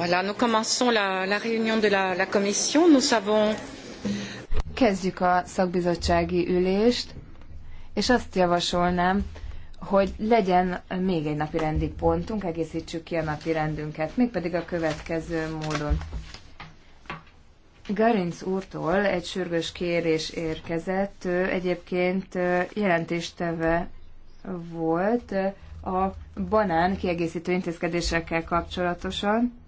Voilà, nous commençons la, la réunion de la, la commission. Nous Kezdjük a szakbizottsági ülést, és azt javasolnám, hogy legyen még egy napi rendi pontunk, egészítsük ki a napi rendünket, mégpedig a következő módon. Garinc úrtól egy sürgős kérés érkezett, ő egyébként jelentéstevő volt a banán kiegészítő intézkedésekkel kapcsolatosan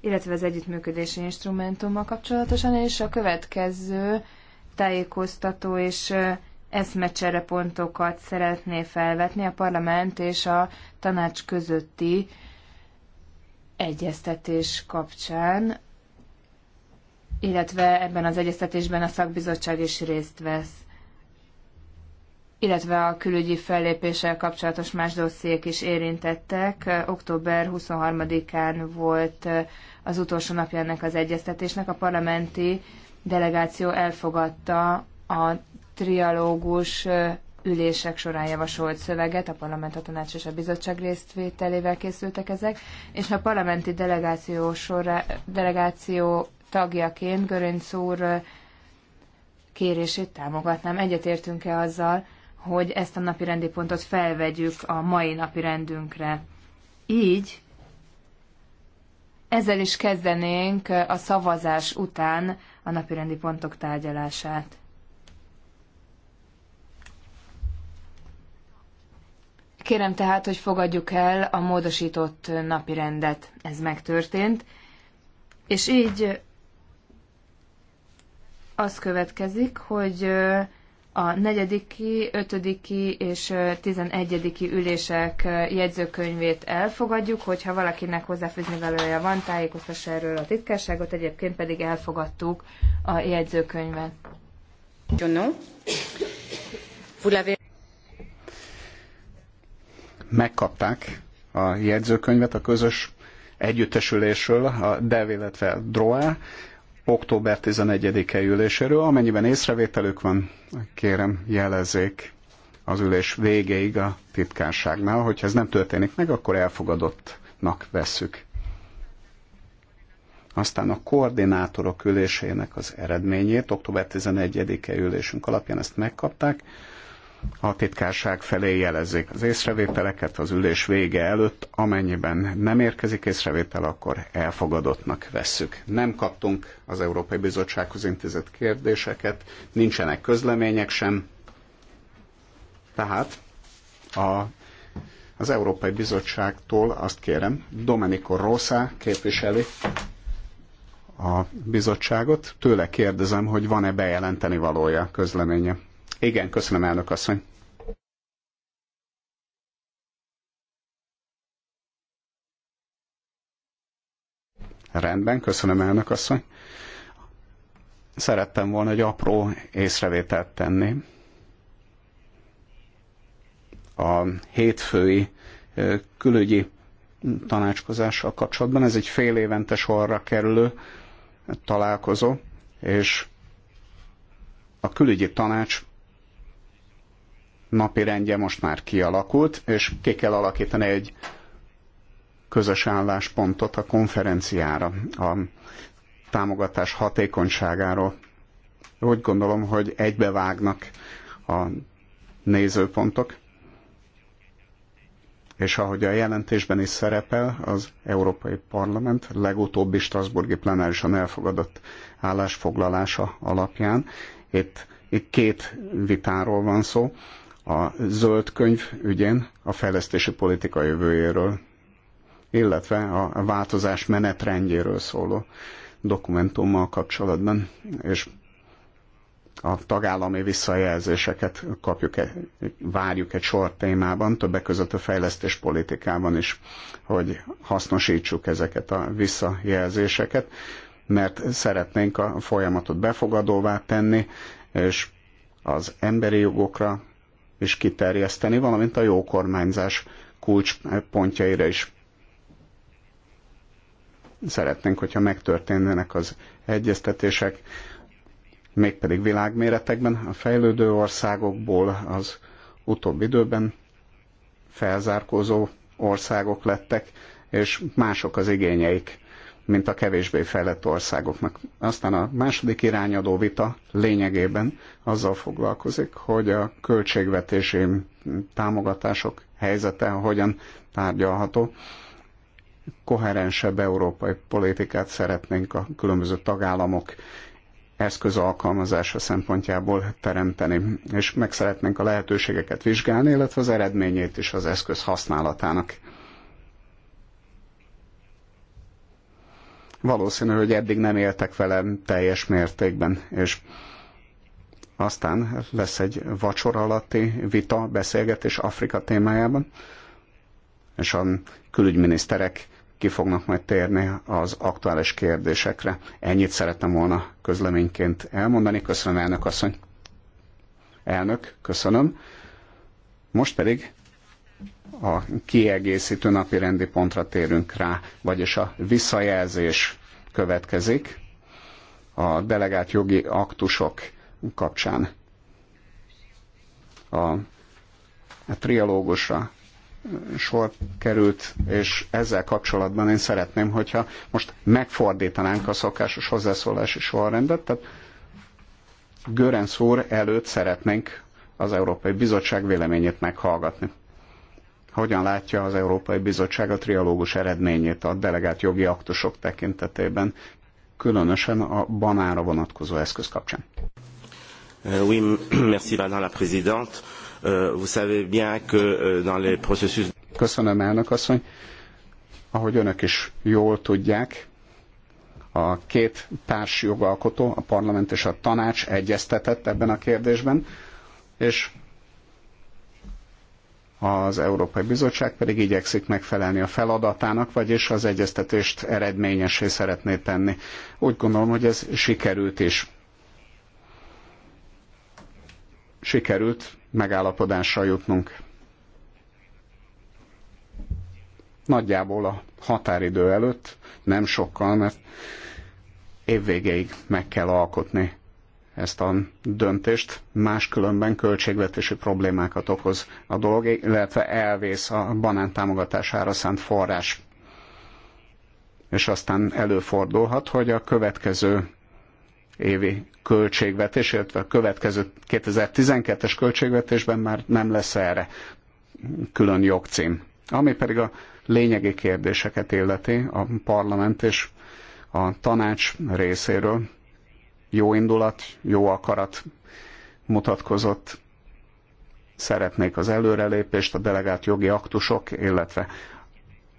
illetve az együttműködési instrumentummal kapcsolatosan, és a következő tájékoztató és eszmecsere pontokat szeretné felvetni a parlament és a tanács közötti egyeztetés kapcsán, illetve ebben az egyeztetésben a szakbizottság is részt vesz, illetve a külügyi fellépéssel kapcsolatos más dossziék is érintettek. Október 23-án volt az utolsó napja ennek az egyeztetésnek. A parlamenti delegáció elfogadta a trialógus ülések során javasolt szöveget, a parlament, a tanács és a bizottság résztvételével készültek ezek, és a parlamenti delegáció, sorra, delegáció tagjaként Görönc úr kérését támogatnám. Egyetértünk-e azzal, hogy ezt a napi rendi pontot felvegyük a mai napi rendünkre? Így ezzel is kezdenénk a szavazás után a napirendi pontok tárgyalását. Kérem tehát, hogy fogadjuk el a módosított napirendet. Ez megtörtént. És így az következik, hogy a negyediki, ötödiki és tizenegyediki ülések jegyzőkönyvét elfogadjuk, hogyha valakinek hozzáfűzni valója van, tájékoztassa erről a titkárságot, egyébként pedig elfogadtuk a jegyzőkönyvet. Megkapták a jegyzőkönyvet a közös együttesülésről, a DEV, illetve DROA október 11-e üléséről. Amennyiben észrevételük van, kérem jelezzék az ülés végéig a titkárságnál. Hogyha ez nem történik meg, akkor elfogadottnak vesszük. Aztán a koordinátorok ülésének az eredményét, október 11-e ülésünk alapján ezt megkapták a titkárság felé jelezik az észrevételeket az ülés vége előtt, amennyiben nem érkezik észrevétel, akkor elfogadottnak vesszük. Nem kaptunk az Európai Bizottsághoz intézett kérdéseket, nincsenek közlemények sem, tehát a, az Európai Bizottságtól azt kérem, Domenico Rosa képviseli a bizottságot, tőle kérdezem, hogy van-e bejelenteni valója közleménye. Igen, köszönöm elnök asszony. Rendben, köszönöm elnök asszony. Szerettem volna egy apró észrevételt tenni. A hétfői külügyi tanácskozással kapcsolatban. Ez egy fél évente sorra kerülő találkozó, és a külügyi tanács napi rendje most már kialakult, és ki kell alakítani egy közös álláspontot a konferenciára, a támogatás hatékonyságáról. Úgy gondolom, hogy egybevágnak a nézőpontok, és ahogy a jelentésben is szerepel, az Európai Parlament legutóbbi Strasburgi plenárisan elfogadott állásfoglalása alapján. Itt, itt két vitáról van szó a zöld könyv ügyén a fejlesztési politika jövőjéről, illetve a változás menetrendjéről szóló dokumentummal kapcsolatban, és a tagállami visszajelzéseket kapjuk, e, várjuk egy sor témában, többek között a fejlesztés politikában is, hogy hasznosítsuk ezeket a visszajelzéseket, mert szeretnénk a folyamatot befogadóvá tenni, és az emberi jogokra, is kiterjeszteni, valamint a jó kormányzás kulcspontjaira is. Szeretnénk, hogyha megtörténnének az egyeztetések, mégpedig világméretekben a fejlődő országokból az utóbbi időben felzárkózó országok lettek, és mások az igényeik mint a kevésbé fejlett országoknak. Aztán a második irányadó vita lényegében azzal foglalkozik, hogy a költségvetési támogatások helyzete hogyan tárgyalható. Koherensebb európai politikát szeretnénk a különböző tagállamok eszköz alkalmazása szempontjából teremteni, és meg szeretnénk a lehetőségeket vizsgálni, illetve az eredményét is az eszköz használatának. valószínű, hogy eddig nem éltek velem teljes mértékben, és aztán lesz egy vacsora alatti vita, beszélgetés Afrika témájában, és a külügyminiszterek ki fognak majd térni az aktuális kérdésekre. Ennyit szerettem volna közleményként elmondani. Köszönöm, elnök asszony. Elnök, köszönöm. Most pedig a kiegészítő napi rendi pontra térünk rá, vagyis a visszajelzés következik a delegált jogi aktusok kapcsán. A, a trialógusra sor került, és ezzel kapcsolatban én szeretném, hogyha most megfordítanánk a szokásos hozzászólási sorrendet, tehát Görenc úr előtt szeretnénk az Európai Bizottság véleményét meghallgatni. Hogyan látja az Európai Bizottság a trialógus eredményét a delegált jogi aktusok tekintetében, különösen a banára vonatkozó eszköz kapcsán? Euh, oui, merci madame la présidente. Euh, vous savez bien que euh, dans les processus... Köszönöm, elnök asszony. Ahogy önök is jól tudják, a két társ jogalkotó, a parlament és a tanács egyeztetett ebben a kérdésben, és az Európai Bizottság pedig igyekszik megfelelni a feladatának, vagyis az egyeztetést eredményessé szeretné tenni. Úgy gondolom, hogy ez sikerült is. Sikerült megállapodásra jutnunk. Nagyjából a határidő előtt, nem sokkal, mert évvégéig meg kell alkotni ezt a döntést, máskülönben költségvetési problémákat okoz a dolog, illetve elvész a banán támogatására szánt forrás. És aztán előfordulhat, hogy a következő évi költségvetés, illetve a következő 2012-es költségvetésben már nem lesz erre külön jogcím. Ami pedig a lényegi kérdéseket illeti a parlament és a tanács részéről, jó indulat, jó akarat mutatkozott. Szeretnék az előrelépést, a delegált jogi aktusok, illetve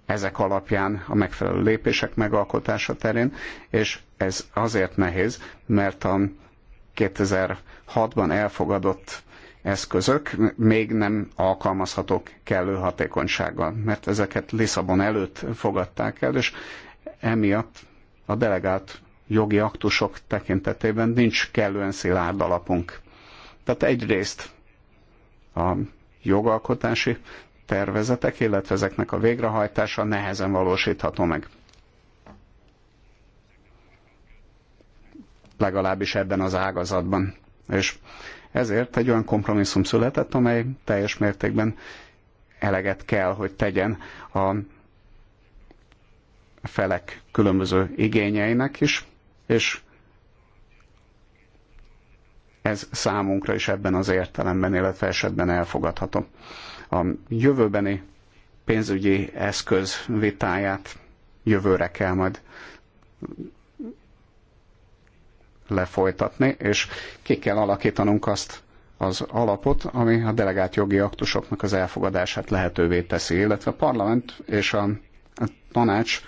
ezek alapján a megfelelő lépések megalkotása terén, és ez azért nehéz, mert a 2006-ban elfogadott eszközök még nem alkalmazhatók kellő hatékonysággal, mert ezeket Lisszabon előtt fogadták el, és emiatt a delegált jogi aktusok tekintetében nincs kellően szilárd alapunk. Tehát egyrészt a jogalkotási tervezetek, illetve ezeknek a végrehajtása nehezen valósítható meg. Legalábbis ebben az ágazatban. És ezért egy olyan kompromisszum született, amely teljes mértékben eleget kell, hogy tegyen a felek különböző igényeinek is, és ez számunkra is ebben az értelemben, illetve esetben elfogadható. A jövőbeni pénzügyi eszköz vitáját jövőre kell majd lefolytatni, és ki kell alakítanunk azt az alapot, ami a delegált jogi aktusoknak az elfogadását lehetővé teszi, illetve a parlament és a, a tanács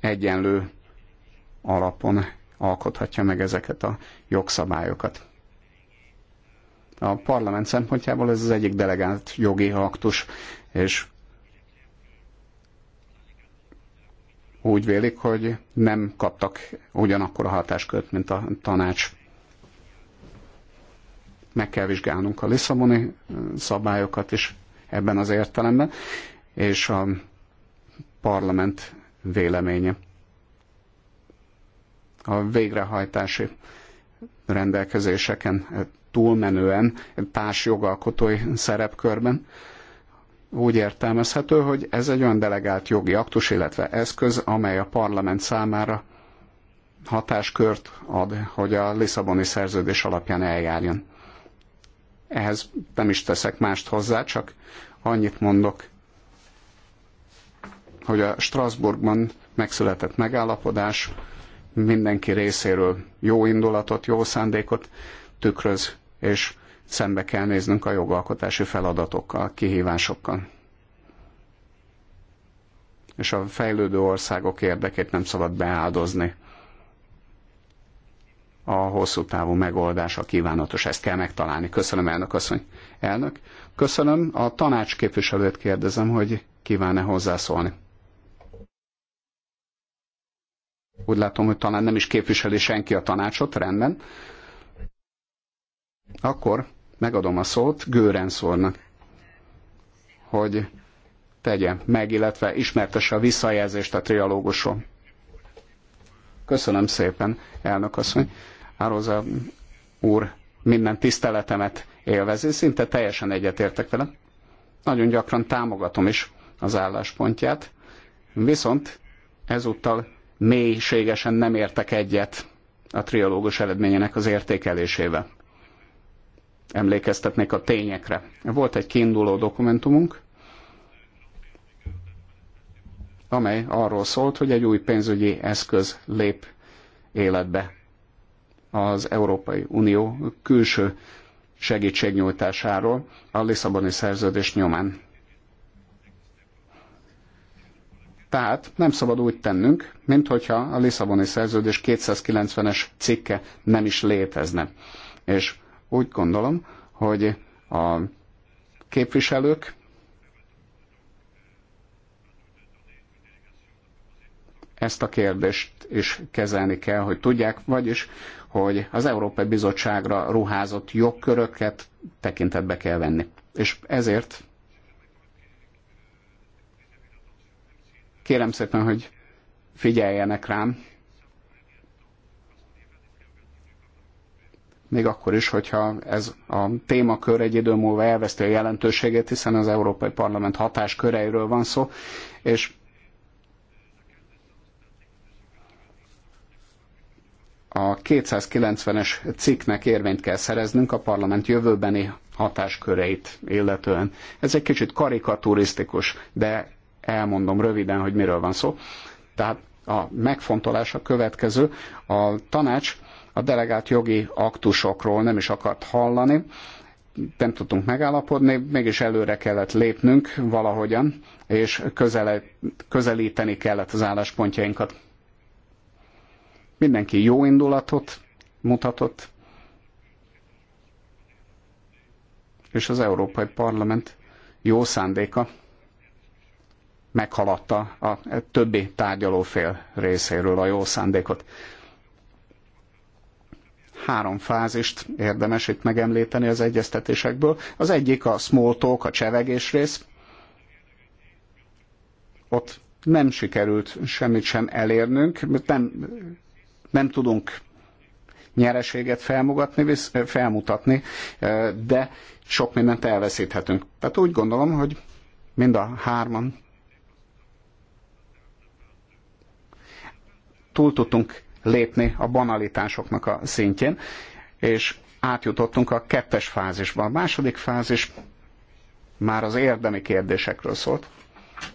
egyenlő alapon alkothatja meg ezeket a jogszabályokat. A parlament szempontjából ez az egyik delegált jogi aktus, és úgy vélik, hogy nem kaptak ugyanakkor a hatáskört, mint a tanács. Meg kell vizsgálnunk a Lisszaboni szabályokat is ebben az értelemben, és a parlament véleménye a végrehajtási rendelkezéseken túlmenően jogalkotói szerepkörben úgy értelmezhető, hogy ez egy olyan delegált jogi aktus, illetve eszköz, amely a parlament számára hatáskört ad, hogy a Lisszaboni szerződés alapján eljárjon. Ehhez nem is teszek mást hozzá, csak annyit mondok, hogy a Strasbourgban megszületett megállapodás mindenki részéről jó indulatot, jó szándékot tükröz, és szembe kell néznünk a jogalkotási feladatokkal, kihívásokkal. És a fejlődő országok érdekét nem szabad beáldozni. A hosszú távú megoldás a kívánatos, ezt kell megtalálni. Köszönöm, elnök asszony. Elnök, köszönöm. A tanács képviselőt kérdezem, hogy kíván-e hozzászólni. Úgy látom, hogy talán nem is képviseli senki a tanácsot, rendben. Akkor megadom a szót Gőrenc úrnak, hogy tegye meg, illetve ismertesse a visszajelzést a trialógusról. Köszönöm szépen, elnök asszony. Ároza úr minden tiszteletemet élvezi, szinte teljesen egyetértek vele. Nagyon gyakran támogatom is az álláspontját, viszont ezúttal mélységesen nem értek egyet a triológus eredményének az értékelésével. Emlékeztetnék a tényekre. Volt egy kiinduló dokumentumunk, amely arról szólt, hogy egy új pénzügyi eszköz lép életbe az Európai Unió külső segítségnyújtásáról a Lisszaboni szerződés nyomán. Tehát nem szabad úgy tennünk, mint hogyha a Lisszaboni szerződés 290-es cikke nem is létezne. És úgy gondolom, hogy a képviselők ezt a kérdést is kezelni kell, hogy tudják, vagyis, hogy az Európai Bizottságra ruházott jogköröket tekintetbe kell venni. És ezért Kérem szépen, hogy figyeljenek rám. Még akkor is, hogyha ez a témakör egy idő múlva elveszti a jelentőségét, hiszen az Európai Parlament hatásköreiről van szó, és a 290-es cikknek érvényt kell szereznünk a parlament jövőbeni hatásköreit illetően. Ez egy kicsit karikaturisztikus, de elmondom röviden, hogy miről van szó. Tehát a megfontolása következő, a tanács a delegált jogi aktusokról nem is akart hallani, nem tudtunk megállapodni, mégis előre kellett lépnünk valahogyan, és közele, közelíteni kellett az álláspontjainkat. Mindenki jó indulatot mutatott, és az Európai Parlament jó szándéka meghaladta a többi tárgyalófél részéről a jó szándékot. Három fázist érdemes itt megemlíteni az egyeztetésekből. Az egyik a small talk, a csevegés rész. Ott nem sikerült semmit sem elérnünk, nem, nem tudunk nyereséget felmutatni, felmutatni, de sok mindent elveszíthetünk. Tehát úgy gondolom, hogy mind a hárman túl tudtunk lépni a banalitásoknak a szintjén, és átjutottunk a kettes fázisba. A második fázis már az érdemi kérdésekről szólt,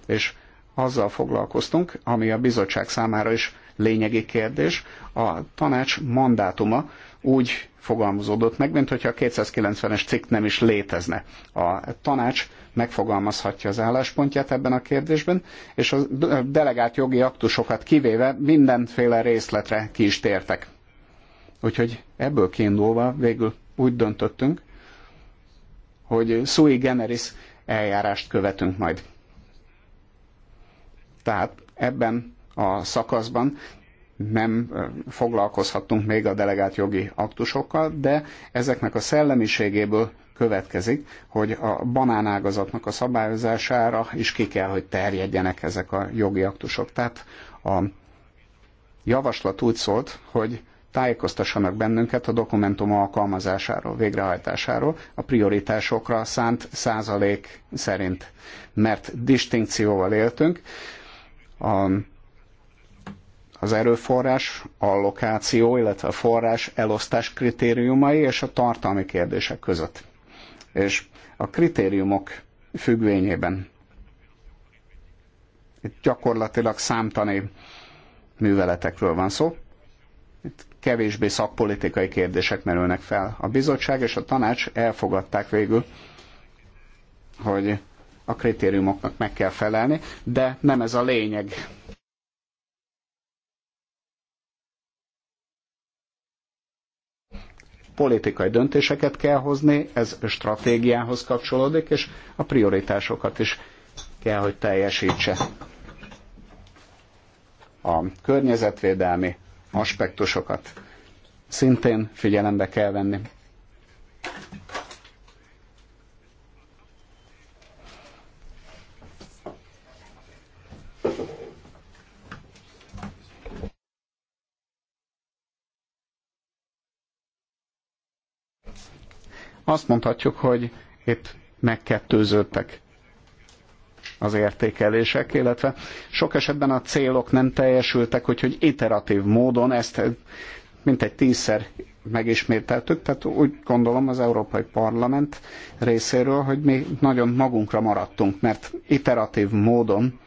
és azzal foglalkoztunk, ami a bizottság számára is lényegi kérdés. A tanács mandátuma úgy fogalmazódott meg, mint hogyha a 290-es cikk nem is létezne. A tanács megfogalmazhatja az álláspontját ebben a kérdésben, és a delegált jogi aktusokat kivéve mindenféle részletre ki is tértek. Úgyhogy ebből kiindulva végül úgy döntöttünk, hogy sui generis eljárást követünk majd. Tehát ebben a szakaszban nem foglalkozhattunk még a delegált jogi aktusokkal, de ezeknek a szellemiségéből következik, hogy a banánágazatnak a szabályozására is ki kell, hogy terjedjenek ezek a jogi aktusok. Tehát a javaslat úgy szólt, hogy tájékoztassanak bennünket a dokumentum alkalmazásáról, végrehajtásáról, a prioritásokra szánt százalék szerint, mert distinkcióval éltünk. A az erőforrás allokáció, illetve a forrás elosztás kritériumai és a tartalmi kérdések között. És a kritériumok függvényében itt gyakorlatilag számtani műveletekről van szó. Itt kevésbé szakpolitikai kérdések merülnek fel. A bizottság és a tanács elfogadták végül, hogy a kritériumoknak meg kell felelni, de nem ez a lényeg politikai döntéseket kell hozni, ez stratégiához kapcsolódik, és a prioritásokat is kell, hogy teljesítse. A környezetvédelmi aspektusokat szintén figyelembe kell venni. Azt mondhatjuk, hogy itt megkettőződtek az értékelések, illetve sok esetben a célok nem teljesültek, úgyhogy iteratív módon ezt mintegy tízszer megismételtük, tehát úgy gondolom az Európai Parlament részéről, hogy mi nagyon magunkra maradtunk, mert iteratív módon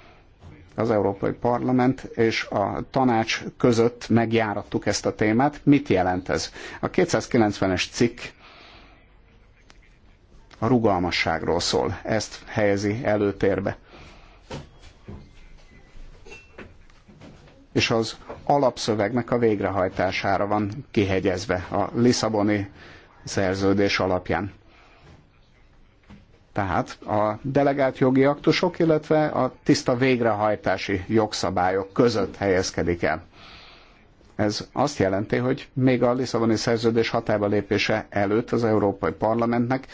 az Európai Parlament és a tanács között megjárattuk ezt a témát. Mit jelent ez? A 290-es cikk a rugalmasságról szól. Ezt helyezi előtérbe. És az alapszövegnek a végrehajtására van kihegyezve a Lisszaboni szerződés alapján. Tehát a delegált jogi aktusok, illetve a tiszta végrehajtási jogszabályok között helyezkedik el. Ez azt jelenti, hogy még a Lisszaboni szerződés hatába lépése előtt az Európai Parlamentnek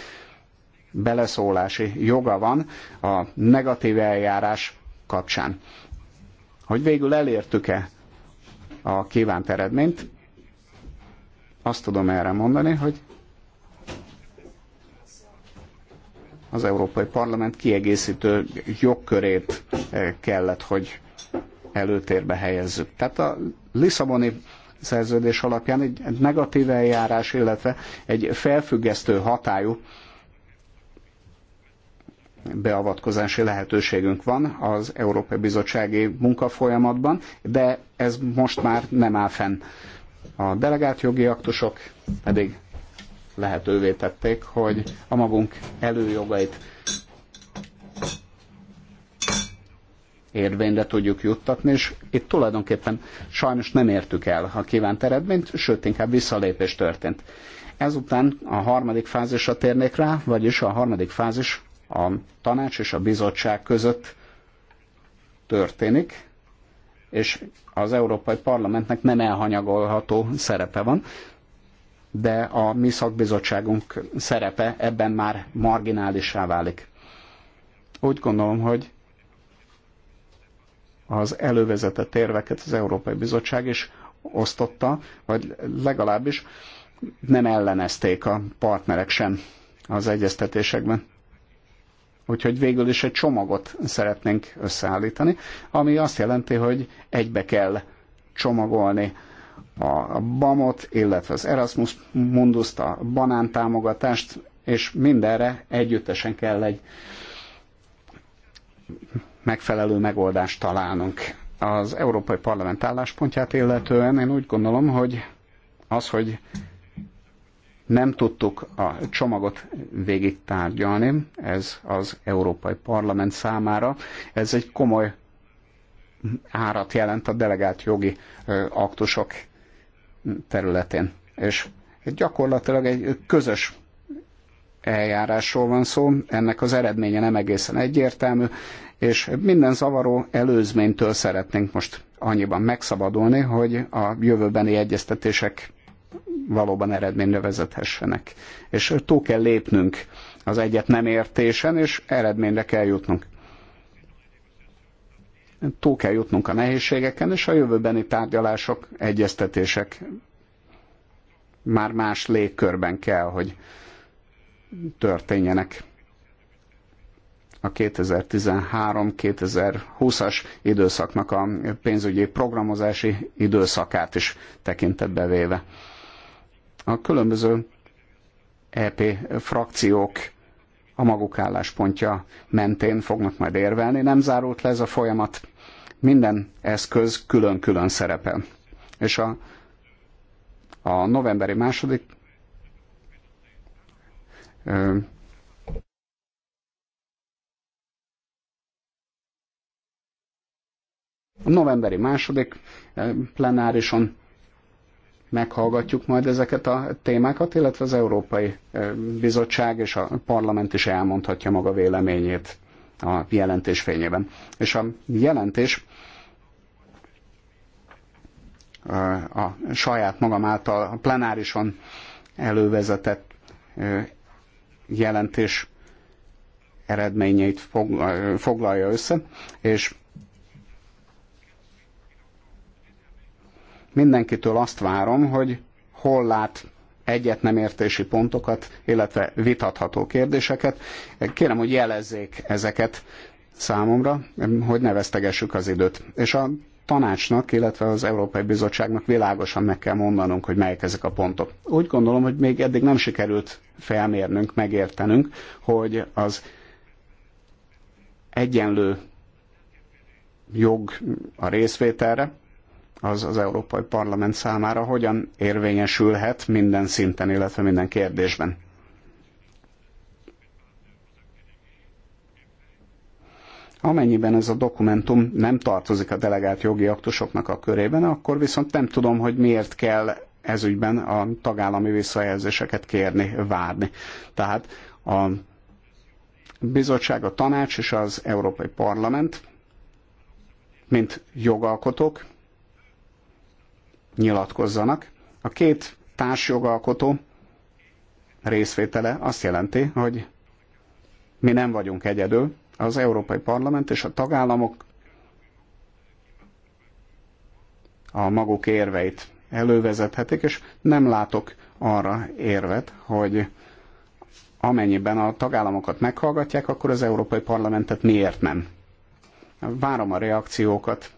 beleszólási joga van a negatív eljárás kapcsán. Hogy végül elértük-e a kívánt eredményt, azt tudom erre mondani, hogy az Európai Parlament kiegészítő jogkörét eh, kellett, hogy előtérbe helyezzük. Tehát a Lisszaboni szerződés alapján egy negatív eljárás, illetve egy felfüggesztő hatályú beavatkozási lehetőségünk van az Európai Bizottsági munkafolyamatban, de ez most már nem áll fenn. A delegált jogi aktusok pedig lehetővé tették, hogy a magunk előjogait érvényre tudjuk juttatni, és itt tulajdonképpen sajnos nem értük el a kívánt eredményt, sőt, inkább visszalépés történt. Ezután a harmadik fázisra térnék rá, vagyis a harmadik fázis a tanács és a bizottság között történik, és az Európai Parlamentnek nem elhanyagolható szerepe van, de a mi szakbizottságunk szerepe ebben már marginálisá válik. Úgy gondolom, hogy az elővezetett érveket az Európai Bizottság is osztotta, vagy legalábbis nem ellenezték a partnerek sem az egyeztetésekben. Úgyhogy végül is egy csomagot szeretnénk összeállítani, ami azt jelenti, hogy egybe kell csomagolni a BAMot, illetve az Erasmus Mundust, a banántámogatást, és mindenre együttesen kell egy megfelelő megoldást találnunk. Az Európai Parlament álláspontját illetően én úgy gondolom, hogy az, hogy nem tudtuk a csomagot végig tárgyalni, ez az Európai Parlament számára. Ez egy komoly árat jelent a delegált jogi aktusok területén. És gyakorlatilag egy közös eljárásról van szó, ennek az eredménye nem egészen egyértelmű, és minden zavaró előzménytől szeretnénk most annyiban megszabadulni, hogy a jövőbeni egyeztetések valóban eredményre vezethessenek. És túl kell lépnünk az egyet nem értésen, és eredményre kell jutnunk. Túl kell jutnunk a nehézségeken, és a jövőbeni tárgyalások, egyeztetések már más légkörben kell, hogy történjenek a 2013-2020-as időszaknak a pénzügyi programozási időszakát is tekintetbe véve a különböző EP frakciók a maguk álláspontja mentén fognak majd érvelni. Nem zárult le ez a folyamat, minden eszköz külön-külön szerepel. És a, a novemberi második ö, a novemberi második plenárison meghallgatjuk majd ezeket a témákat, illetve az Európai eh, Bizottság és a parlament is elmondhatja maga véleményét a jelentés fényében. És a jelentés eh, a saját magam által a plenárison elővezetett eh, jelentés eredményeit foglalja össze, és Mindenkitől azt várom, hogy hol lát egyet nem értési pontokat, illetve vitatható kérdéseket. Kérem, hogy jelezzék ezeket számomra, hogy ne vesztegessük az időt. És a tanácsnak, illetve az Európai Bizottságnak világosan meg kell mondanunk, hogy melyek ezek a pontok. Úgy gondolom, hogy még eddig nem sikerült felmérnünk, megértenünk, hogy az egyenlő jog a részvételre, az az Európai Parlament számára hogyan érvényesülhet minden szinten, illetve minden kérdésben. Amennyiben ez a dokumentum nem tartozik a delegált jogi aktusoknak a körében, akkor viszont nem tudom, hogy miért kell ezügyben a tagállami visszajelzéseket kérni, várni. Tehát a bizottság, a tanács és az Európai Parlament, mint jogalkotók, nyilatkozzanak. A két társjogalkotó részvétele azt jelenti, hogy mi nem vagyunk egyedül, az Európai Parlament és a tagállamok a maguk érveit elővezethetik, és nem látok arra érvet, hogy amennyiben a tagállamokat meghallgatják, akkor az Európai Parlamentet miért nem? Várom a reakciókat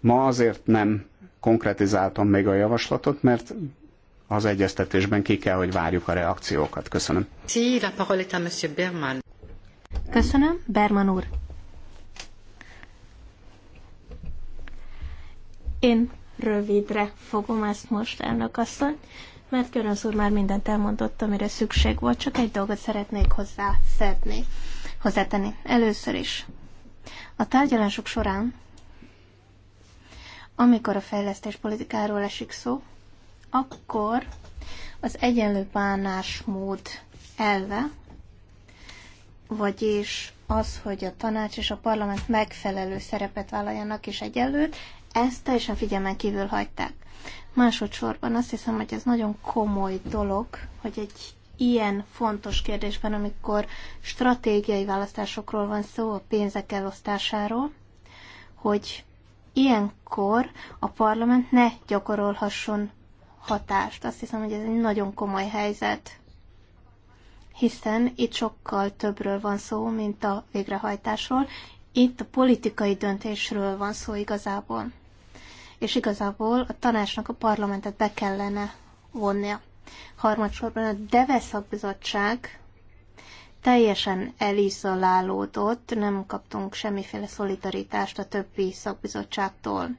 Ma azért nem konkretizáltam még a javaslatot, mert az egyeztetésben ki kell, hogy várjuk a reakciókat. Köszönöm. Berman. Köszönöm, Berman úr. Én rövidre fogom ezt most, elnök asszony, mert Görönsz úr már mindent elmondott, amire szükség volt, csak egy dolgot szeretnék hozzá szedni, hozzátenni. Először is. A tárgyalások során amikor a fejlesztéspolitikáról esik szó, akkor az egyenlő bánásmód elve, vagyis az, hogy a tanács és a parlament megfelelő szerepet vállaljanak és egyenlőt, ezt teljesen figyelmen kívül hagyták. Másodszorban azt hiszem, hogy ez nagyon komoly dolog, hogy egy ilyen fontos kérdésben, amikor stratégiai választásokról van szó, a pénzek elosztásáról, hogy ilyenkor a parlament ne gyakorolhasson hatást. Azt hiszem, hogy ez egy nagyon komoly helyzet, hiszen itt sokkal többről van szó, mint a végrehajtásról. Itt a politikai döntésről van szó igazából. És igazából a tanácsnak a parlamentet be kellene vonnia. Harmadsorban a DEVE teljesen elizolálódott, nem kaptunk semmiféle szolidaritást a többi szakbizottságtól.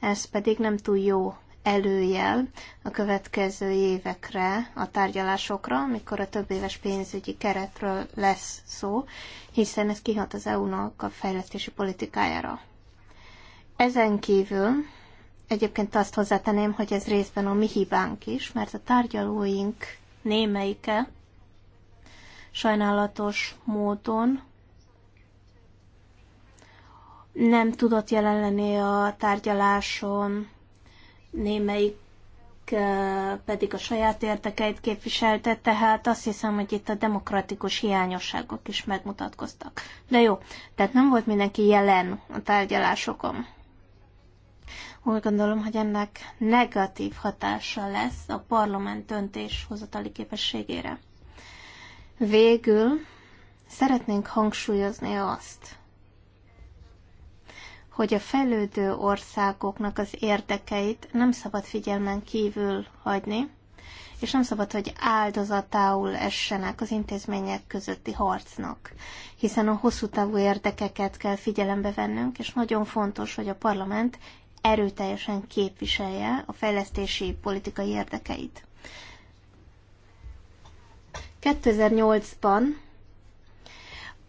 Ez pedig nem túl jó előjel a következő évekre, a tárgyalásokra, amikor a több éves pénzügyi keretről lesz szó, hiszen ez kihat az EU-nak a fejlesztési politikájára. Ezen kívül egyébként azt hozzáteném, hogy ez részben a mi hibánk is, mert a tárgyalóink némelyike sajnálatos módon nem tudott jelen lenni a tárgyaláson, némelyik pedig a saját érdekeit képviselte, tehát azt hiszem, hogy itt a demokratikus hiányosságok is megmutatkoztak. De jó, tehát nem volt mindenki jelen a tárgyalásokon. Úgy gondolom, hogy ennek negatív hatása lesz a parlament döntéshozatali képességére. Végül szeretnénk hangsúlyozni azt, hogy a fejlődő országoknak az érdekeit nem szabad figyelmen kívül hagyni, és nem szabad, hogy áldozatául essenek az intézmények közötti harcnak, hiszen a hosszú távú érdekeket kell figyelembe vennünk, és nagyon fontos, hogy a parlament erőteljesen képviselje a fejlesztési politikai érdekeit. 2008-ban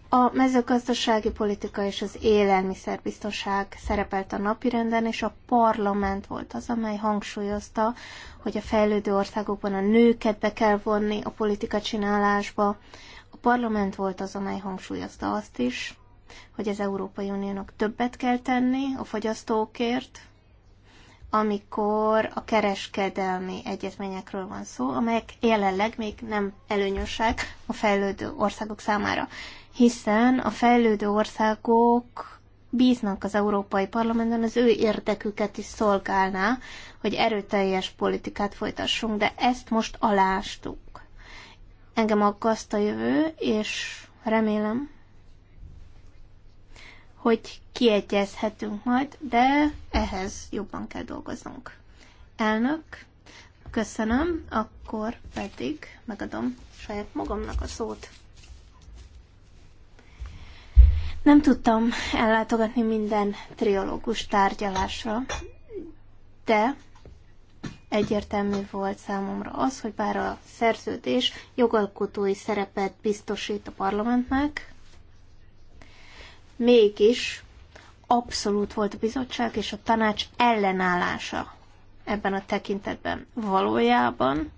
a mezőgazdasági politika és az élelmiszerbiztonság szerepelt a napirenden, és a parlament volt az, amely hangsúlyozta, hogy a fejlődő országokban a nőket be kell vonni a politika csinálásba. A parlament volt az, amely hangsúlyozta azt is, hogy az Európai Uniónak többet kell tenni a fogyasztókért, amikor a kereskedelmi egyezményekről van szó, amelyek jelenleg még nem előnyösek a fejlődő országok számára. Hiszen a fejlődő országok bíznak az Európai Parlamenten, az ő érdeküket is szolgálná, hogy erőteljes politikát folytassunk, de ezt most alástuk. Engem aggaszt a jövő, és remélem, hogy kiegyezhetünk majd, de ehhez jobban kell dolgoznunk. Elnök, köszönöm, akkor pedig megadom saját magamnak a szót. Nem tudtam ellátogatni minden triológus tárgyalásra, de egyértelmű volt számomra az, hogy bár a szerződés jogalkotói szerepet biztosít a parlamentnek, mégis abszolút volt a bizottság és a tanács ellenállása ebben a tekintetben. Valójában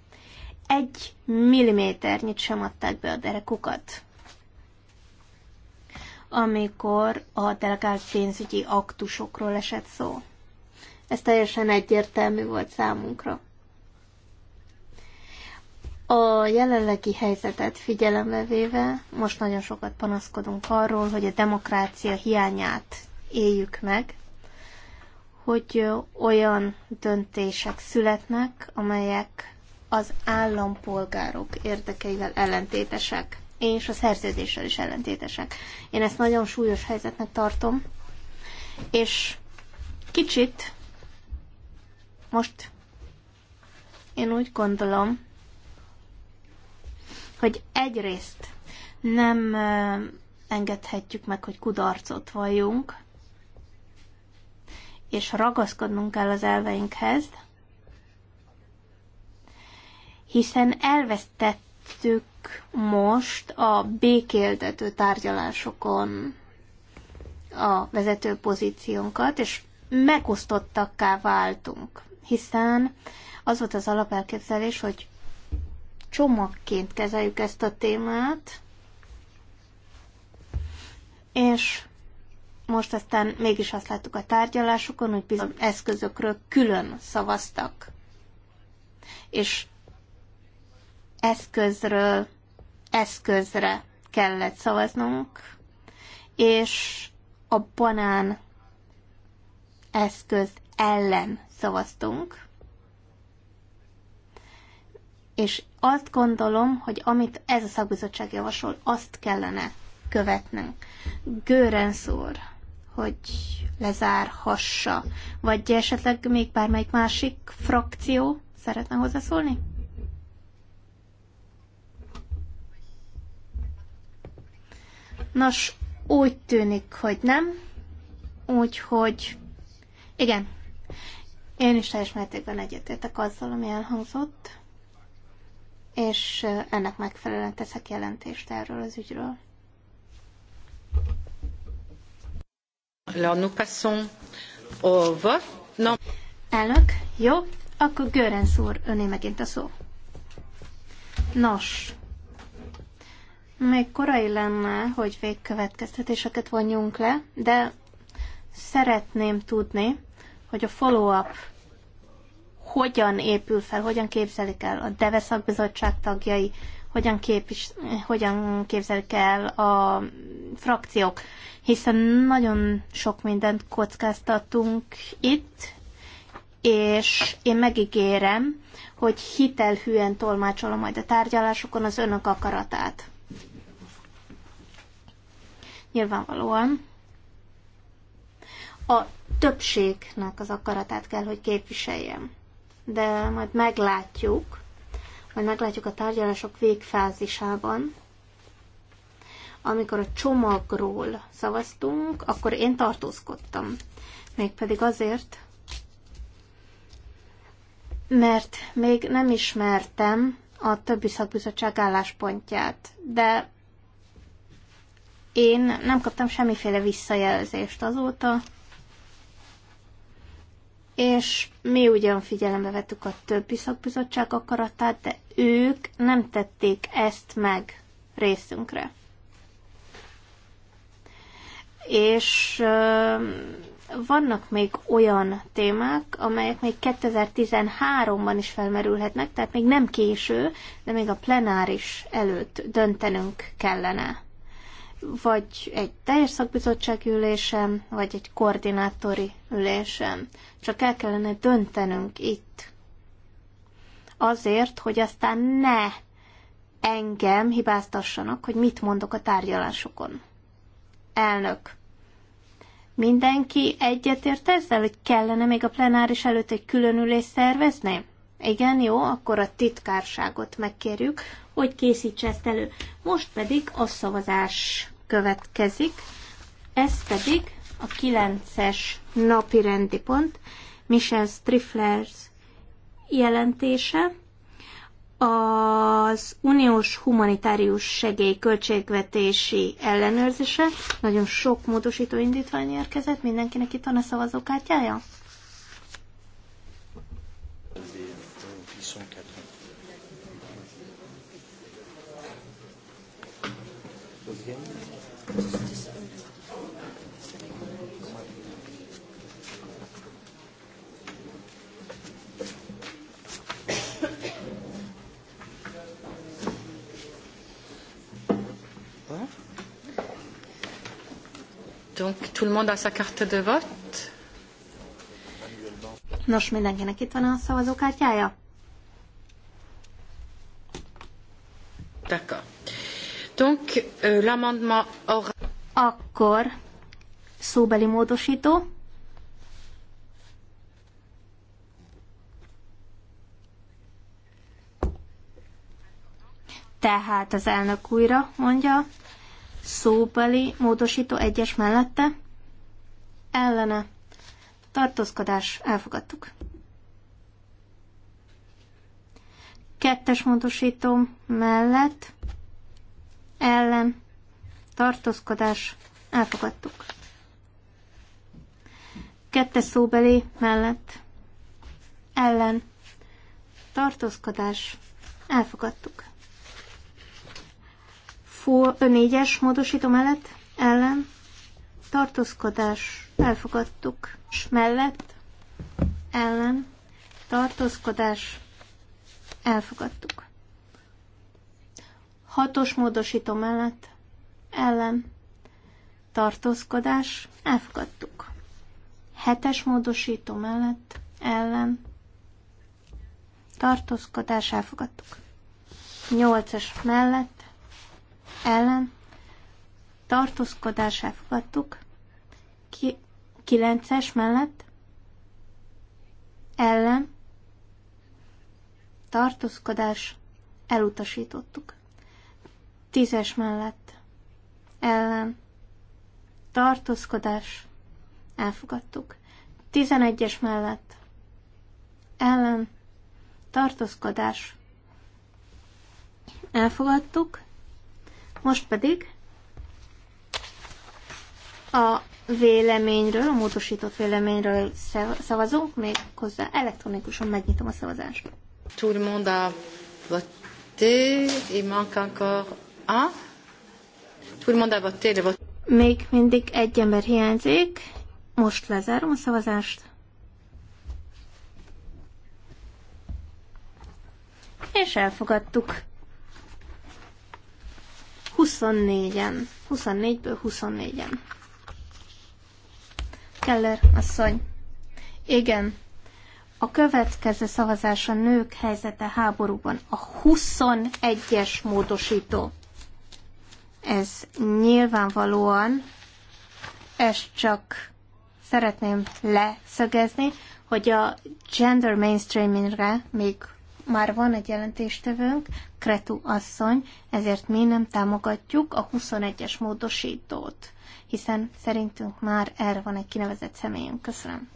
egy milliméternyit sem adták be a derekukat. Amikor a delegált pénzügyi aktusokról esett szó. Ez teljesen egyértelmű volt számunkra. A jelenlegi helyzetet figyelembe véve most nagyon sokat panaszkodunk arról, hogy a demokrácia hiányát éljük meg, hogy olyan döntések születnek, amelyek az állampolgárok érdekeivel ellentétesek, és a szerződéssel is ellentétesek. Én ezt nagyon súlyos helyzetnek tartom, és kicsit most én úgy gondolom, hogy egyrészt nem engedhetjük meg, hogy kudarcot valljunk, és ragaszkodnunk kell az elveinkhez, hiszen elvesztettük most a békéltető tárgyalásokon a vezető pozíciónkat, és megosztottakká váltunk, hiszen az volt az alapelképzelés, hogy csomagként kezeljük ezt a témát, és most aztán mégis azt láttuk a tárgyalásokon, hogy bizony eszközökről külön szavaztak, és eszközről eszközre kellett szavaznunk, és a banán eszköz ellen szavaztunk. És azt gondolom, hogy amit ez a szakbizottság javasol, azt kellene követnünk. Gőren szór, hogy lezárhassa, vagy esetleg még bármelyik másik frakció szeretne hozzászólni? Nos, úgy tűnik, hogy nem. Úgyhogy, igen, én is teljes mértékben egyetértek azzal, ami elhangzott és ennek megfelelően teszek jelentést erről az ügyről. Alors nous passons au vote. Non. Elnök, jó, akkor Görenc úr, öné megint a szó. Nos, még korai lenne, hogy végkövetkeztetéseket vonjunk le, de szeretném tudni, hogy a follow-up hogyan épül fel, hogyan képzelik el a DEVE szakbizottság tagjai, hogyan, képis, hogyan képzelik el a frakciók, hiszen nagyon sok mindent kockáztatunk itt, és én megígérem, hogy hitelhűen tolmácsolom majd a tárgyalásokon az önök akaratát. Nyilvánvalóan a többségnek az akaratát kell, hogy képviseljem de majd meglátjuk, majd meglátjuk a tárgyalások végfázisában, amikor a csomagról szavaztunk, akkor én tartózkodtam. Mégpedig azért, mert még nem ismertem a többi szakbizottság álláspontját, de én nem kaptam semmiféle visszajelzést azóta, és mi ugyan figyelembe vettük a többi szakbizottság akaratát, de ők nem tették ezt meg részünkre. És vannak még olyan témák, amelyek még 2013-ban is felmerülhetnek, tehát még nem késő, de még a plenáris előtt döntenünk kellene. Vagy egy teljes szakbizottság ülésen, vagy egy koordinátori ülésen. Csak el kellene döntenünk itt. Azért, hogy aztán ne engem hibáztassanak, hogy mit mondok a tárgyalásokon. Elnök. Mindenki egyetért ezzel, hogy kellene még a plenáris előtt egy különülést szervezni? Igen, jó, akkor a titkárságot megkérjük, hogy készítse ezt elő. Most pedig a szavazás következik, ez pedig a kilences napi rendi pont, Michel Striflers jelentése, az uniós humanitárius segély költségvetési ellenőrzése. Nagyon sok módosító indítvány érkezett, mindenkinek itt van a szavazókártyája? you. Donc, tout le monde a sa carte de vote? Nos, mindenkinek itt van a szavazókártyája? D'accord. Donc, euh, l'amendement aura... Akkor szóbeli módosító. Tehát az elnök újra mondja, szóbeli módosító egyes mellette, ellene, tartózkodás, elfogadtuk. Kettes módosító mellett, ellen, tartózkodás, elfogadtuk. Kettes szóbeli mellett, ellen, tartózkodás, elfogadtuk négyes módosító mellett ellen tartózkodás elfogadtuk, és mellett ellen tartózkodás elfogadtuk. Hatos módosító mellett ellen tartózkodás elfogadtuk. Hetes módosító mellett ellen tartózkodás elfogadtuk. Nyolcas mellett ellen tartózkodás fogadtuk, ki, kilences mellett ellen tartózkodás elutasítottuk. Tízes mellett ellen tartózkodás elfogadtuk. Tizenegyes mellett ellen tartózkodás elfogadtuk. Most pedig a véleményről, a módosított véleményről szavazunk, még hozzá elektronikusan megnyitom a szavazást. Tout le monde a voté, il manque encore un. Tout le monde a voté, le voté. Még mindig egy ember hiányzik, most lezárom a szavazást. És elfogadtuk. 24-en. 24-ből 24-en. Keller asszony. Igen. A következő szavazás a nők helyzete háborúban. A 21-es módosító. Ez nyilvánvalóan, ezt csak szeretném leszögezni, hogy a gender mainstreamingre még már van egy jelentéstevőnk, Kretu asszony, ezért mi nem támogatjuk a 21-es módosítót, hiszen szerintünk már erre van egy kinevezett személyünk. Köszönöm.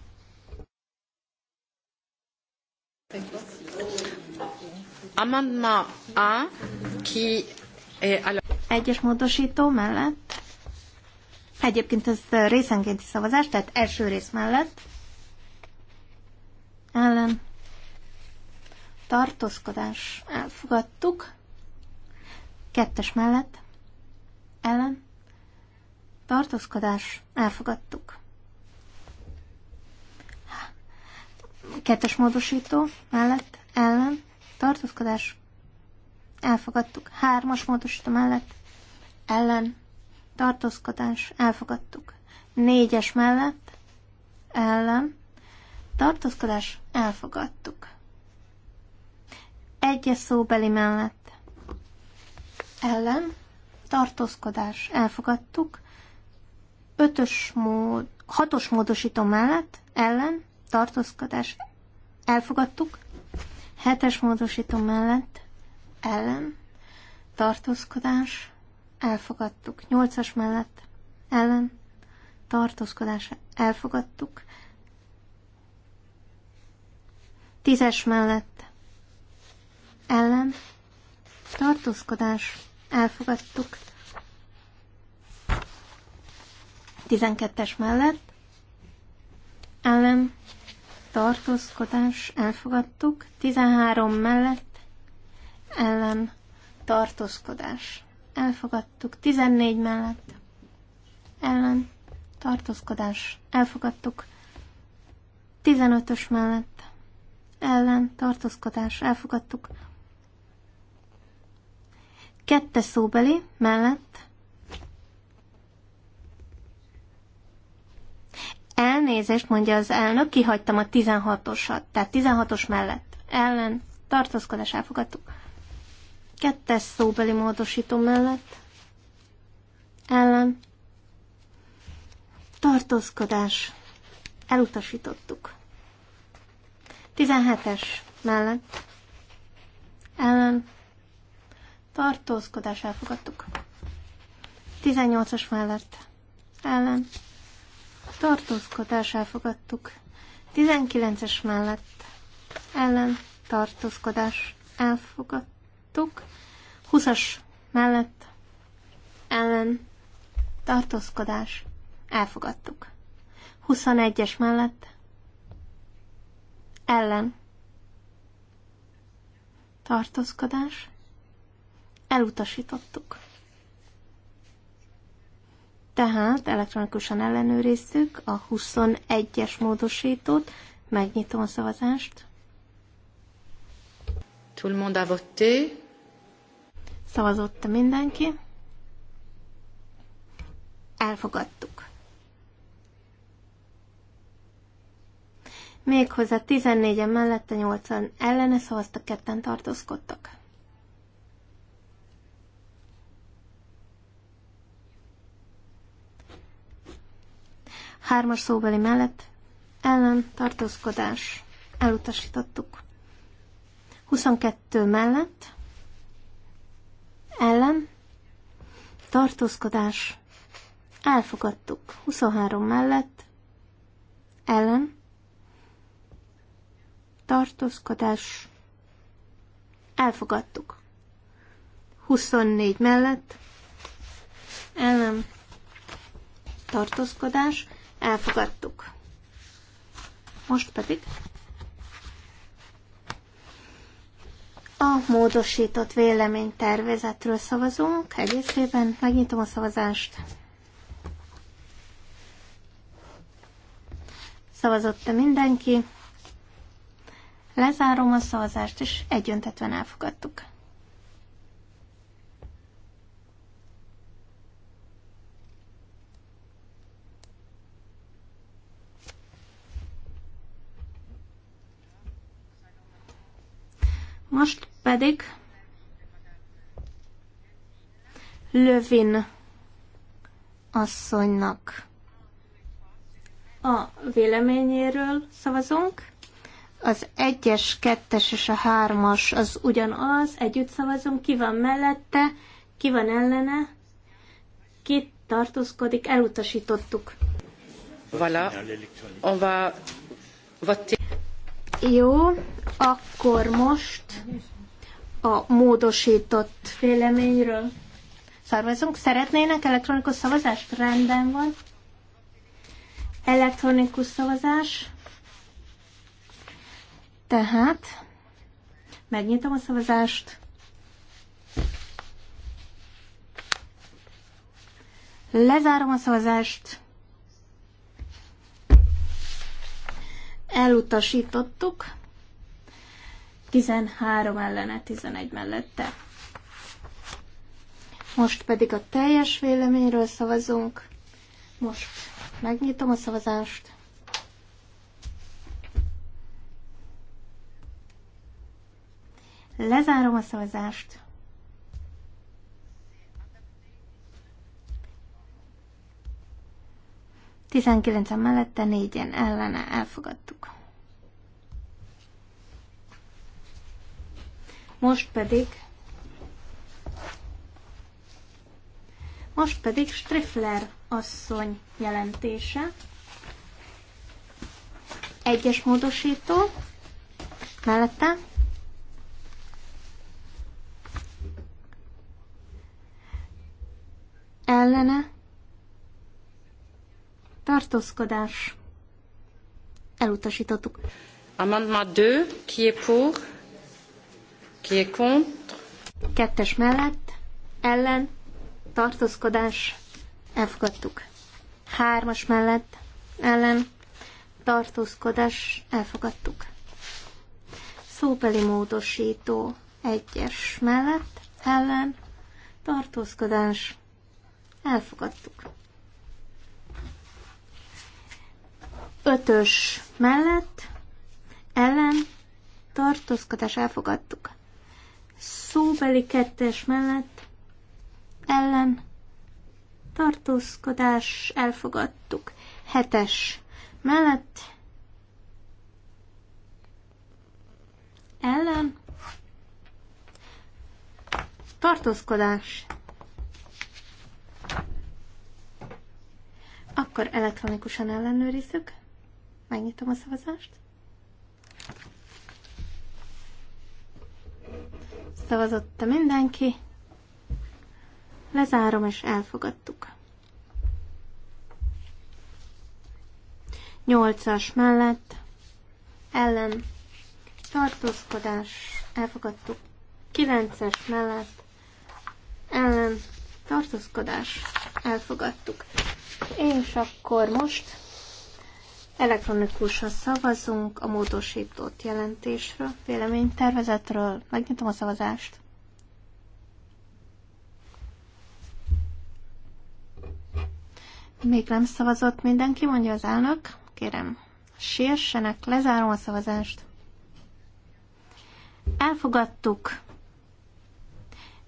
Amendment A, ki... Egyes módosító mellett. Egyébként ez részenkénti szavazás, tehát első rész mellett. Ellen tartózkodás elfogadtuk, kettes mellett, ellen, tartózkodás elfogadtuk. Kettes módosító mellett, ellen, tartózkodás elfogadtuk. Hármas módosító mellett, ellen, tartózkodás elfogadtuk. Négyes mellett, ellen, tartózkodás elfogadtuk. Egyes szóbeli mellett ellen tartózkodás elfogadtuk. Ötös mód, hatos módosító mellett ellen tartózkodás elfogadtuk. Hetes módosító mellett ellen tartózkodás elfogadtuk. Nyolcas mellett ellen tartózkodás elfogadtuk. Tízes mellett ellen tartózkodás elfogadtuk 12-es mellett ellen tartózkodás elfogadtuk 13 mellett ellen tartózkodás elfogadtuk 14 mellett ellen tartózkodás elfogadtuk 15-ös mellett ellen tartózkodás elfogadtuk Kettes szóbeli mellett. Elnézést, mondja az elnök, kihagytam a 16-osat, tehát 16-os mellett. Ellen, tartózkodás elfogadtuk. Kettes szóbeli módosító mellett. Ellen, tartózkodás elutasítottuk. 17-es mellett. Ellen, tartózkodás elfogadtuk. 18-as mellett ellen tartózkodás elfogadtuk. 19-es mellett ellen tartózkodás elfogadtuk. 20-as mellett ellen tartózkodás elfogadtuk. 21-es mellett ellen tartózkodás elutasítottuk. Tehát elektronikusan ellenőrizzük a 21-es módosítót, megnyitom a szavazást. Tout le monde a voté. Szavazott mindenki. Elfogadtuk. Méghozzá 14-en mellette 80 ellene szavaztak, ketten tartózkodtak. Hármas szóbeli mellett ellen tartózkodás elutasítottuk. 22 mellett ellen tartózkodás elfogadtuk. 23 mellett ellen tartózkodás elfogadtuk. 24 mellett ellen tartózkodás elfogadtuk. Most pedig a módosított véleménytervezetről szavazunk egészében. Megnyitom a szavazást. Szavazott-e mindenki? Lezárom a szavazást, és egyöntetven elfogadtuk. Most pedig Lövin asszonynak a véleményéről szavazunk. Az egyes, kettes és a hármas az ugyanaz, együtt szavazunk, ki van mellette, ki van ellene, ki tartózkodik, elutasítottuk. Voilà. On va voter. Jó, akkor most a módosított véleményről szervezünk. Szeretnének elektronikus szavazást? Rendben van. Elektronikus szavazás. Tehát megnyitom a szavazást. Lezárom a szavazást. elutasítottuk, 13 ellene, 11 mellette. Most pedig a teljes véleményről szavazunk. Most megnyitom a szavazást. Lezárom a szavazást. 19 mellette, 4-en ellene elfogadtuk. Most pedig Most pedig Streffler asszony jelentése. Egyes módosító. Mellette. Ellene tartózkodás, elutasítottuk. Amendment 2, ki est pour, ki est contre. Kettes mellett, ellen, tartózkodás, elfogadtuk. Hármas mellett, ellen, tartózkodás, elfogadtuk. Szóbeli módosító egyes mellett, ellen, tartózkodás, elfogadtuk. Ötös mellett ellen tartózkodás elfogadtuk. Szóbeli kettes mellett ellen tartózkodás elfogadtuk. Hetes mellett ellen tartózkodás. Akkor elektronikusan ellenőrizzük. Megnyitom a szavazást. Szavazotta mindenki. Lezárom, és elfogadtuk. Nyolcas mellett ellen tartózkodás elfogadtuk. Kilences mellett ellen tartózkodás elfogadtuk. És akkor most Elektronikusan szavazunk a módosított jelentésről, véleménytervezetről. Megnyitom a szavazást. Még nem szavazott mindenki, mondja az elnök. Kérem, sérsenek, lezárom a szavazást. Elfogadtuk.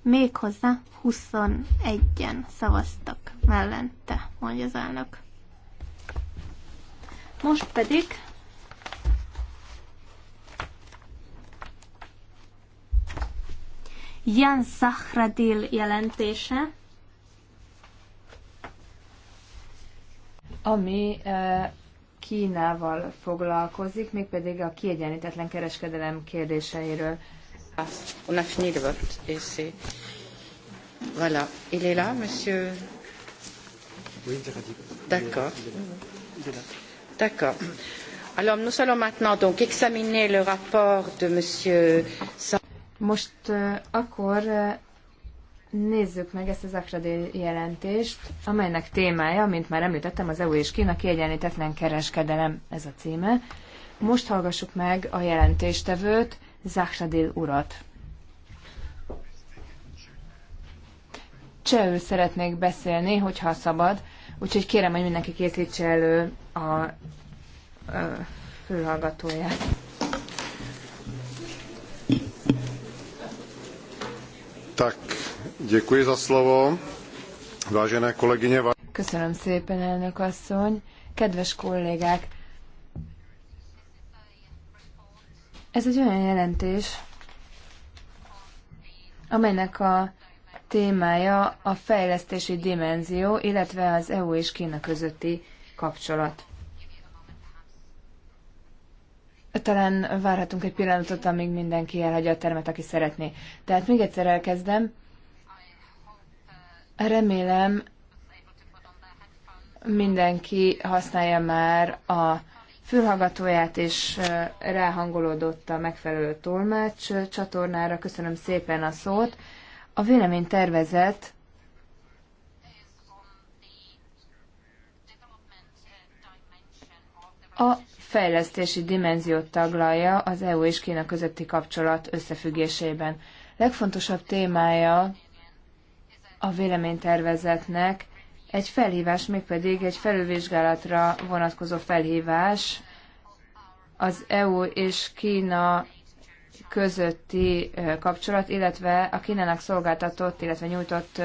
Méghozzá 21-en szavaztak mellette, mondja az elnök. Most pedig Jan Szahradil jelentése, ami Kínával foglalkozik, mégpedig a kiegyenlítetlen kereskedelem kérdéseiről. On a fini le vote, et c'est... Voilà. Il est là, monsieur D'accord. D'accord. Alors nous allons maintenant donc examiner le rapport de Monsieur. Most euh, akkor euh, nézzük meg ezt az Akradé jelentést, amelynek témája, mint már említettem, az EU és Kína kiegyenlítetlen kereskedelem, ez a címe. Most hallgassuk meg a jelentéstevőt, Zahradil urat. Csehül szeretnék beszélni, hogyha szabad. Úgyhogy kérem, hogy mindenki készítse elő a, a fülhallgatóját. Tak, děkuji za slovo. Vážené kolegyně, vá... Köszönöm szépen, elnök asszony. Kedves kollégák, ez egy olyan jelentés, amelynek a témája a fejlesztési dimenzió, illetve az EU és Kína közötti kapcsolat. Talán várhatunk egy pillanatot, amíg mindenki elhagyja a termet, aki szeretné. Tehát még egyszer elkezdem. Remélem, mindenki használja már a fülhallgatóját, és ráhangolódott a megfelelő tolmács csatornára. Köszönöm szépen a szót. A véleménytervezet a fejlesztési dimenziót taglalja az EU és Kína közötti kapcsolat összefüggésében. Legfontosabb témája a véleménytervezetnek egy felhívás, mégpedig egy felülvizsgálatra vonatkozó felhívás az EU és Kína közötti kapcsolat, illetve a Kínának szolgáltatott, illetve nyújtott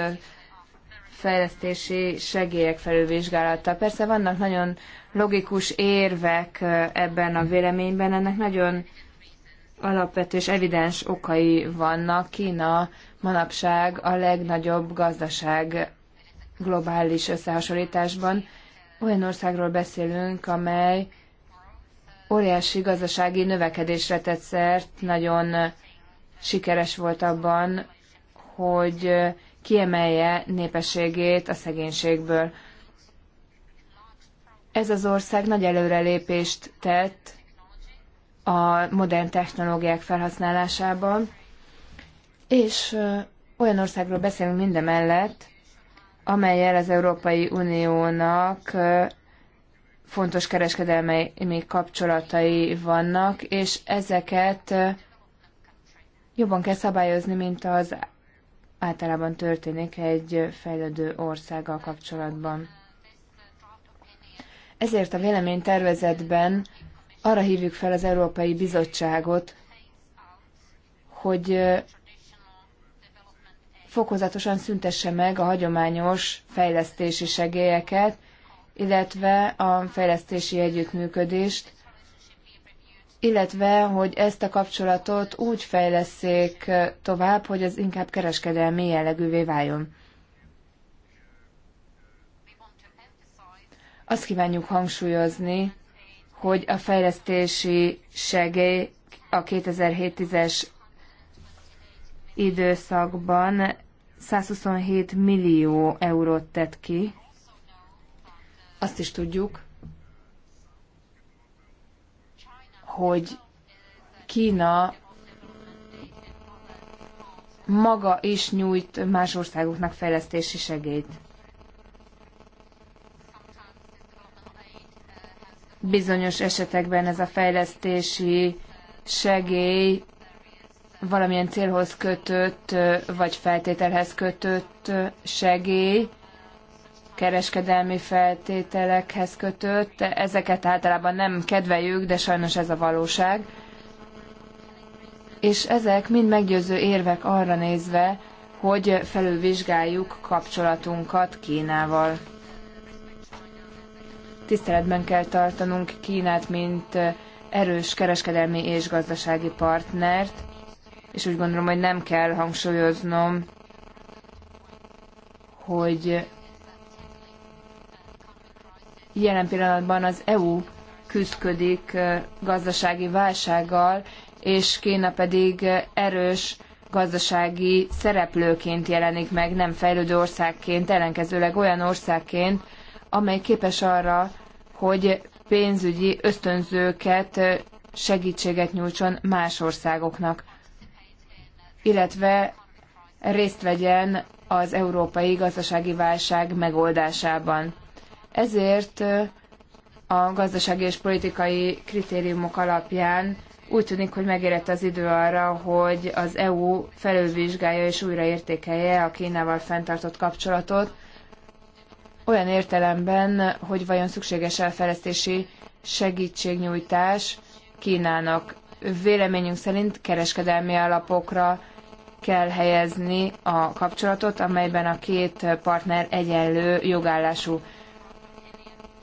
fejlesztési segélyek felülvizsgálata. Persze vannak nagyon logikus érvek ebben a véleményben, ennek nagyon alapvető és evidens okai vannak. Kína manapság a legnagyobb gazdaság globális összehasonlításban. Olyan országról beszélünk, amely óriási gazdasági növekedésre tett szert, nagyon sikeres volt abban, hogy kiemelje népességét a szegénységből. Ez az ország nagy előrelépést tett a modern technológiák felhasználásában, és olyan országról beszélünk mindemellett, amelyel az Európai Uniónak fontos kereskedelmi kapcsolatai vannak, és ezeket jobban kell szabályozni, mint az általában történik egy fejlődő országgal kapcsolatban. Ezért a véleménytervezetben arra hívjuk fel az Európai Bizottságot, hogy fokozatosan szüntesse meg a hagyományos fejlesztési segélyeket, illetve a fejlesztési együttműködést, illetve hogy ezt a kapcsolatot úgy fejleszék tovább, hogy ez inkább kereskedelmi jellegűvé váljon. Azt kívánjuk hangsúlyozni, hogy a fejlesztési segély a 2007 es időszakban 127 millió eurót tett ki, azt is tudjuk, hogy Kína maga is nyújt más országoknak fejlesztési segélyt. Bizonyos esetekben ez a fejlesztési segély valamilyen célhoz kötött, vagy feltételhez kötött segély, kereskedelmi feltételekhez kötött. Ezeket általában nem kedveljük, de sajnos ez a valóság. És ezek mind meggyőző érvek arra nézve, hogy felülvizsgáljuk kapcsolatunkat Kínával. Tiszteletben kell tartanunk Kínát, mint erős kereskedelmi és gazdasági partnert, és úgy gondolom, hogy nem kell hangsúlyoznom, hogy Jelen pillanatban az EU küzdködik gazdasági válsággal, és Kína pedig erős gazdasági szereplőként jelenik meg, nem fejlődő országként, ellenkezőleg olyan országként, amely képes arra, hogy pénzügyi ösztönzőket, segítséget nyújtson más országoknak, illetve részt vegyen az európai gazdasági válság megoldásában. Ezért a gazdasági és politikai kritériumok alapján úgy tűnik, hogy megérett az idő arra, hogy az EU felülvizsgálja és újraértékelje a Kínával fenntartott kapcsolatot, olyan értelemben, hogy vajon szükséges elfeleztési segítségnyújtás Kínának. Véleményünk szerint kereskedelmi alapokra kell helyezni a kapcsolatot, amelyben a két partner egyenlő jogállású.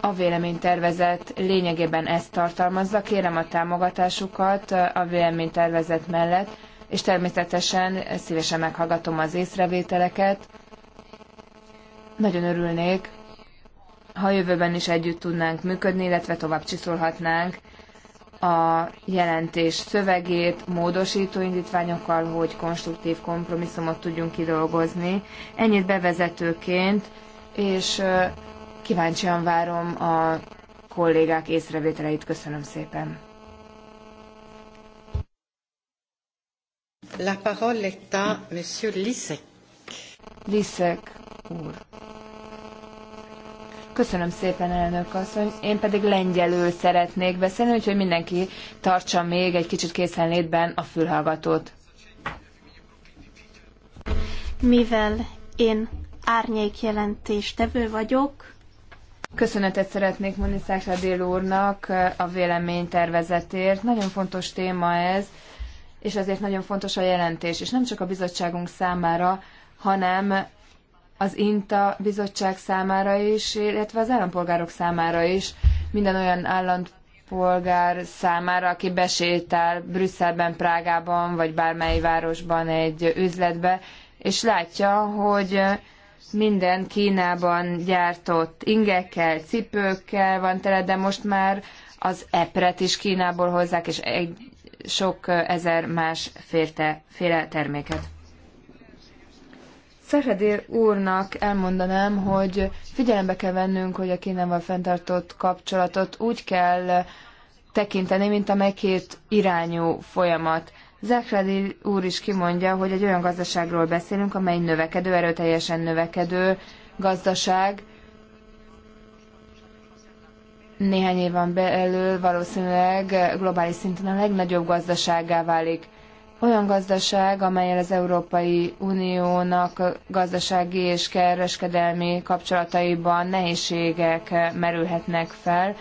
A véleménytervezet lényegében ezt tartalmazza. Kérem a támogatásukat a véleménytervezet mellett, és természetesen szívesen meghallgatom az észrevételeket. Nagyon örülnék, ha jövőben is együtt tudnánk működni, illetve tovább csiszolhatnánk a jelentés szövegét módosító indítványokkal, hogy konstruktív kompromisszumot tudjunk kidolgozni. Ennyit bevezetőként, és Kíváncsian várom a kollégák észrevételeit. Köszönöm szépen. La parole est à Monsieur Lisek. Lisek úr. Köszönöm szépen, elnök asszony. Én pedig lengyelül szeretnék beszélni, úgyhogy mindenki tartsa még egy kicsit készenlétben a fülhallgatót. Mivel én árnyék jelentéstevő vagyok, Köszönetet szeretnék mondani Szákla Dél úrnak a véleménytervezetért. Nagyon fontos téma ez, és azért nagyon fontos a jelentés, és nem csak a bizottságunk számára, hanem az INTA bizottság számára is, illetve az állampolgárok számára is, minden olyan állampolgár számára, aki besétál Brüsszelben, Prágában, vagy bármely városban egy üzletbe, és látja, hogy minden Kínában gyártott ingekkel, cipőkkel van tele, de most már az epret is Kínából hozzák, és egy sok ezer más férte, féle terméket. Szeredér úrnak elmondanám, hogy figyelembe kell vennünk, hogy a Kínával fenntartott kapcsolatot úgy kell tekinteni, mint amely két irányú folyamat. Zekredi úr is kimondja, hogy egy olyan gazdaságról beszélünk, amely növekedő, erőteljesen növekedő gazdaság. Néhány évben belül valószínűleg globális szinten a legnagyobb gazdasággá válik. Olyan gazdaság, amelyel az Európai Uniónak gazdasági és kereskedelmi kapcsolataiban nehézségek merülhetnek fel,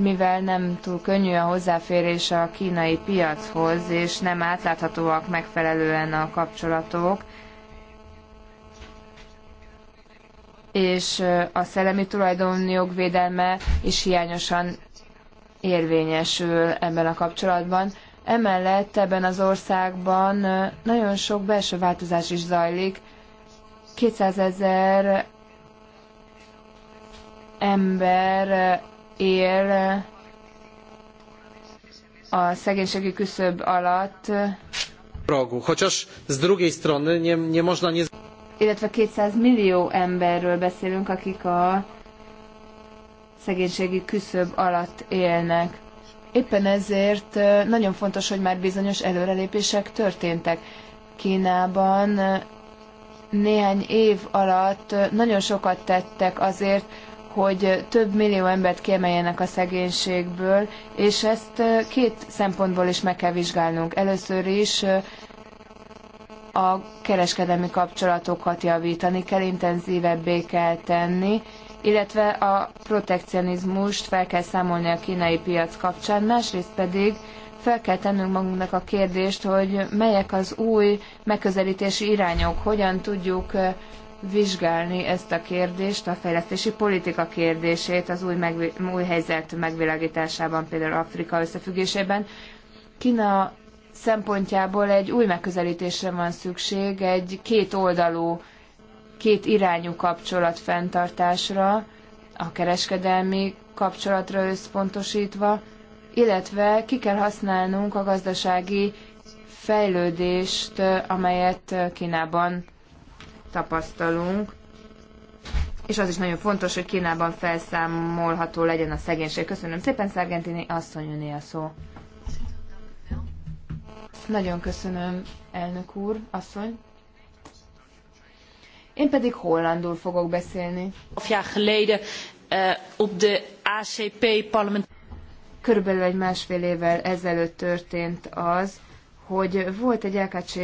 mivel nem túl könnyű a hozzáférés a kínai piachoz, és nem átláthatóak megfelelően a kapcsolatok, és a szellemi tulajdon védelme is hiányosan érvényesül ebben a kapcsolatban. Emellett ebben az országban nagyon sok belső változás is zajlik. 200 ezer ember él eh, a szegénységi küszöb alatt. Rogu, chociaż z drugiej strony nie, nie można nie... Illetve 200 millió emberről beszélünk, akik a szegénységi küszöb alatt élnek. Éppen ezért eh, nagyon fontos, hogy már bizonyos előrelépések történtek. Kínában eh, néhány év alatt nagyon sokat tettek azért, hogy több millió embert kiemeljenek a szegénységből, és ezt két szempontból is meg kell vizsgálnunk. Először is a kereskedelmi kapcsolatokat javítani kell, intenzívebbé kell tenni, illetve a protekcionizmust fel kell számolni a kínai piac kapcsán, másrészt pedig fel kell tennünk magunknak a kérdést, hogy melyek az új megközelítési irányok, hogyan tudjuk vizsgálni ezt a kérdést, a fejlesztési politika kérdését az új, megvi- új helyzet megvilágításában, például Afrika összefüggésében. Kína szempontjából egy új megközelítésre van szükség, egy két oldalú, két irányú kapcsolat fenntartásra, a kereskedelmi kapcsolatra összpontosítva, illetve ki kell használnunk a gazdasági fejlődést, amelyet Kínában tapasztalunk, és az is nagyon fontos, hogy Kínában felszámolható legyen a szegénység. Köszönöm szépen, Szergentini, asszony a szó. Nagyon köszönöm, elnök úr, asszony. Én pedig hollandul fogok beszélni. Eh, Körülbelül egy másfél évvel ezelőtt történt az, hogy volt egy LKC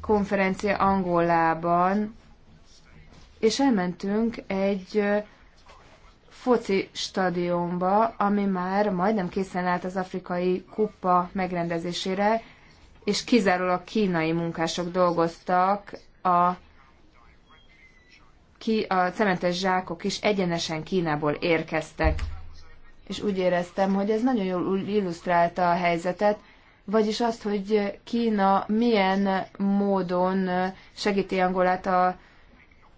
konferencia Angolában, és elmentünk egy foci stadionba, ami már majdnem készen állt az afrikai kupa megrendezésére, és kizárólag kínai munkások dolgoztak a ki a cementes zsákok is egyenesen Kínából érkeztek. És úgy éreztem, hogy ez nagyon jól illusztrálta a helyzetet, vagyis azt, hogy Kína milyen módon segíti Angolát a,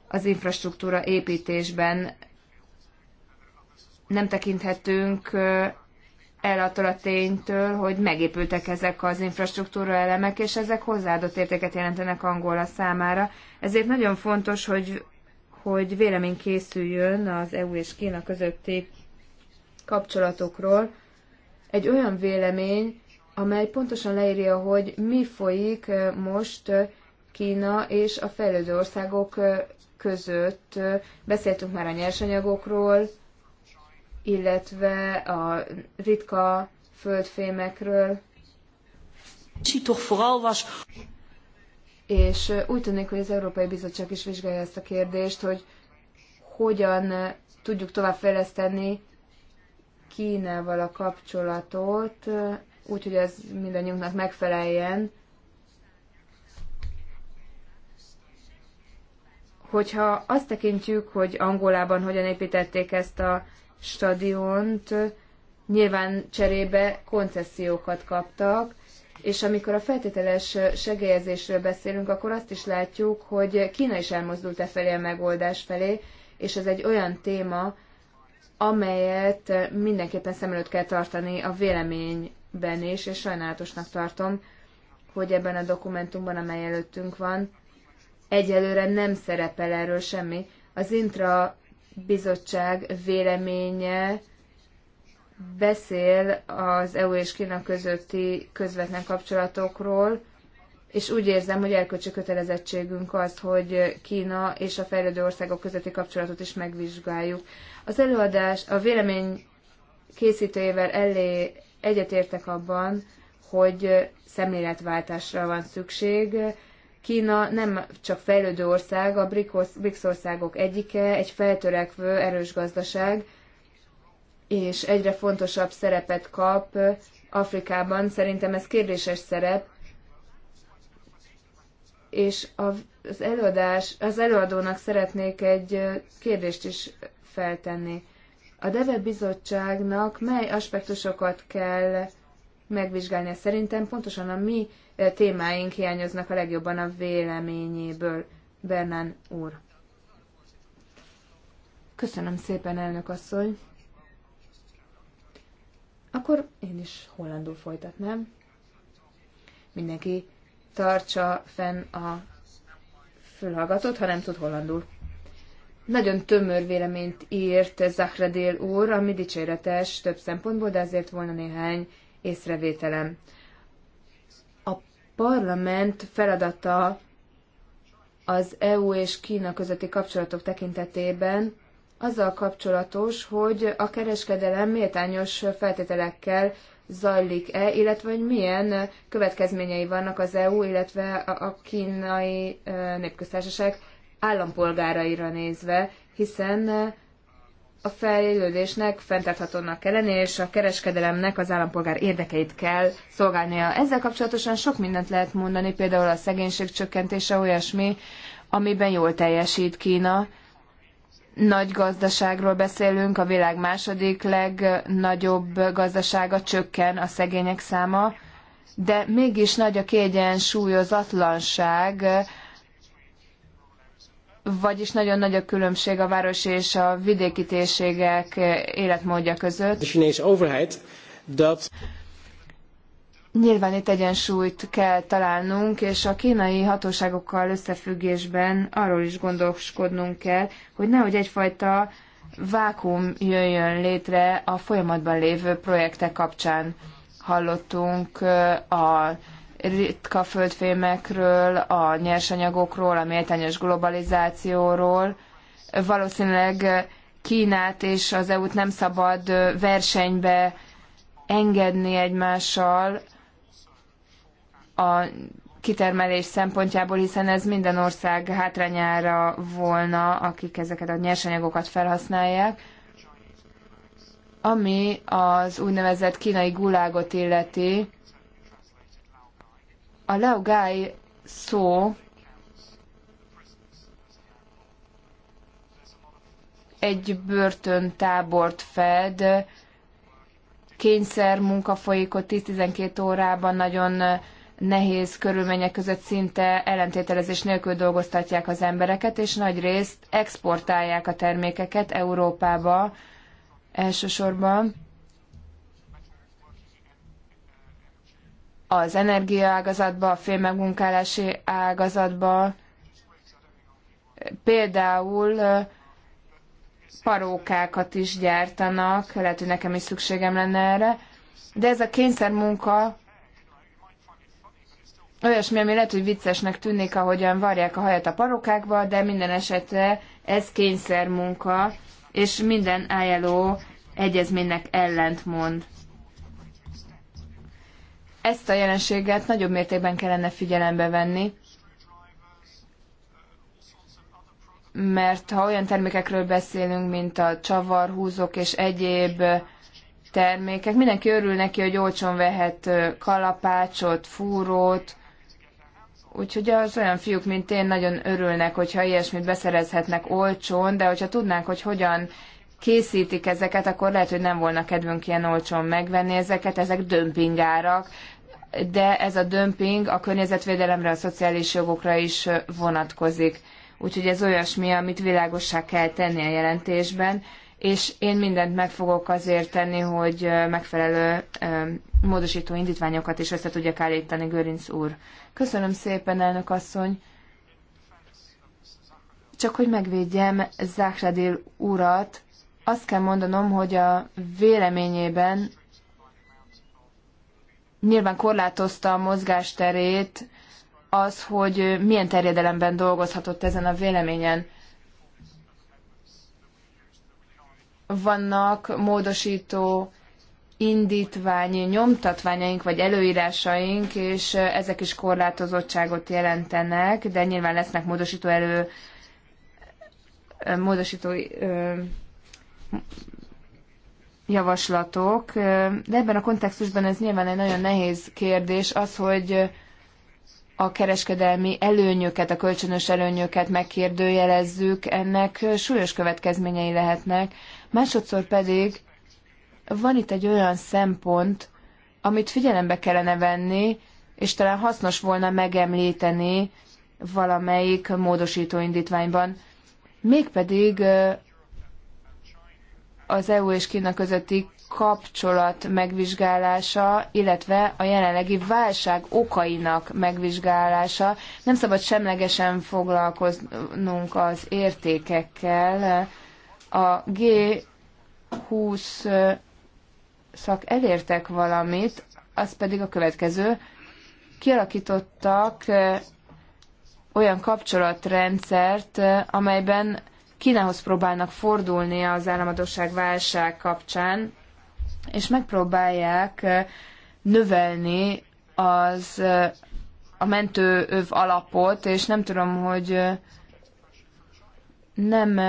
az infrastruktúra építésben. Nem tekinthetünk el attól a ténytől, hogy megépültek ezek az infrastruktúra elemek, és ezek hozzáadott értéket jelentenek Angola számára. Ezért nagyon fontos, hogy, hogy vélemény készüljön az EU és Kína közötti kapcsolatokról. Egy olyan vélemény, amely pontosan leírja, hogy mi folyik most Kína és a fejlődő országok között. Beszéltünk már a nyersanyagokról, illetve a ritka földfémekről. És úgy tűnik, hogy az Európai Bizottság is vizsgálja ezt a kérdést, hogy hogyan tudjuk továbbfejleszteni Kínával a kapcsolatot, úgy, hogy ez mindannyiunknak megfeleljen. Hogyha azt tekintjük, hogy Angolában hogyan építették ezt a stadiont, nyilván cserébe koncesziókat kaptak, és amikor a feltételes segélyezésről beszélünk, akkor azt is látjuk, hogy Kína is elmozdult e felé a megoldás felé, és ez egy olyan téma, amelyet mindenképpen szem előtt kell tartani a véleményben is, és sajnálatosnak tartom, hogy ebben a dokumentumban, amely előttünk van, egyelőre nem szerepel erről semmi. Az Intra bizottság véleménye beszél az EU és Kína közötti közvetlen kapcsolatokról, és úgy érzem, hogy elkölcsi kötelezettségünk az, hogy Kína és a fejlődő országok közötti kapcsolatot is megvizsgáljuk. Az előadás a vélemény készítőjével elé egyetértek abban, hogy szemléletváltásra van szükség. Kína nem csak fejlődő ország, a BRICS országok egyike, egy feltörekvő, erős gazdaság, és egyre fontosabb szerepet kap Afrikában. Szerintem ez kérdéses szerep, és az, előadás, az előadónak szeretnék egy kérdést is feltenni. A DEVE bizottságnak mely aspektusokat kell megvizsgálni? Szerintem pontosan a mi témáink hiányoznak a legjobban a véleményéből, Bernán úr. Köszönöm szépen, elnök asszony. Akkor én is hollandul folytatnám. Mindenki tartsa fenn a fülhallgatót, ha nem tud hollandul. Nagyon tömör véleményt írt Zahradél úr, ami dicséretes több szempontból, de azért volna néhány észrevételem. A parlament feladata az EU és Kína közötti kapcsolatok tekintetében azzal kapcsolatos, hogy a kereskedelem méltányos feltételekkel zajlik-e, illetve hogy milyen következményei vannak az EU, illetve a kínai népköztársaság állampolgáraira nézve, hiszen a fejlődésnek fenntarthatónak kell lenni, és a kereskedelemnek az állampolgár érdekeit kell szolgálnia. Ezzel kapcsolatosan sok mindent lehet mondani, például a szegénység csökkentése olyasmi, amiben jól teljesít Kína, nagy gazdaságról beszélünk, a világ második legnagyobb gazdasága csökken a szegények száma, de mégis nagy a kiegyensúlyozatlanság, vagyis nagyon nagy a különbség a város és a vidéki térségek életmódja között. Nyilván itt egyensúlyt kell találnunk, és a kínai hatóságokkal összefüggésben arról is gondoskodnunk kell, hogy nehogy egyfajta vákum jöjjön létre a folyamatban lévő projektek kapcsán. Hallottunk a ritka földfémekről, a nyersanyagokról, a méltányos globalizációról. Valószínűleg Kínát és az EU-t nem szabad versenybe engedni egymással, a kitermelés szempontjából, hiszen ez minden ország hátrányára volna, akik ezeket a nyersanyagokat felhasználják. Ami az úgynevezett kínai gulágot illeti, a laogai szó egy börtöntábort fed, kényszer ott 10-12 órában nagyon nehéz körülmények között szinte ellentételezés nélkül dolgoztatják az embereket, és nagy részt exportálják a termékeket Európába elsősorban. Az energiaágazatba, a fémmegmunkálási ágazatba, például parókákat is gyártanak, lehet, hogy nekem is szükségem lenne erre, de ez a kényszermunka olyasmi, ami lehet, hogy viccesnek tűnik, ahogyan varják a hajat a parokákba, de minden esetre ez kényszermunka, és minden ILO egyezménynek mond. Ezt a jelenséget nagyobb mértékben kellene figyelembe venni, mert ha olyan termékekről beszélünk, mint a csavarhúzók és egyéb termékek, mindenki örül neki, hogy olcsón vehet kalapácsot, fúrót, Úgyhogy az olyan fiúk, mint én, nagyon örülnek, hogyha ilyesmit beszerezhetnek olcsón, de hogyha tudnánk, hogy hogyan készítik ezeket, akkor lehet, hogy nem volna kedvünk ilyen olcsón megvenni ezeket, ezek dömpingárak, de ez a dömping a környezetvédelemre, a szociális jogokra is vonatkozik. Úgyhogy ez olyasmi, amit világossá kell tenni a jelentésben, és én mindent meg fogok azért tenni, hogy megfelelő módosító indítványokat is össze tudjak állítani, Görinc úr. Köszönöm szépen, elnök asszony. Csak hogy megvédjem Záhradil urat, azt kell mondanom, hogy a véleményében nyilván korlátozta a mozgásterét az, hogy milyen terjedelemben dolgozhatott ezen a véleményen. vannak módosító indítvány, nyomtatványaink vagy előírásaink, és ezek is korlátozottságot jelentenek, de nyilván lesznek módosító elő módosító javaslatok, de ebben a kontextusban ez nyilván egy nagyon nehéz kérdés, az, hogy a kereskedelmi előnyöket, a kölcsönös előnyöket megkérdőjelezzük, ennek súlyos következményei lehetnek Másodszor pedig van itt egy olyan szempont, amit figyelembe kellene venni, és talán hasznos volna megemlíteni valamelyik módosító indítványban. Mégpedig az EU és Kína közötti kapcsolat megvizsgálása, illetve a jelenlegi válság okainak megvizsgálása. Nem szabad semlegesen foglalkoznunk az értékekkel, a G20 szak elértek valamit, az pedig a következő. Kialakítottak olyan kapcsolatrendszert, amelyben Kínához próbálnak fordulni az államadóság válság kapcsán, és megpróbálják növelni az a mentőöv alapot, és nem tudom, hogy nem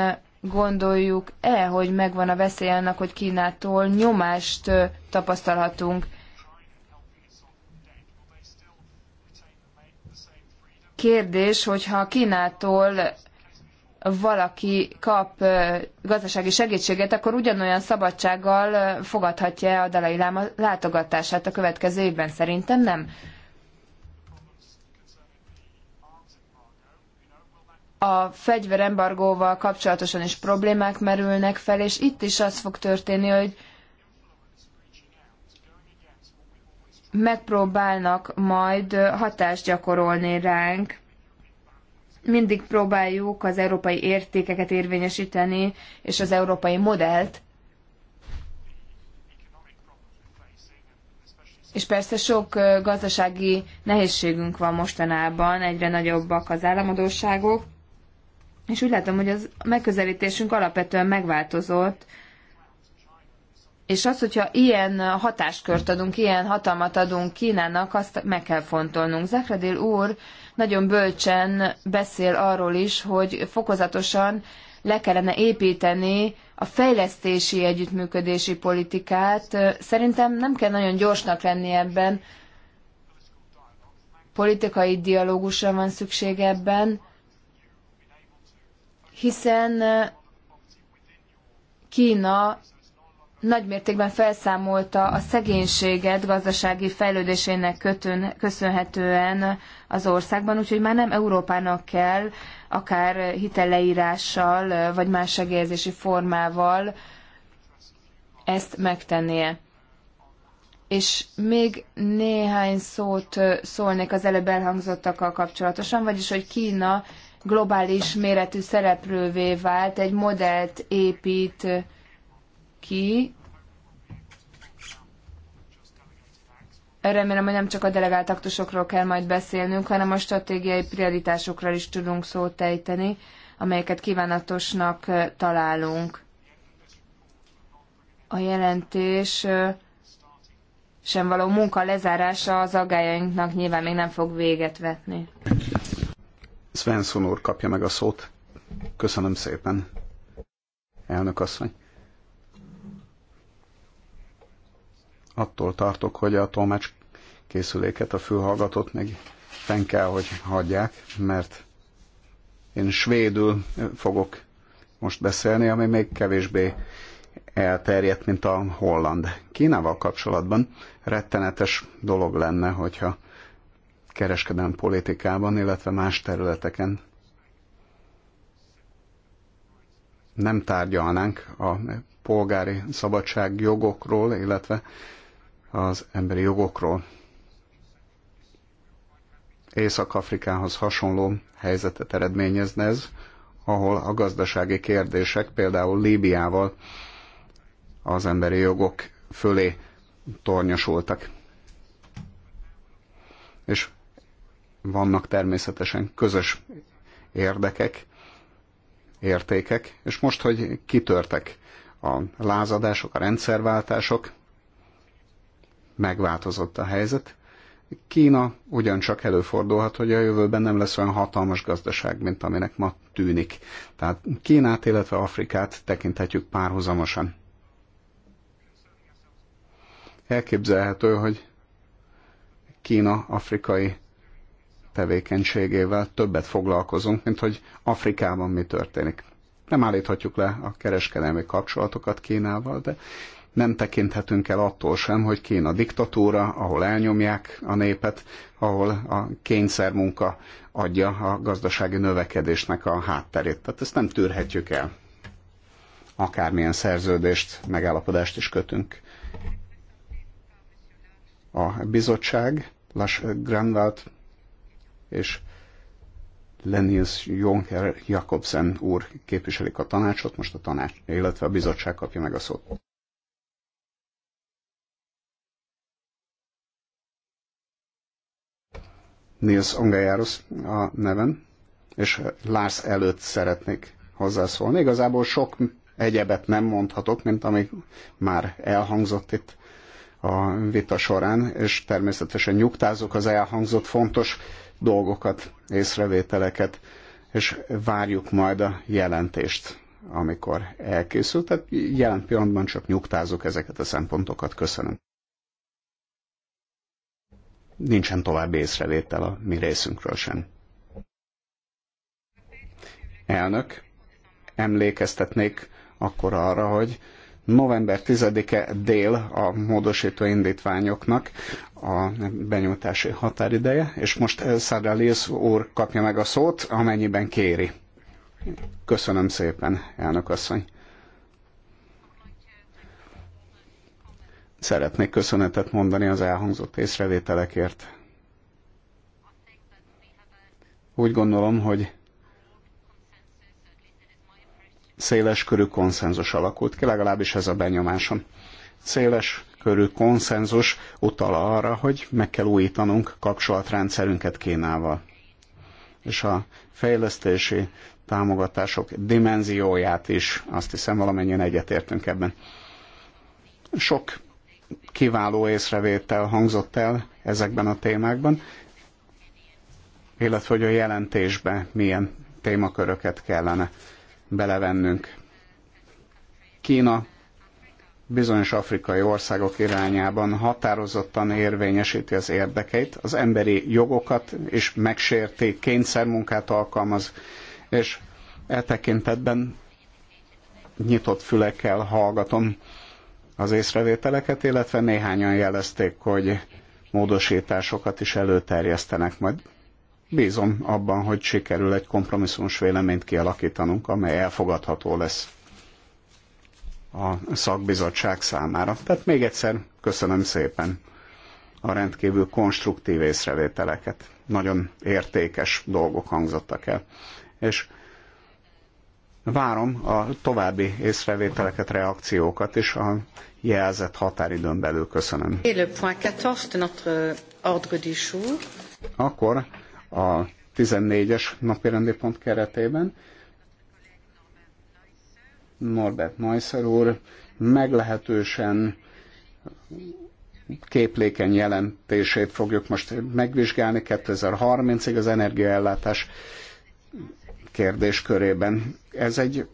gondoljuk-e, hogy megvan a veszély annak, hogy Kínától nyomást tapasztalhatunk. Kérdés, hogyha Kínától valaki kap gazdasági segítséget, akkor ugyanolyan szabadsággal fogadhatja a Dalai Láma látogatását a következő évben. Szerintem nem. a fegyverembargóval kapcsolatosan is problémák merülnek fel, és itt is az fog történni, hogy megpróbálnak majd hatást gyakorolni ránk. Mindig próbáljuk az európai értékeket érvényesíteni, és az európai modellt. És persze sok gazdasági nehézségünk van mostanában, egyre nagyobbak az államadóságok és úgy látom, hogy az megközelítésünk alapvetően megváltozott, és az, hogyha ilyen hatáskört adunk, ilyen hatalmat adunk Kínának, azt meg kell fontolnunk. Zakradil úr nagyon bölcsen beszél arról is, hogy fokozatosan le kellene építeni a fejlesztési együttműködési politikát. Szerintem nem kell nagyon gyorsnak lenni ebben. Politikai dialógusra van szükség ebben, hiszen Kína nagymértékben felszámolta a szegénységet gazdasági fejlődésének kötön, köszönhetően az országban, úgyhogy már nem Európának kell akár hitelleírással vagy más segélyezési formával ezt megtennie. És még néhány szót szólnék az előbb elhangzottakkal kapcsolatosan, vagyis hogy Kína globális méretű szereplővé vált, egy modellt épít ki. Remélem, hogy nem csak a delegált aktusokról kell majd beszélnünk, hanem a stratégiai prioritásokról is tudunk szót tejteni, amelyeket kívánatosnak találunk. A jelentés sem való munka lezárása az aggájainknak nyilván még nem fog véget vetni. Svensson úr kapja meg a szót. Köszönöm szépen, elnök asszony. Attól tartok, hogy a tolmács készüléket, a fülhallgatót meg fenn kell, hogy hagyják, mert én svédül fogok most beszélni, ami még kevésbé elterjedt, mint a holland. Kínával kapcsolatban rettenetes dolog lenne, hogyha kereskedelmi politikában, illetve más területeken nem tárgyalnánk a polgári szabadság jogokról, illetve az emberi jogokról. Észak-Afrikához hasonló helyzetet eredményezne ez, ahol a gazdasági kérdések például Líbiával az emberi jogok fölé tornyosultak. És vannak természetesen közös érdekek, értékek, és most, hogy kitörtek a lázadások, a rendszerváltások, megváltozott a helyzet. Kína ugyancsak előfordulhat, hogy a jövőben nem lesz olyan hatalmas gazdaság, mint aminek ma tűnik. Tehát Kínát, illetve Afrikát tekinthetjük párhuzamosan. Elképzelhető, hogy Kína afrikai tevékenységével többet foglalkozunk, mint hogy Afrikában mi történik. Nem állíthatjuk le a kereskedelmi kapcsolatokat Kínával, de nem tekinthetünk el attól sem, hogy Kína diktatúra, ahol elnyomják a népet, ahol a kényszermunka adja a gazdasági növekedésnek a hátterét. Tehát ezt nem tűrhetjük el. Akármilyen szerződést, megállapodást is kötünk. A bizottság Las Granvalt és Lenils Jonker Jakobsen úr képviselik a tanácsot, most a tanács, illetve a bizottság kapja meg a szót. Nils Ongajáros a neven, és Lars előtt szeretnék hozzászólni. Igazából sok egyebet nem mondhatok, mint ami már elhangzott itt a vita során, és természetesen nyugtázok az elhangzott fontos dolgokat, észrevételeket, és várjuk majd a jelentést, amikor elkészül. Tehát jelen pillanatban csak nyugtázok ezeket a szempontokat. Köszönöm. Nincsen további észrevétel a mi részünkről sem. Elnök, emlékeztetnék akkor arra, hogy november 10-e dél a módosító indítványoknak a benyújtási határideje, és most eh, Szára Lils úr kapja meg a szót, amennyiben kéri. Köszönöm szépen, elnök asszony. Szeretnék köszönetet mondani az elhangzott észrevételekért. Úgy gondolom, hogy széles körű konszenzus alakult ki, legalábbis ez a benyomásom. Széles körű konszenzus utal arra, hogy meg kell újítanunk kapcsolatrendszerünket Kínával. És a fejlesztési támogatások dimenzióját is, azt hiszem valamennyien egyetértünk ebben. Sok kiváló észrevétel hangzott el ezekben a témákban, illetve hogy a jelentésben milyen témaköröket kellene belevennünk. Kína bizonyos afrikai országok irányában határozottan érvényesíti az érdekeit, az emberi jogokat is megsérti, kényszermunkát alkalmaz, és e tekintetben nyitott fülekkel hallgatom az észrevételeket, illetve néhányan jelezték, hogy módosításokat is előterjesztenek majd. Bízom abban, hogy sikerül egy kompromisszumos véleményt kialakítanunk, amely elfogadható lesz a szakbizottság számára. Tehát még egyszer köszönöm szépen a rendkívül konstruktív észrevételeket. Nagyon értékes dolgok hangzottak el. És várom a további észrevételeket, reakciókat, és a jelzett határidőn belül köszönöm. Akkor a 14-es napirendi pont keretében. Norbert Neusser úr meglehetősen képlékeny jelentését fogjuk most megvizsgálni 2030-ig az energiaellátás kérdéskörében. Ez egy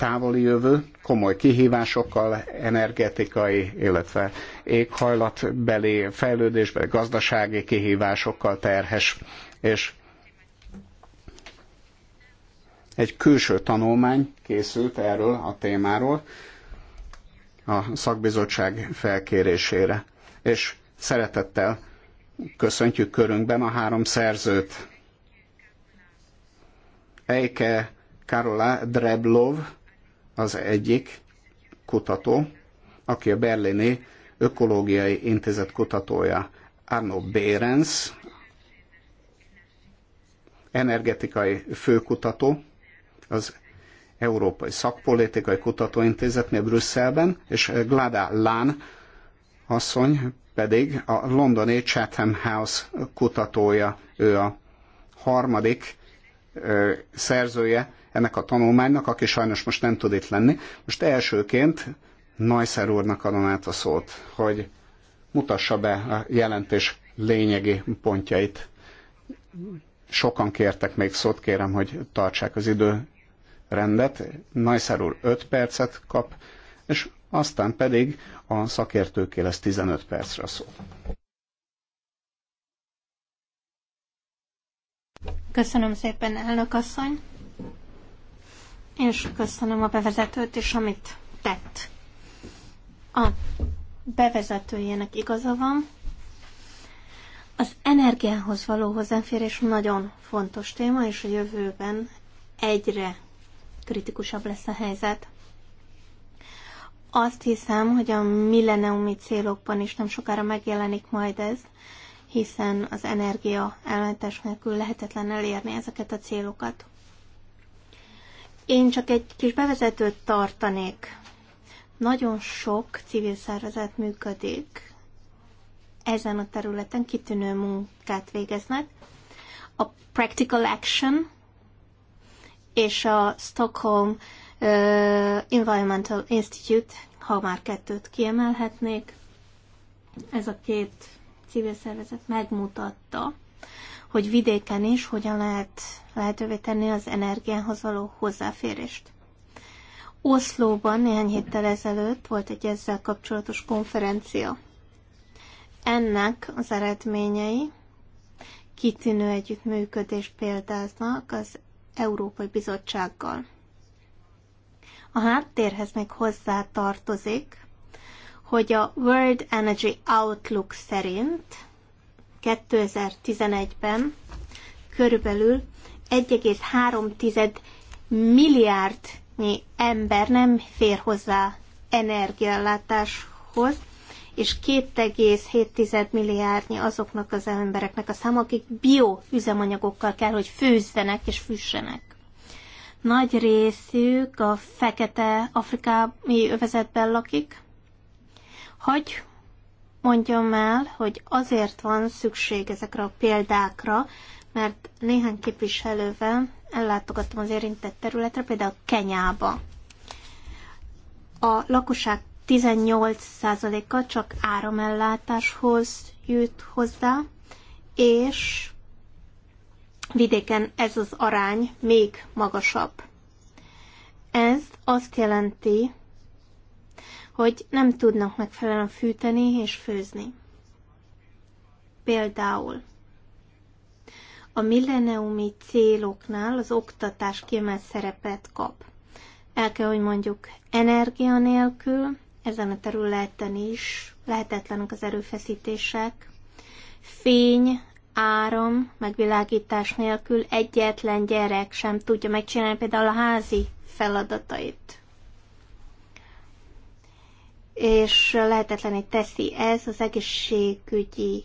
távoli jövő komoly kihívásokkal, energetikai, illetve éghajlatbeli fejlődésbeli gazdasági kihívásokkal terhes, és egy külső tanulmány készült erről a témáról a szakbizottság felkérésére. És szeretettel köszöntjük körünkben a három szerzőt. Eike Karola Dreblov, az egyik kutató, aki a berlini ökológiai intézet kutatója, Arno Behrens, energetikai főkutató az Európai Szakpolitikai Kutatóintézetnél Brüsszelben, és Glada Lán asszony pedig a londoni Chatham House kutatója, ő a harmadik ö, szerzője ennek a tanulmánynak, aki sajnos most nem tud itt lenni. Most elsőként Najszer úrnak adom át a szót, hogy mutassa be a jelentés lényegi pontjait. Sokan kértek még szót, kérem, hogy tartsák az idő rendet. Najszer úr 5 percet kap, és aztán pedig a szakértőké lesz 15 percre szó. Köszönöm szépen, elnök asszony is köszönöm a bevezetőt és amit tett. A bevezetőjének igaza van. Az energiához való hozzáférés nagyon fontos téma, és a jövőben egyre kritikusabb lesz a helyzet. Azt hiszem, hogy a milleniumi célokban is nem sokára megjelenik majd ez, hiszen az energia ellátás nélkül lehetetlen elérni ezeket a célokat. Én csak egy kis bevezetőt tartanék. Nagyon sok civil szervezet működik. Ezen a területen kitűnő munkát végeznek. A Practical Action és a Stockholm Environmental Institute, ha már kettőt kiemelhetnék, ez a két civil szervezet megmutatta, hogy vidéken is hogyan lehet lehetővé tenni az energiához való hozzáférést. Oszlóban néhány héttel ezelőtt volt egy ezzel kapcsolatos konferencia. Ennek az eredményei kitűnő együttműködést példáznak az Európai Bizottsággal. A háttérhez még hozzá tartozik, hogy a World Energy Outlook szerint 2011-ben körülbelül 1,3 milliárdnyi ember nem fér hozzá energiaellátáshoz, és 2,7 milliárdnyi azoknak az embereknek a szám, akik bioüzemanyagokkal kell, hogy főzzenek és fűssenek. Nagy részük a fekete afrikai övezetben lakik. Hagy mondjam el, hogy azért van szükség ezekre a példákra, mert néhány képviselővel ellátogattam az érintett területre, például Kenyába. A lakosság 18%-a csak áramellátáshoz jut hozzá, és vidéken ez az arány még magasabb. Ez azt jelenti, hogy nem tudnak megfelelően fűteni és főzni. Például a milleniumi céloknál az oktatás kiemelt szerepet kap. El kell, hogy mondjuk energia nélkül, ezen a területen is lehetetlenek az erőfeszítések, fény, áram, megvilágítás nélkül egyetlen gyerek sem tudja megcsinálni például a házi feladatait és lehetetlené teszi ez az egészségügyi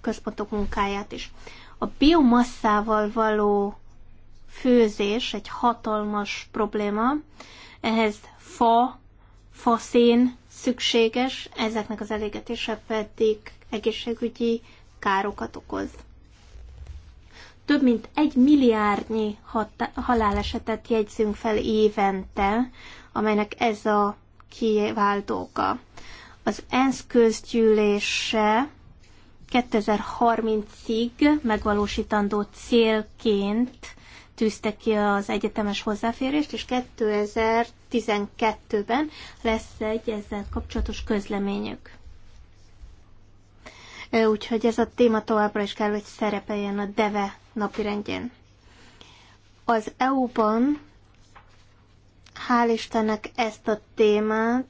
központok munkáját is. A biomasszával való főzés egy hatalmas probléma, ehhez fa, faszén szükséges, ezeknek az elégetése pedig egészségügyi károkat okoz. Több mint egy milliárdnyi halálesetet jegyzünk fel évente, amelynek ez a kiváltóka. Az ENSZ közgyűlése 2030-ig megvalósítandó célként tűzte ki az egyetemes hozzáférést, és 2012-ben lesz egy ezzel kapcsolatos közleményük. Úgyhogy ez a téma továbbra is kell, hogy szerepeljen a DEVE napirendjén. Az EU-ban Hál' Istennek ezt a témát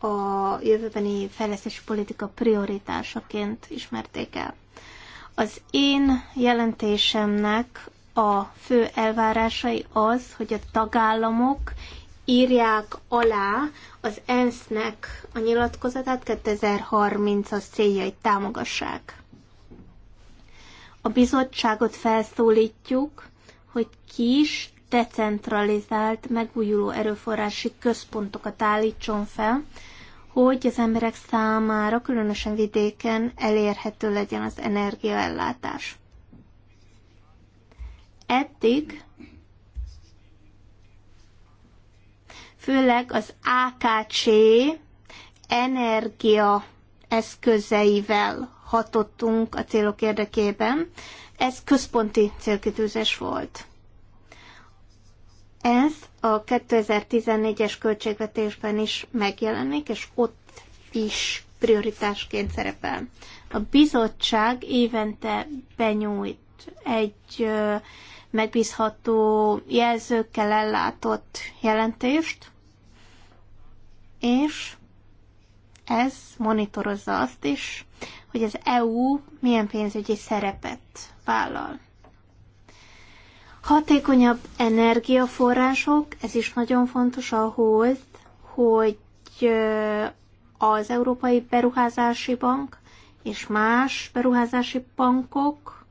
a jövőbeni fejlesztési politika prioritásaként ismerték el. Az én jelentésemnek a fő elvárásai az, hogy a tagállamok írják alá az ENSZ-nek a nyilatkozatát 2030-as céljait támogassák. A bizottságot felszólítjuk, hogy kis decentralizált, megújuló erőforrási központokat állítson fel, hogy az emberek számára, különösen vidéken elérhető legyen az energiaellátás. Eddig főleg az AKC energia eszközeivel hatottunk a célok érdekében. Ez központi célkitűzés volt. Ez a 2014-es költségvetésben is megjelenik, és ott is prioritásként szerepel. A bizottság évente benyújt egy megbízható jelzőkkel ellátott jelentést, és ez monitorozza azt is, hogy az EU milyen pénzügyi szerepet vállal. Hatékonyabb energiaforrások, ez is nagyon fontos ahhoz, hogy az Európai Beruházási Bank és más beruházási bankok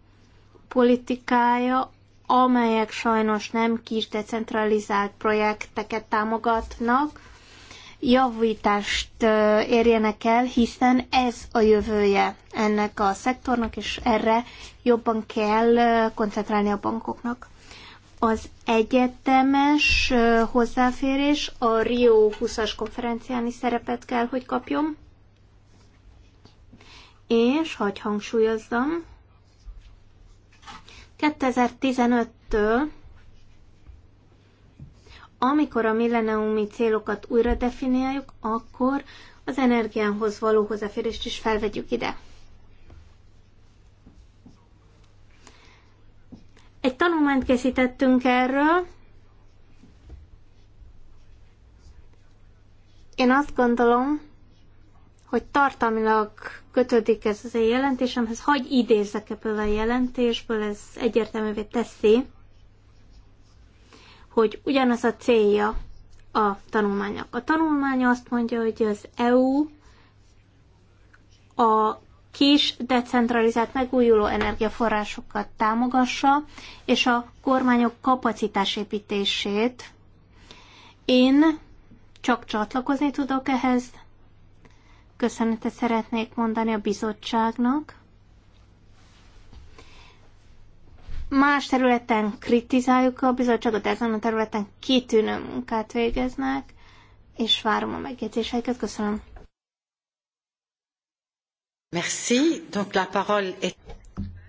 politikája, amelyek sajnos nem kis decentralizált projekteket támogatnak, javítást érjenek el, hiszen ez a jövője ennek a szektornak, és erre jobban kell koncentrálni a bankoknak az egyetemes hozzáférés a Rio 20-as konferencián is szerepet kell, hogy kapjon. És, hagy hangsúlyozzam, 2015-től, amikor a milleniumi célokat újra definiáljuk, akkor az energiánhoz való hozzáférést is felvegyük ide. Egy tanulmányt készítettünk erről. Én azt gondolom, hogy tartalmilag kötődik ez az én jelentésemhez. Hagy idézzek ebből a jelentésből, ez egyértelművé teszi, hogy ugyanaz a célja a tanulmánynak. A tanulmány azt mondja, hogy az EU a kis, decentralizált, megújuló energiaforrásokat támogassa, és a kormányok kapacitásépítését. Én csak csatlakozni tudok ehhez. Köszönetet szeretnék mondani a bizottságnak. Más területen kritizáljuk a bizottságot, ezen a területen kitűnő munkát végeznek, és várom a megjegyzéseiket. Köszönöm. Merci. Donc la parole est...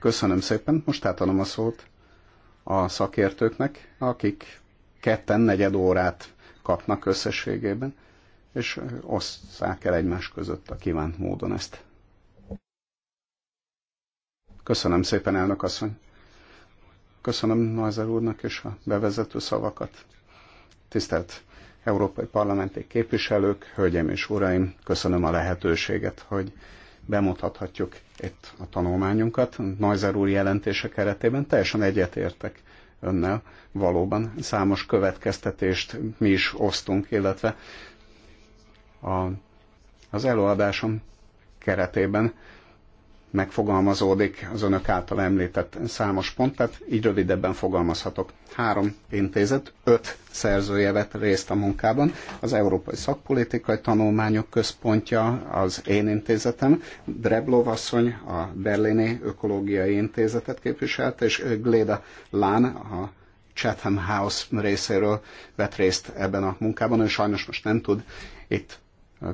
Köszönöm szépen. Most átadom a szót a szakértőknek, akik ketten negyed órát kapnak összességében, és osszák el egymás között a kívánt módon ezt. Köszönöm szépen, elnök asszony. Köszönöm Noizer úrnak és a bevezető szavakat. Tisztelt Európai Parlamenti képviselők, hölgyeim és uraim, köszönöm a lehetőséget, hogy bemutathatjuk itt a tanulmányunkat. Neuser úr jelentése keretében teljesen egyetértek önnel. Valóban számos következtetést mi is osztunk, illetve a, az előadásom keretében megfogalmazódik az önök által említett számos pont, tehát így rövidebben fogalmazhatok. Három intézet, öt szerzője vett részt a munkában, az Európai Szakpolitikai Tanulmányok Központja, az én intézetem, Dreblov asszony a Berlini Ökológiai Intézetet képviselte, és Gléda Lán a Chatham House részéről vett részt ebben a munkában. Ő sajnos most nem tud itt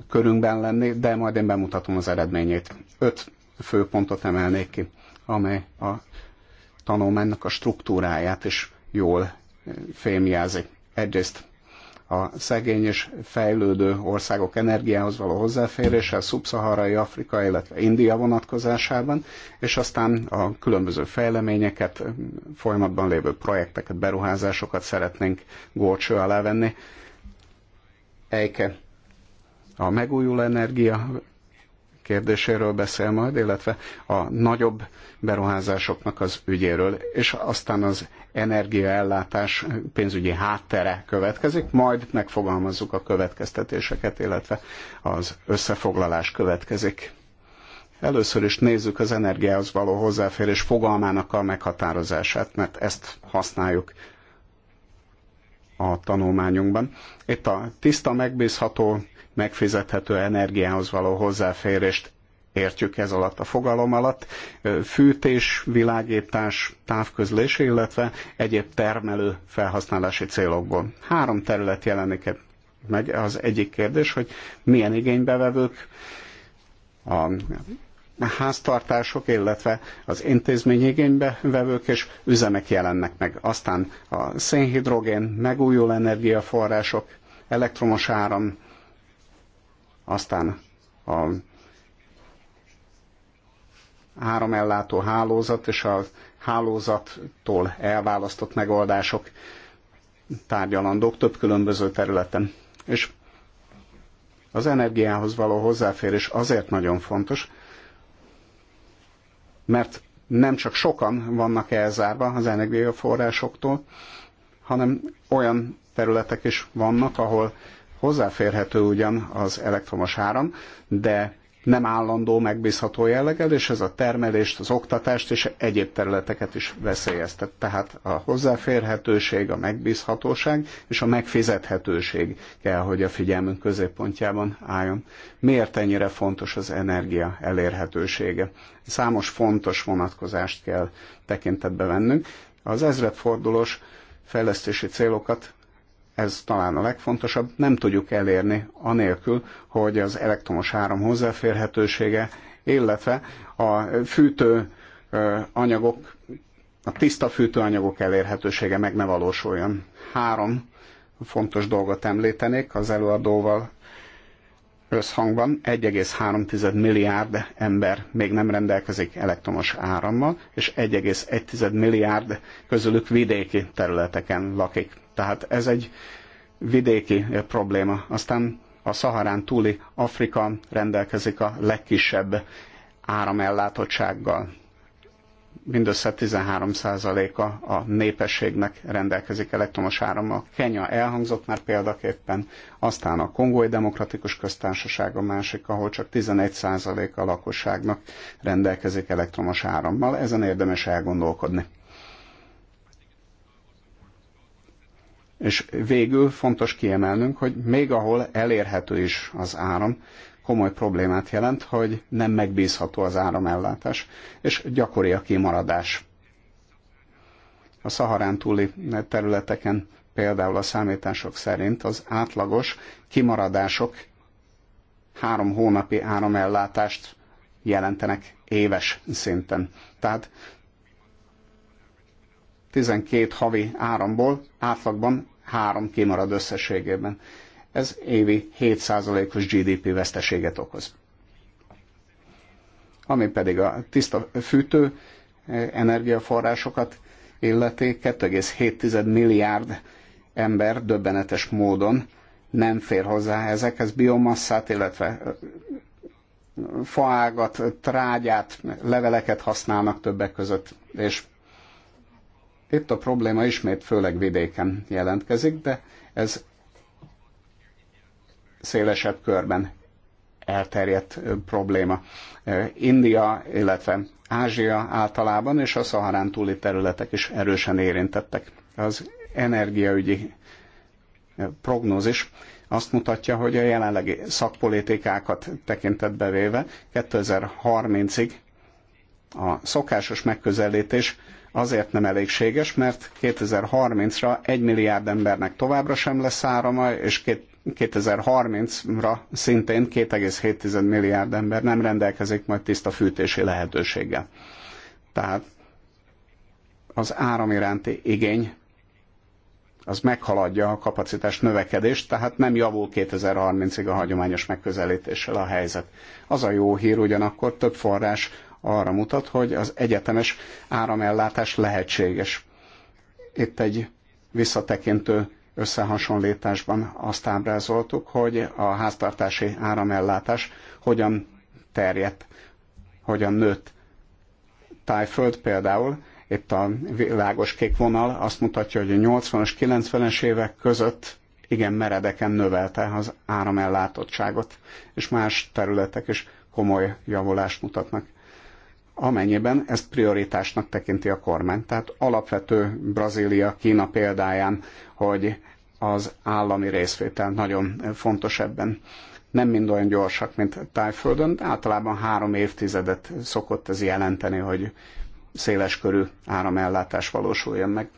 körünkben lenni, de majd én bemutatom az eredményét. Öt főpontot emelnék ki, amely a tanulmánynak a struktúráját is jól eh, fémjelzi. Egyrészt a szegény és fejlődő országok energiához való hozzáférése, szubszaharai Afrika, illetve India vonatkozásában, és aztán a különböző fejleményeket, eh, folyamatban lévő projekteket, beruházásokat szeretnénk górcső alá venni. Ejke, a megújuló energia kérdéséről beszél majd, illetve a nagyobb beruházásoknak az ügyéről, és aztán az energiaellátás pénzügyi háttere következik, majd megfogalmazzuk a következtetéseket, illetve az összefoglalás következik. Először is nézzük az energiához való hozzáférés fogalmának a meghatározását, mert ezt használjuk a tanulmányunkban. Itt a tiszta, megbízható, megfizethető energiához való hozzáférést értjük ez alatt a fogalom alatt. Fűtés, világítás, távközlés, illetve egyéb termelő felhasználási célokból. Három terület jelenik e- meg. Az egyik kérdés, hogy milyen igénybevevők a háztartások, illetve az intézmény igénybevevők és üzemek jelennek meg. Aztán a szénhidrogén, megújuló energiaforrások, elektromos áram, aztán a három ellátó hálózat és a hálózattól elválasztott megoldások tárgyalandók több különböző területen. És az energiához való hozzáférés azért nagyon fontos, mert nem csak sokan vannak elzárva az energiaforrásoktól, hanem olyan területek is vannak, ahol hozzáférhető ugyan az elektromos áram, de nem állandó, megbízható jelleggel, és ez a termelést, az oktatást és egyéb területeket is veszélyeztet. Tehát a hozzáférhetőség, a megbízhatóság és a megfizethetőség kell, hogy a figyelmünk középpontjában álljon. Miért ennyire fontos az energia elérhetősége? Számos fontos vonatkozást kell tekintetbe vennünk. Az ezredfordulós fejlesztési célokat ez talán a legfontosabb, nem tudjuk elérni anélkül, hogy az elektromos áram hozzáférhetősége, illetve a fűtő anyagok, a tiszta fűtőanyagok elérhetősége meg ne valósuljon. Három fontos dolgot említenék az előadóval összhangban 1,3 milliárd ember még nem rendelkezik elektromos árammal, és 1,1 milliárd közülük vidéki területeken lakik. Tehát ez egy vidéki eh, probléma. Aztán a Szaharán túli Afrika rendelkezik a legkisebb áramellátottsággal. Mindössze 13%-a a népességnek rendelkezik elektromos árammal. Kenya elhangzott már példaképpen, aztán a Kongói Demokratikus Köztársaság a másik, ahol csak 11% a lakosságnak rendelkezik elektromos árammal. Ezen érdemes elgondolkodni. És végül fontos kiemelnünk, hogy még ahol elérhető is az áram, komoly problémát jelent, hogy nem megbízható az áramellátás, és gyakori a kimaradás. A szaharán túli területeken például a számítások szerint az átlagos kimaradások három hónapi áramellátást jelentenek éves szinten. Tehát 12 havi áramból átlagban 3 kimarad összességében. Ez évi 7%-os GDP veszteséget okoz. Ami pedig a tiszta fűtő eh, energiaforrásokat illeti, 2,7 milliárd ember döbbenetes módon nem fér hozzá ezekhez biomasszát, illetve eh, faágat, trágyát, leveleket használnak többek között, és itt a probléma ismét főleg vidéken jelentkezik, de ez szélesebb körben elterjedt probléma. India, illetve Ázsia általában, és a Szaharán túli területek is erősen érintettek. Az energiaügyi prognózis azt mutatja, hogy a jelenlegi szakpolitikákat tekintetbe véve 2030-ig a szokásos megközelítés azért nem elégséges, mert 2030-ra egy milliárd embernek továbbra sem lesz árama, és 2030-ra szintén 2,7 milliárd ember nem rendelkezik majd tiszta fűtési lehetőséggel. Tehát az áram iránti igény az meghaladja a kapacitás növekedést, tehát nem javul 2030-ig a hagyományos megközelítéssel a helyzet. Az a jó hír ugyanakkor több forrás arra mutat, hogy az egyetemes áramellátás lehetséges. Itt egy visszatekintő összehasonlításban azt ábrázoltuk, hogy a háztartási áramellátás hogyan terjedt, hogyan nőtt. Tájföld például, itt a világos kék vonal azt mutatja, hogy a 80-as, 90-es évek között igen meredeken növelte az áramellátottságot, és más területek is komoly javulást mutatnak amennyiben ezt prioritásnak tekinti a kormány. Tehát alapvető Brazília-Kína példáján, hogy az állami részvétel nagyon fontos ebben. Nem mind olyan gyorsak, mint Tájföldön, általában három évtizedet szokott ez jelenteni, hogy széleskörű áramellátás valósuljon meg.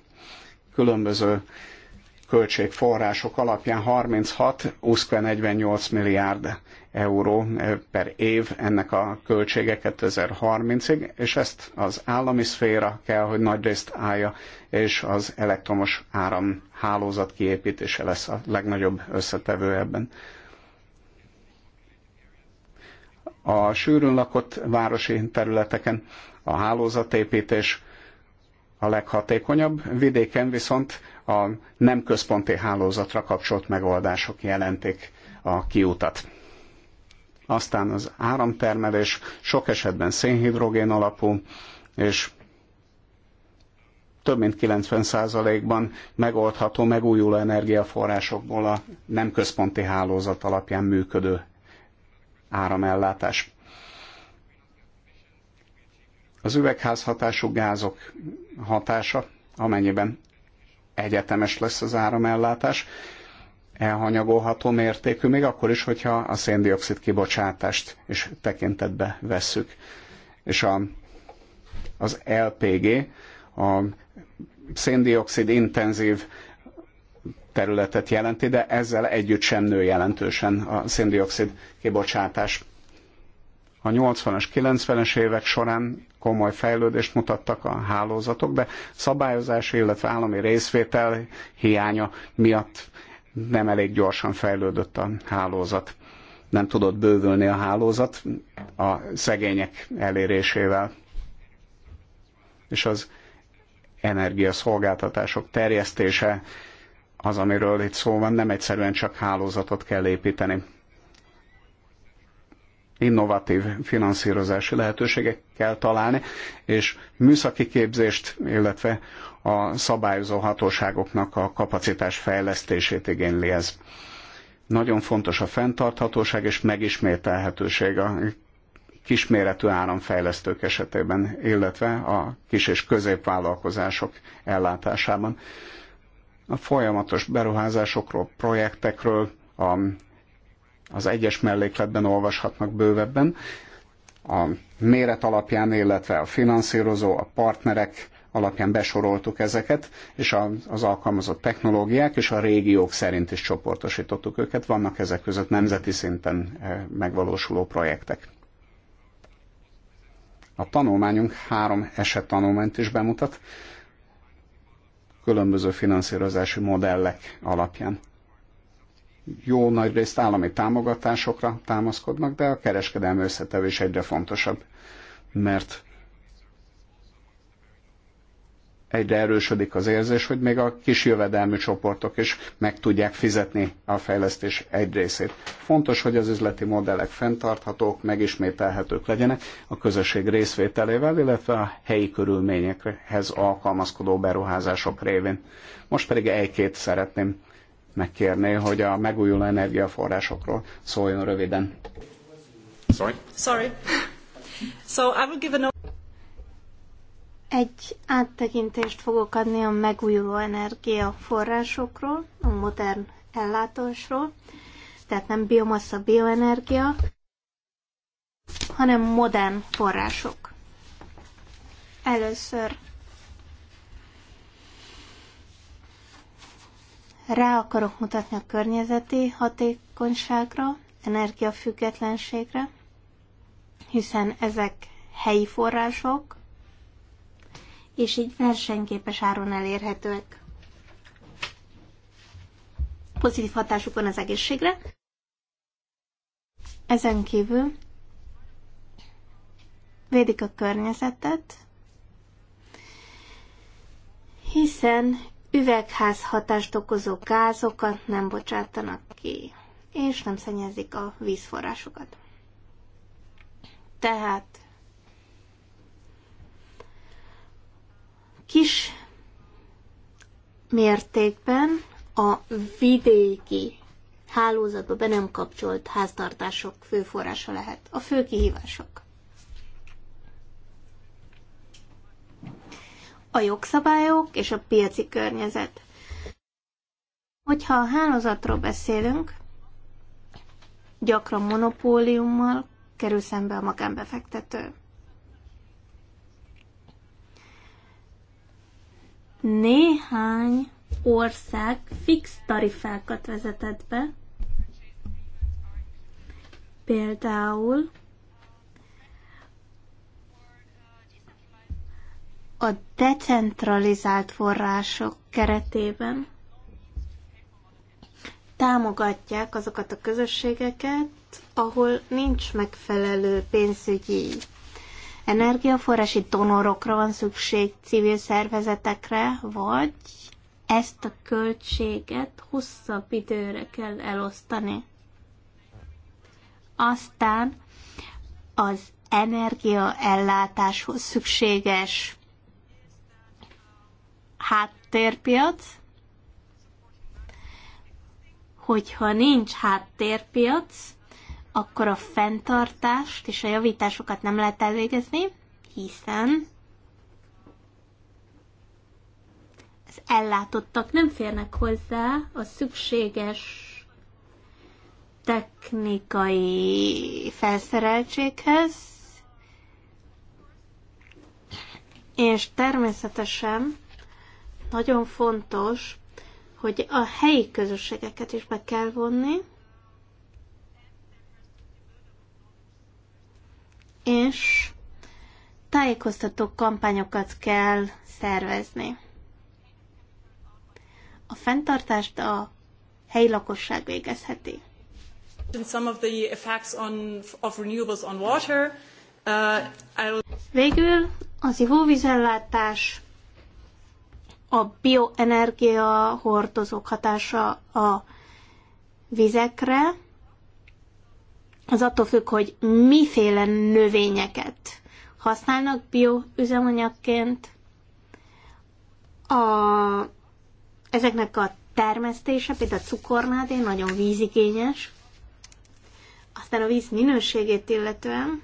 Különböző költségforrások alapján 36, 20 48 milliárd euró eh, per év ennek a költsége 2030-ig, és ezt az állami szféra kell, hogy nagy részt állja, és az elektromos áramhálózat kiépítése lesz a legnagyobb összetevő ebben. A sűrűn lakott városi területeken a hálózatépítés a leghatékonyabb, vidéken viszont a nem központi hálózatra kapcsolt megoldások jelentik a kiutat aztán az áramtermelés sok esetben szénhidrogén alapú, és több mint 90%-ban megoldható megújuló energiaforrásokból a nem központi hálózat alapján működő áramellátás. Az üvegházhatású gázok hatása, amennyiben egyetemes lesz az áramellátás, elhanyagolható mértékű, még akkor is, hogyha a széndiokszid kibocsátást is tekintetbe vesszük. És a, az LPG, a széndiokszid intenzív területet jelenti, de ezzel együtt sem nő jelentősen a széndiokszid kibocsátás. A 80-as, 90-es évek során komoly fejlődést mutattak a hálózatok, de szabályozás, illetve állami részvétel hiánya miatt nem elég gyorsan fejlődött a hálózat. Nem tudott bővülni a hálózat a szegények elérésével. És az energiaszolgáltatások terjesztése az, amiről itt szó van, nem egyszerűen csak hálózatot kell építeni. Innovatív finanszírozási lehetőségek kell találni, és műszaki képzést, illetve a szabályozó hatóságoknak a kapacitás fejlesztését igényli ez. Nagyon fontos a fenntarthatóság és megismételhetőség a kisméretű áramfejlesztők esetében, illetve a kis és középvállalkozások ellátásában. A folyamatos beruházásokról, projektekről a, az egyes mellékletben olvashatnak bővebben. A méret alapján, illetve a finanszírozó, a partnerek alapján besoroltuk ezeket, és az alkalmazott technológiák és a régiók szerint is csoportosítottuk őket. Vannak ezek között nemzeti szinten eh, megvalósuló projektek. A tanulmányunk három eset tanulmányt is bemutat, különböző finanszírozási modellek alapján. Jó nagy részt állami támogatásokra támaszkodnak, de a kereskedelmi összetevés egyre fontosabb, mert egyre erősödik az érzés, hogy még a kis jövedelmű csoportok is meg tudják fizetni a fejlesztés egy részét. Fontos, hogy az üzleti modellek fenntarthatók, megismételhetők legyenek a közösség részvételével, illetve a helyi körülményekhez alkalmazkodó beruházások révén. Most pedig egy-két szeretném megkérni, hogy a megújuló energiaforrásokról szóljon röviden. Sorry. Sorry. So I will give a note. Egy áttekintést fogok adni a megújuló energiaforrásokról, a modern ellátósról, tehát nem biomassa, bioenergia, hanem modern források. Először rá akarok mutatni a környezeti hatékonyságra, energiafüggetlenségre, hiszen ezek helyi források, és így versenyképes áron elérhetőek. Pozitív hatásuk van az egészségre. Ezen kívül védik a környezetet, hiszen üvegház hatást okozó gázokat nem bocsátanak ki, és nem szennyezik a vízforrásokat. Tehát Kis mértékben a vidéki hálózatba be nem kapcsolt háztartások fő forrása lehet. A fő kihívások. A jogszabályok és a piaci környezet. Hogyha a hálózatról beszélünk, gyakran monopóliummal kerül szembe a magánbefektető. néhány ország fix tarifákat vezetett be, például a decentralizált források keretében támogatják azokat a közösségeket, ahol nincs megfelelő pénzügyi energiaforrási donorokra van szükség, civil szervezetekre, vagy ezt a költséget hosszabb időre kell elosztani. Aztán az energiaellátáshoz szükséges háttérpiac, hogyha nincs háttérpiac, akkor a fenntartást és a javításokat nem lehet elvégezni, hiszen az ellátottak nem férnek hozzá a szükséges technikai felszereltséghez, és természetesen nagyon fontos, hogy a helyi közösségeket is be kell vonni, és tájékoztató kampányokat kell szervezni. A fenntartást a helyi lakosság végezheti. Uh, Végül az ivóvízellátás, a bioenergia hordozók hatása a vizekre, az attól függ, hogy miféle növényeket használnak bioüzemanyagként. A, ezeknek a termesztése, például a cukornádé nagyon vízigényes. Aztán a víz minőségét illetően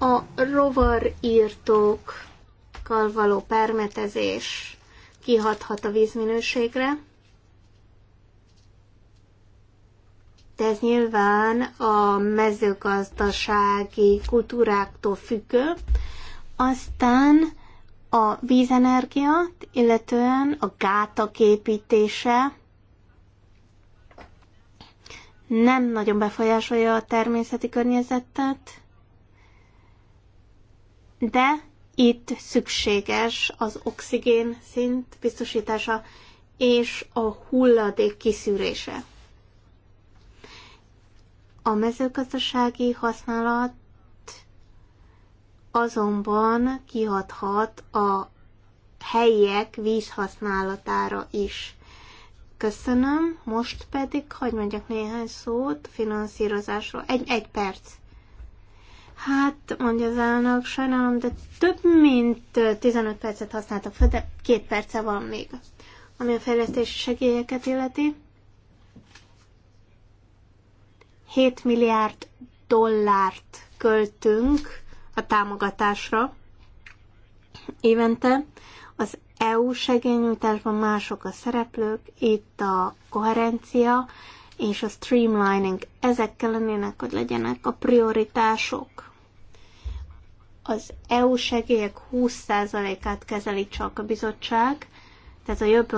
a rovarírtókkal való permetezés kihathat a vízminőségre. De hát ez nyilván a mezőgazdasági kultúráktól függő. Aztán a vízenergia, illetően a gátak építése nem nagyon befolyásolja a természeti környezetet, de itt szükséges az oxigén szint biztosítása és a hulladék kiszűrése. A mezőgazdasági használat azonban kihathat a helyiek vízhasználatára is. Köszönöm, most pedig hagyd mondjak néhány szót finanszírozásról. Egy, egy perc. Hát, mondja az elnök, sajnálom, de több mint 15 percet használtak fel, de két perce van még. Ami a fejlesztési segélyeket illeti, 7 milliárd dollárt költünk a támogatásra évente. Az EU segényújtásban mások a szereplők, itt a koherencia és a streamlining. Ezek kellenének, hogy legyenek a prioritások. Az EU segélyek 20%-át kezeli csak a bizottság, tehát a jobb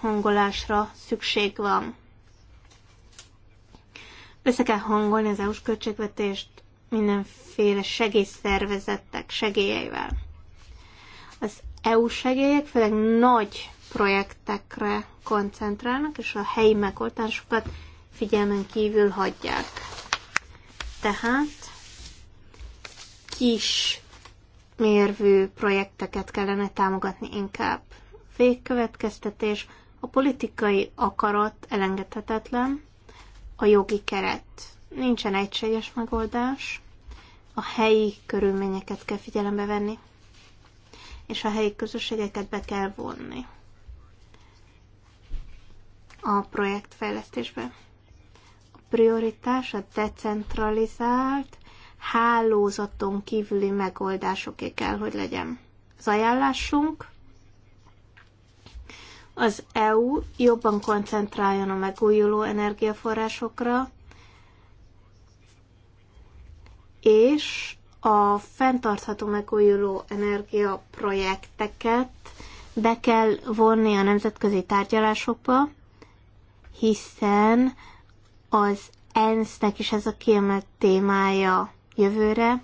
hangolásra szükség van. Össze kell hangolni az EU-s költségvetést mindenféle segélyszervezetek segélyeivel. Az EU segélyek főleg nagy projektekre koncentrálnak, és a helyi megoldásokat figyelmen kívül hagyják. Tehát kis mérvű projekteket kellene támogatni inkább. Végkövetkeztetés, a politikai akarat elengedhetetlen, a jogi keret. Nincsen egységes megoldás, a helyi körülményeket kell figyelembe venni, és a helyi közösségeket be kell vonni a projektfejlesztésbe. A prioritás a decentralizált, hálózaton kívüli megoldásoké kell, hogy legyen. Az ajánlásunk az EU jobban koncentráljon a megújuló energiaforrásokra, és a fenntartható megújuló energiaprojekteket be kell vonni a nemzetközi tárgyalásokba, hiszen az ENSZ-nek is ez a kiemelt témája jövőre.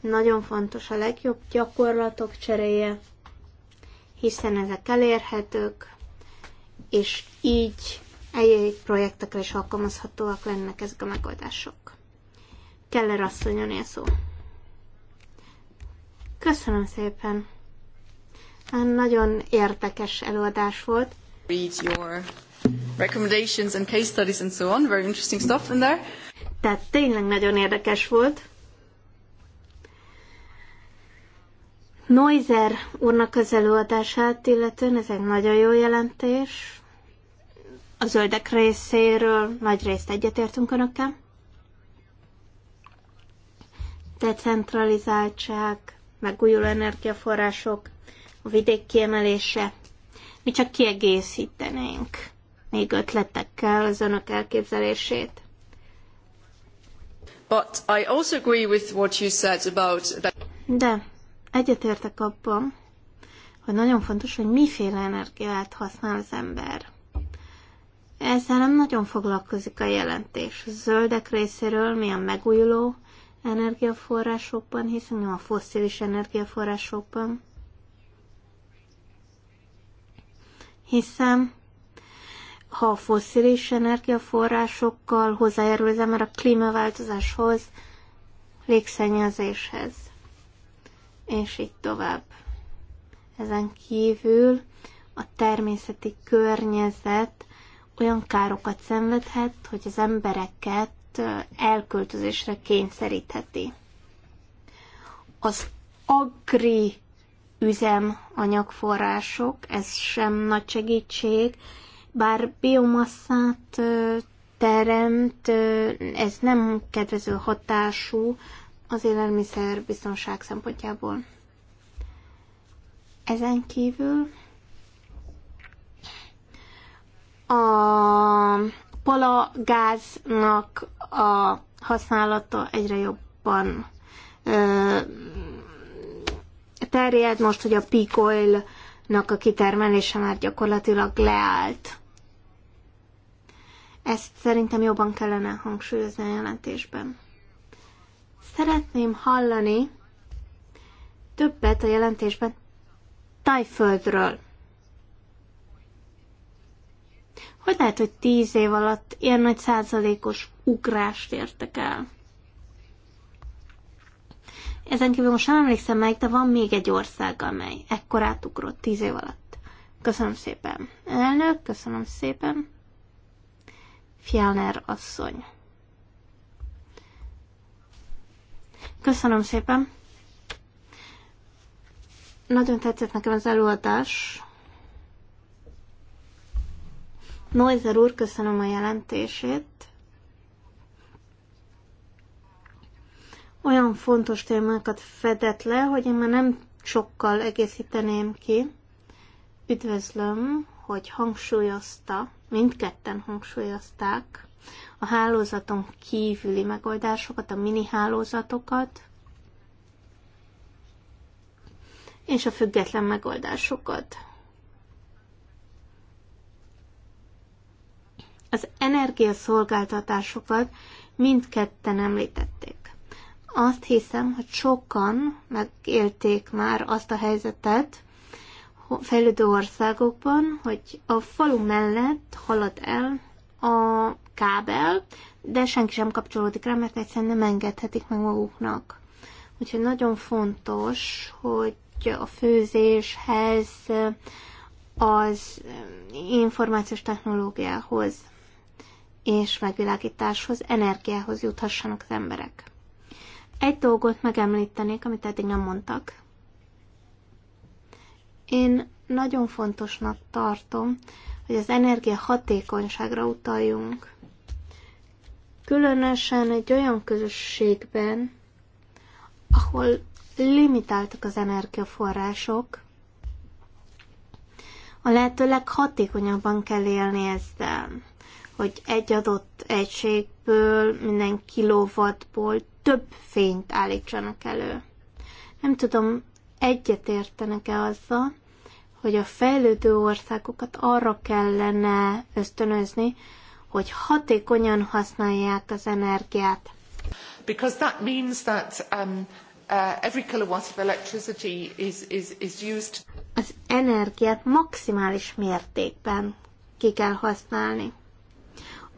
Nagyon fontos a legjobb gyakorlatok cseréje hiszen ezek elérhetők, és így egyéb projektekre is alkalmazhatóak lennek ezek a megoldások. Keller asszonyon szó. Köszönöm szépen! Nagyon érdekes előadás volt. Read your recommendations and case studies and so on. Very interesting stuff in there. Tehát tényleg nagyon érdekes volt. Noizer úrnak az előadását, illetően ez egy nagyon jó jelentés. A zöldek részéről nagy részt egyetértünk önökkel. Decentralizáltság, megújuló energiaforrások, a vidék kiemelése. Mi csak kiegészítenénk még ötletekkel az önök elképzelését. But I also agree with what you said about that. De Egyetértek abban, hogy nagyon fontos, hogy miféle energiát használ az ember. Ezzel nem nagyon foglalkozik a jelentés. A zöldek részéről mi a megújuló energiaforrásokban, hiszen nem a fosszilis energiaforrásokban. Hiszen ha a fosszilis energiaforrásokkal hozzájárul az ember a klímaváltozáshoz, légszennyezéshez és így tovább. Ezen kívül a természeti környezet olyan károkat szenvedhet, hogy az embereket elköltözésre kényszerítheti. Az agri üzemanyagforrások, ez sem nagy segítség, bár biomasszát teremt, ez nem kedvező hatású az élelmiszer biztonság szempontjából. Ezen kívül a palagáznak a használata egyre jobban terjed, most, hogy a peak oil a kitermelése már gyakorlatilag leállt. Ezt szerintem jobban kellene hangsúlyozni a jelentésben. Szeretném hallani többet a jelentésben Tájföldről. Hogy lehet, hogy tíz év alatt ilyen nagy százalékos ugrást értek el? Ezen kívül most nem emlékszem meg, de van még egy ország, amely ekkorát ugrott tíz év alatt. Köszönöm szépen. Elnök, köszönöm szépen. Fjellner asszony. Köszönöm szépen. Nagyon tetszett nekem az előadás. Noizer úr, köszönöm a jelentését. Olyan fontos témákat fedett le, hogy én már nem sokkal egészíteném ki. Üdvözlöm, hogy hangsúlyozta, mindketten hangsúlyozták, a hálózaton kívüli megoldásokat, a mini hálózatokat, és a független megoldásokat. Az energiaszolgáltatásokat mindketten említették. Azt hiszem, hogy sokan megélték már azt a helyzetet fejlődő országokban, hogy a falu mellett halad el a kábel, de senki sem kapcsolódik rá, mert egyszerűen nem engedhetik meg maguknak. Úgyhogy nagyon fontos, hogy a főzéshez, az információs technológiához és megvilágításhoz, energiához juthassanak az emberek. Egy dolgot megemlítenék, amit eddig nem mondtak. Én nagyon fontosnak tartom, hogy az energia hatékonyságra utaljunk. Különösen egy olyan közösségben, ahol limitáltak az energiaforrások, a lehető leghatékonyabban kell élni ezzel, hogy egy adott egységből, minden kilovatból több fényt állítsanak elő. Nem tudom, egyetértenek-e azzal, hogy a fejlődő országokat arra kellene ösztönözni, hogy hatékonyan használják az energiát. Because that means that um, uh, every kilowatt of electricity is, is, is used. Az energiát maximális mértékben ki kell használni.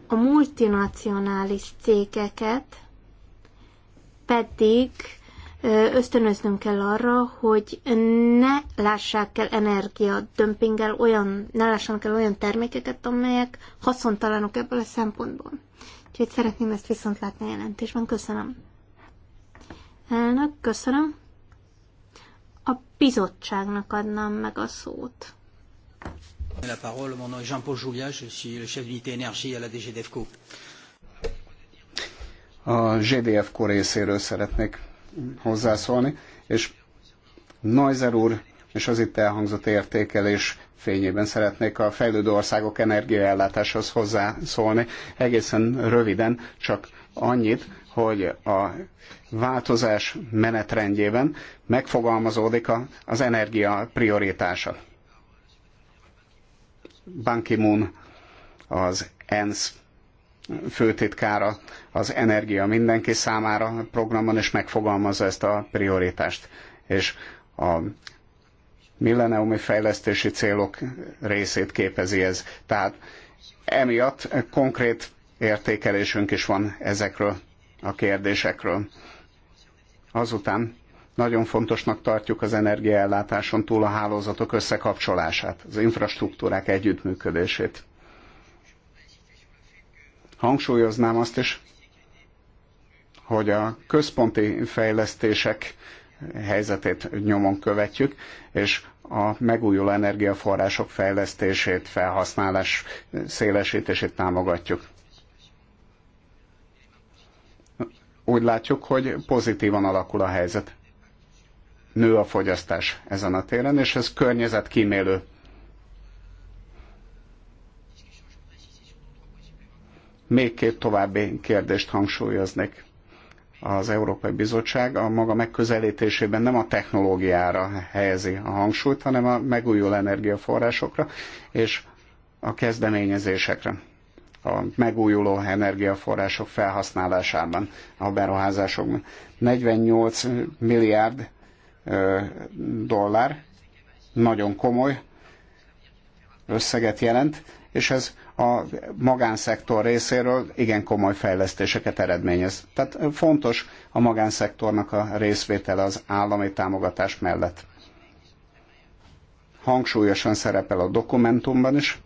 A multinacionális cégeket pedig ösztönöznöm kell arra, hogy ne lássák el energia dömpinggel olyan, ne lássanak el olyan termékeket, amelyek haszontalanok ebből a szempontból. Úgyhogy szeretném ezt viszont látni a jelentésben. Köszönöm. Elnök, köszönöm. A bizottságnak adnám meg a szót. La parole, mon nom est Jean-Paul Julia. je suis le chef d'unité énergie à la DGDFCO. A gdf részéről szeretnék hozzászólni, és Neuser úr és az itt elhangzott értékelés fényében szeretnék a fejlődő országok energiaellátáshoz hozzászólni. Egészen röviden, csak annyit, hogy a változás menetrendjében megfogalmazódik az energia prioritása. Ban Ki-moon, az ENSZ főtitkára az Energia Mindenki számára programban, és megfogalmazza ezt a prioritást. És a milleniumi fejlesztési célok részét képezi ez. Tehát emiatt konkrét értékelésünk is van ezekről a kérdésekről. Azután nagyon fontosnak tartjuk az energiaellátáson túl a hálózatok összekapcsolását, az infrastruktúrák együttműködését hangsúlyoznám azt is, hogy a központi fejlesztések helyzetét nyomon követjük, és a megújuló energiaforrások fejlesztését, felhasználás szélesítését támogatjuk. Úgy látjuk, hogy pozitívan alakul a helyzet. Nő a fogyasztás ezen a téren, és ez környezetkímélő Még két további kérdést hangsúlyoznék. Az Európai Bizottság a maga megközelítésében nem a technológiára helyezi a hangsúlyt, hanem a megújuló energiaforrásokra és a kezdeményezésekre a megújuló energiaforrások felhasználásában, a beruházásokban. 48 milliárd dollár, nagyon komoly összeget jelent, és ez a magánszektor részéről igen komoly fejlesztéseket eredményez. Tehát fontos a magánszektornak a részvétele az állami támogatás mellett. Hangsúlyosan szerepel a dokumentumban is,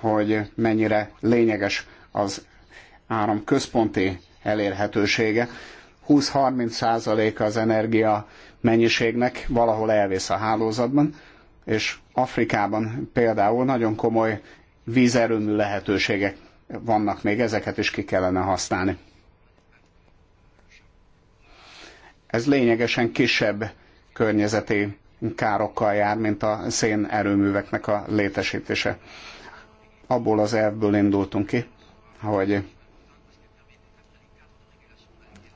hogy mennyire lényeges az áram központi elérhetősége. 20-30 százaléka az energia mennyiségnek valahol elvész a hálózatban, és Afrikában például nagyon komoly vízerőmű lehetőségek vannak még, ezeket is ki kellene használni. Ez lényegesen kisebb környezeti károkkal jár, mint a szén erőműveknek a létesítése. Abból az elvből indultunk ki, hogy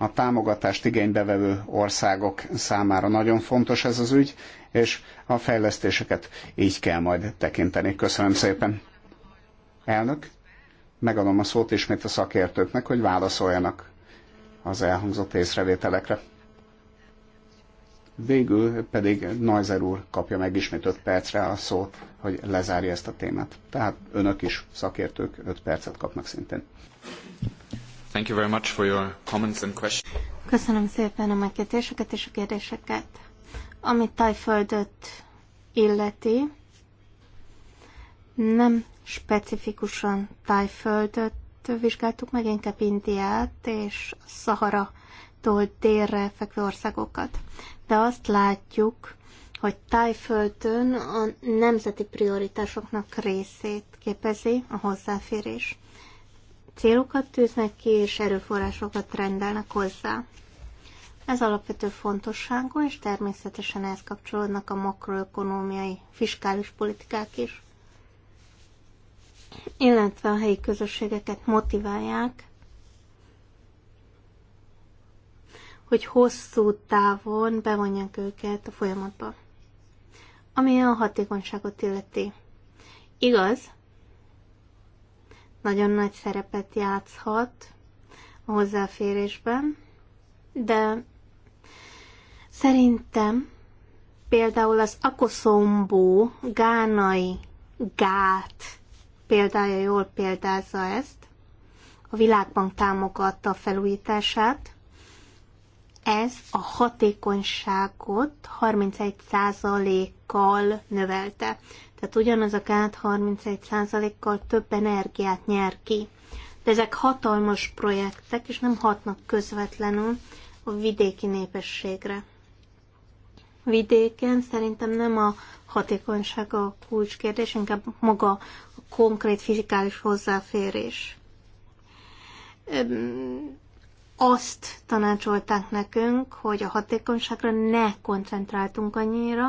a támogatást igénybevevő országok számára nagyon fontos ez az ügy, és a fejlesztéseket így kell majd tekinteni. Köszönöm szépen. Elnök, megadom a szót ismét a szakértőknek, hogy válaszoljanak az elhangzott észrevételekre. Végül pedig Neuser úr kapja meg ismét 5 percre a szót, hogy lezárja ezt a témát. Tehát önök is, szakértők 5 percet kapnak szintén. Thank you very much for your comments and questions. Köszönöm szépen a megkérdéseket és a kérdéseket. Ami Tájföldöt illeti, nem specifikusan Tájföldöt vizsgáltuk meg, inkább Indiát és Szahara-tól délre fekvő országokat. De azt látjuk, hogy Tájföldön a nemzeti prioritásoknak részét képezi a hozzáférés célokat tűznek ki, és erőforrásokat rendelnek hozzá. Ez alapvető fontosságú, és természetesen ehhez kapcsolódnak a makroökonómiai fiskális politikák is, illetve a helyi közösségeket motiválják, hogy hosszú távon bevonják őket a folyamatba. Ami a hatékonyságot illeti. Igaz, nagyon nagy szerepet játszhat a hozzáférésben, de szerintem például az akoszombó gánai gát példája jól példázza ezt. A Világbank támogatta a felújítását. Ez a hatékonyságot 31%-kal növelte. Tehát ugyanaz a gáz 31%-kal több energiát nyer ki. De ezek hatalmas projektek, és nem hatnak közvetlenül a vidéki népességre. Vidéken szerintem nem a hatékonyság a kulcskérdés, inkább maga a konkrét fizikális hozzáférés azt tanácsolták nekünk, hogy a hatékonyságra ne koncentráltunk annyira,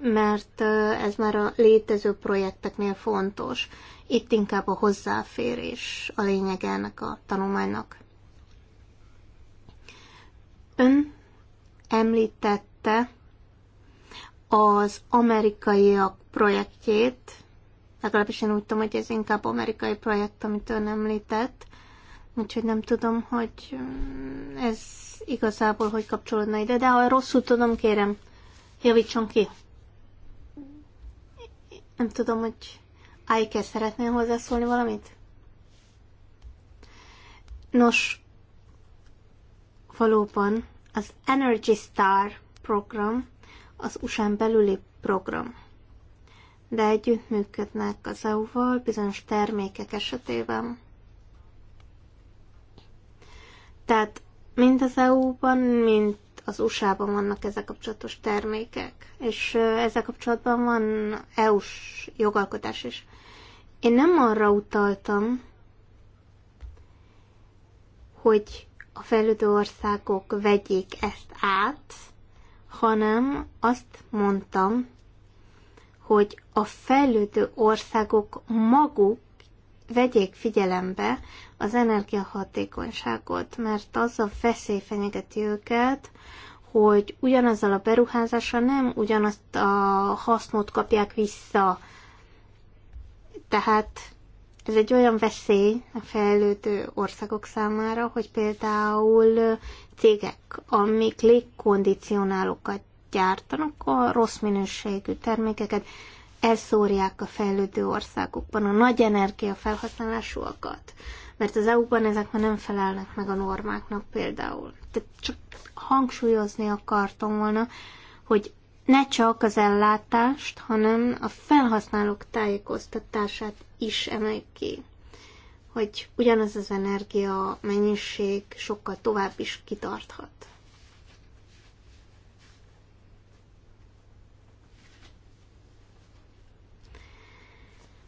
mert ez már a létező projekteknél fontos. Itt inkább a hozzáférés a lényeg ennek a tanulmánynak. Ön említette az amerikaiak projektjét, legalábbis én úgy tudom, hogy ez inkább amerikai projekt, amit ön említett, Úgyhogy nem tudom, hogy mm, ez igazából hogy kapcsolódna ide, de ha rosszul tudom, kérem, javítson ki. Nem tudom, hogy Aike szeretnél hozzászólni valamit? Nos, valóban az Energy Star program az usa belüli program, de együttműködnek az EU-val bizonyos termékek esetében. Tehát mind az EU-ban, mind az USA-ban vannak ezzel kapcsolatos termékek, és ezzel kapcsolatban van EU-s jogalkotás is. Én nem arra utaltam, hogy a fejlődő országok vegyék ezt át, hanem azt mondtam, hogy a fejlődő országok maguk vegyék figyelembe, az energiahatékonyságot, mert az a veszély fenyegeti őket, hogy ugyanazzal a beruházással nem ugyanazt a hasznot kapják vissza. Tehát ez egy olyan veszély a fejlődő országok számára, hogy például cégek, amik légkondicionálókat gyártanak, a rossz minőségű termékeket elszórják a fejlődő országokban, a nagy energiafelhasználásúakat mert az EU-ban ezek már nem felelnek meg a normáknak például. Tehát csak hangsúlyozni akartam volna, hogy ne csak az ellátást, hanem a felhasználók tájékoztatását is emelj ki. Hogy ugyanaz az energia mennyiség sokkal tovább is kitarthat.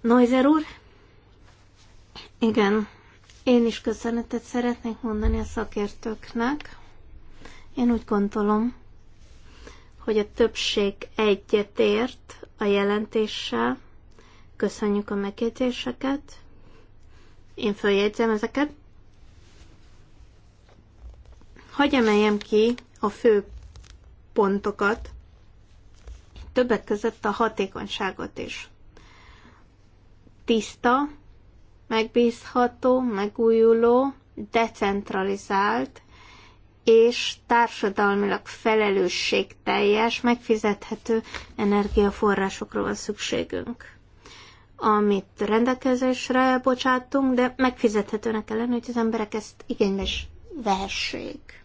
Noizer úr? Igen, én is köszönetet szeretnék mondani a szakértőknek. Én úgy gondolom, hogy a többség egyetért a jelentéssel. Köszönjük a megjegyzéseket. Én följegyzem ezeket. Hogy emeljem ki a fő pontokat, többek között a hatékonyságot is. Tiszta, megbízható, megújuló, decentralizált és társadalmilag felelősségteljes, megfizethető energiaforrásokra van szükségünk amit rendelkezésre bocsátunk, de megfizethetőnek kell lenni, hogy az emberek ezt igénybe is vehessék.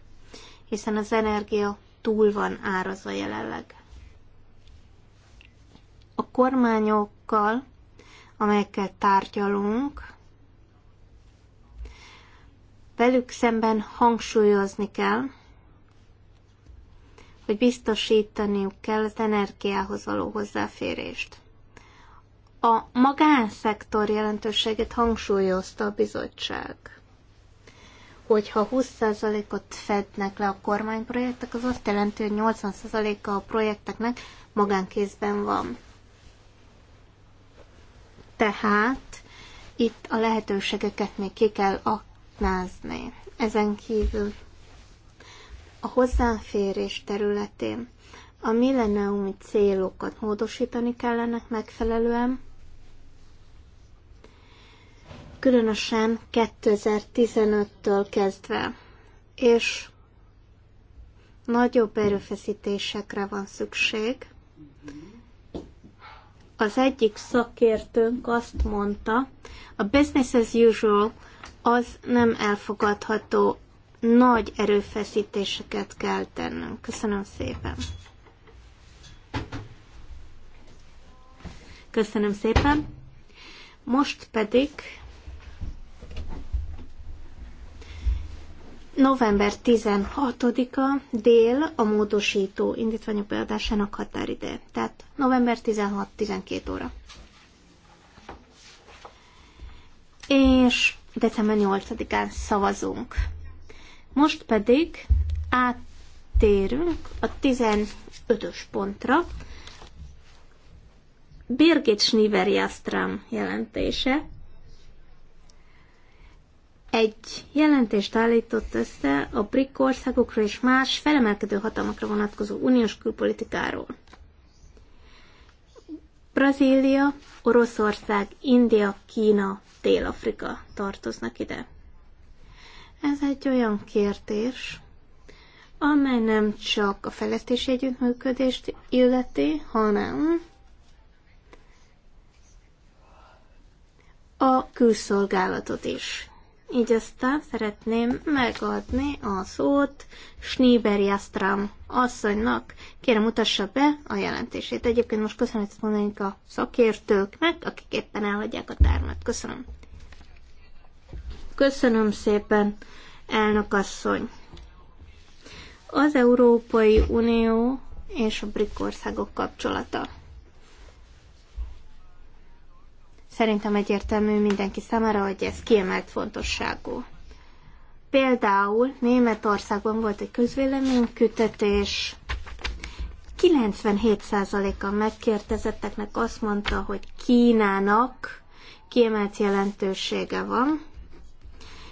Hiszen az energia túl van árazva jelenleg. A kormányokkal amelyekkel tárgyalunk, velük szemben hangsúlyozni kell, hogy biztosítaniuk kell az energiához való hozzáférést. A magánszektor jelentőségét hangsúlyozta a bizottság. Hogyha 20%-ot fednek le a kormányprojektek, az azt jelenti, hogy 80%-a a projekteknek magánkézben van. Tehát itt a lehetőségeket még ki kell aknázni. Ezen kívül a hozzáférés területén a milleniumi célokat módosítani kellene megfelelően, különösen 2015-től kezdve, és nagyobb erőfeszítésekre van szükség, az egyik szakértőnk azt mondta, a business as usual az nem elfogadható, nagy erőfeszítéseket kell tennünk. Köszönöm szépen. Köszönöm szépen. Most pedig november 16-a dél a módosító indítványok beadásának határideje. Tehát november 16-12 óra. És december 8-án szavazunk. Most pedig áttérünk a 15-ös pontra. Birgit schnieber jelentése, egy jelentést állított össze a BRIC országokra és más felemelkedő hatalmakra vonatkozó uniós külpolitikáról. Brazília, Oroszország, India, Kína, Dél-Afrika tartoznak ide. Ez egy olyan kérdés, amely nem csak a fejlesztési együttműködést illeti, hanem a külszolgálatot is. Így aztán szeretném megadni a szót Schnieber Jastram asszonynak. Kérem, mutassa be a jelentését. Egyébként most köszönöm, hogy a szakértőknek, akik éppen elhagyják a tármat. Köszönöm. Köszönöm szépen, elnök asszony. Az Európai Unió és a brit országok kapcsolata. Szerintem egyértelmű mindenki számára, hogy ez kiemelt fontosságú. Például Németországban volt egy közvéleménykütetés, 97%-a megkérdezetteknek azt mondta, hogy Kínának kiemelt jelentősége van,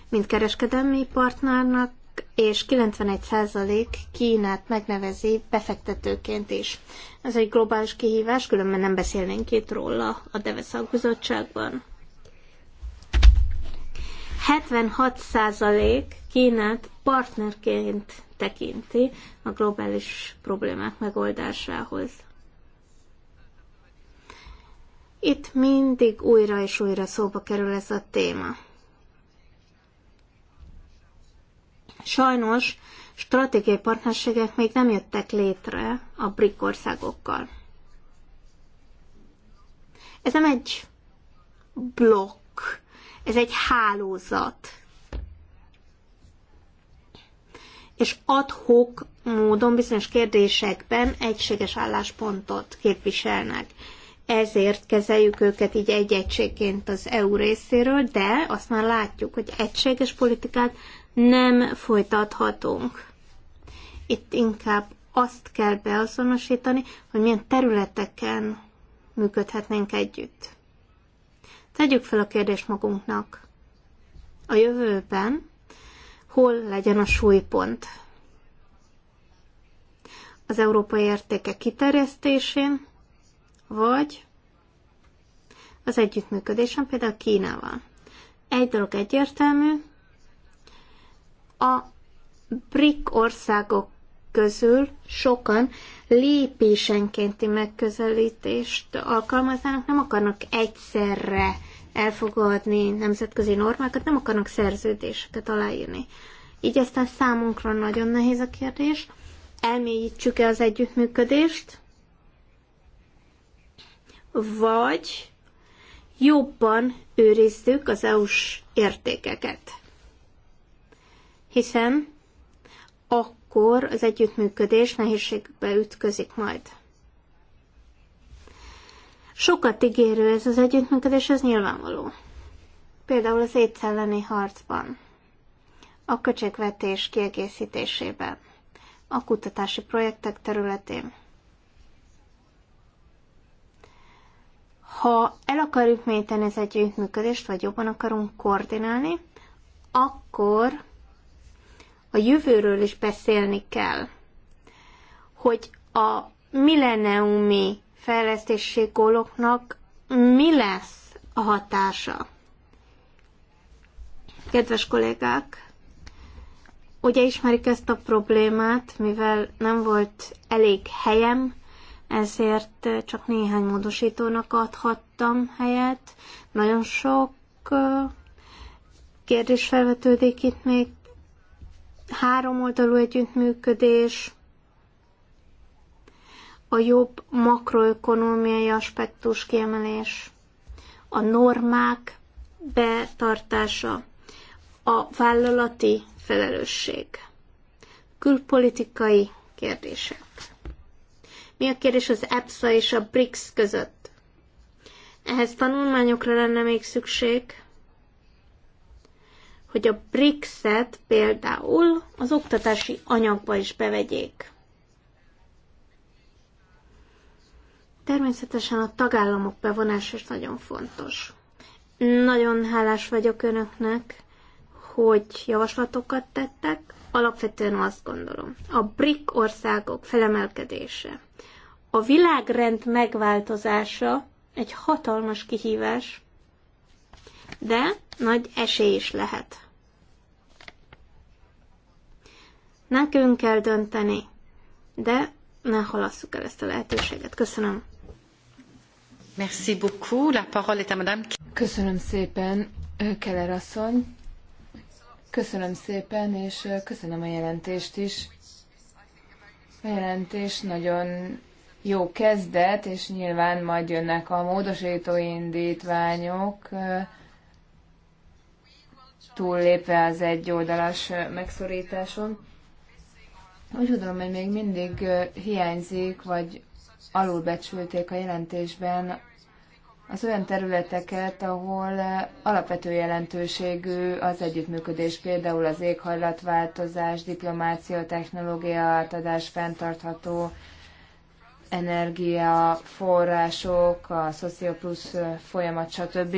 mint kereskedelmi partnernak, és 91% Kínát megnevezi befektetőként is. Ez egy globális kihívás, különben nem beszélnénk itt róla a Deveszak bizottságban. 76% Kínát partnerként tekinti a globális problémák megoldásához. Itt mindig újra és újra szóba kerül ez a téma. Sajnos stratégiai partnerségek még nem jöttek létre a BRIC országokkal. Ez nem egy blokk, ez egy hálózat. És adhok módon bizonyos kérdésekben egységes álláspontot képviselnek. Ezért kezeljük őket így egy egységként az EU részéről, de azt már látjuk, hogy egységes politikát nem folytathatunk. Itt inkább azt kell beazonosítani, hogy milyen területeken működhetnénk együtt. Tegyük fel a kérdést magunknak. A jövőben hol legyen a súlypont? Az európai értéke kiterjesztésén, vagy az együttműködésen, például Kínával. Egy dolog egyértelmű, a BRIC országok közül sokan lépésenkénti megközelítést alkalmaznának, nem akarnak egyszerre elfogadni nemzetközi normákat, nem akarnak szerződéseket aláírni. Így aztán számunkra nagyon nehéz a kérdés. Elmélyítsük-e az együttműködést, vagy jobban őrizzük az EU-s értékeket? hiszen akkor az együttműködés nehézségbe ütközik majd. Sokat ígérő ez az együttműködés, ez nyilvánvaló. Például az étszelleni harcban, a költségvetés kiegészítésében, a kutatási projektek területén. Ha el akarjuk mélyíteni az együttműködést, vagy jobban akarunk koordinálni, akkor a jövőről is beszélni kell, hogy a milleniumi fejlesztési góloknak mi lesz a hatása. Kedves kollégák, ugye ismerik ezt a problémát, mivel nem volt elég helyem, ezért csak néhány módosítónak adhattam helyet. Nagyon sok kérdés felvetődik itt még háromoldalú együttműködés, a jobb makroökonómiai aspektus kiemelés, a normák betartása, a vállalati felelősség, külpolitikai kérdések. Mi a kérdés az EPSA és a BRICS között? Ehhez tanulmányokra lenne még szükség, hogy a BRICS-et például az oktatási anyagba is bevegyék. Természetesen a tagállamok bevonása is nagyon fontos. Nagyon hálás vagyok önöknek, hogy javaslatokat tettek. Alapvetően azt gondolom, a BRIC országok felemelkedése, a világrend megváltozása egy hatalmas kihívás, de nagy esély is lehet. Nekünk kell dönteni, de ne halasszuk el ezt a lehetőséget. Köszönöm. Merci beaucoup. La parole est à madame. Köszönöm szépen, Keller asszony. Köszönöm szépen, és köszönöm a jelentést is. A jelentés nagyon jó kezdet, és nyilván majd jönnek a módosító indítványok, túllépve az egyoldalas megszorításon. Úgy tudom, hogy még mindig hiányzik, vagy alulbecsülték a jelentésben az olyan területeket, ahol alapvető jelentőségű az együttműködés, például az éghajlatváltozás, diplomácia, technológia, átadás, fenntartható energia, források, a Szocioplusz folyamat, stb.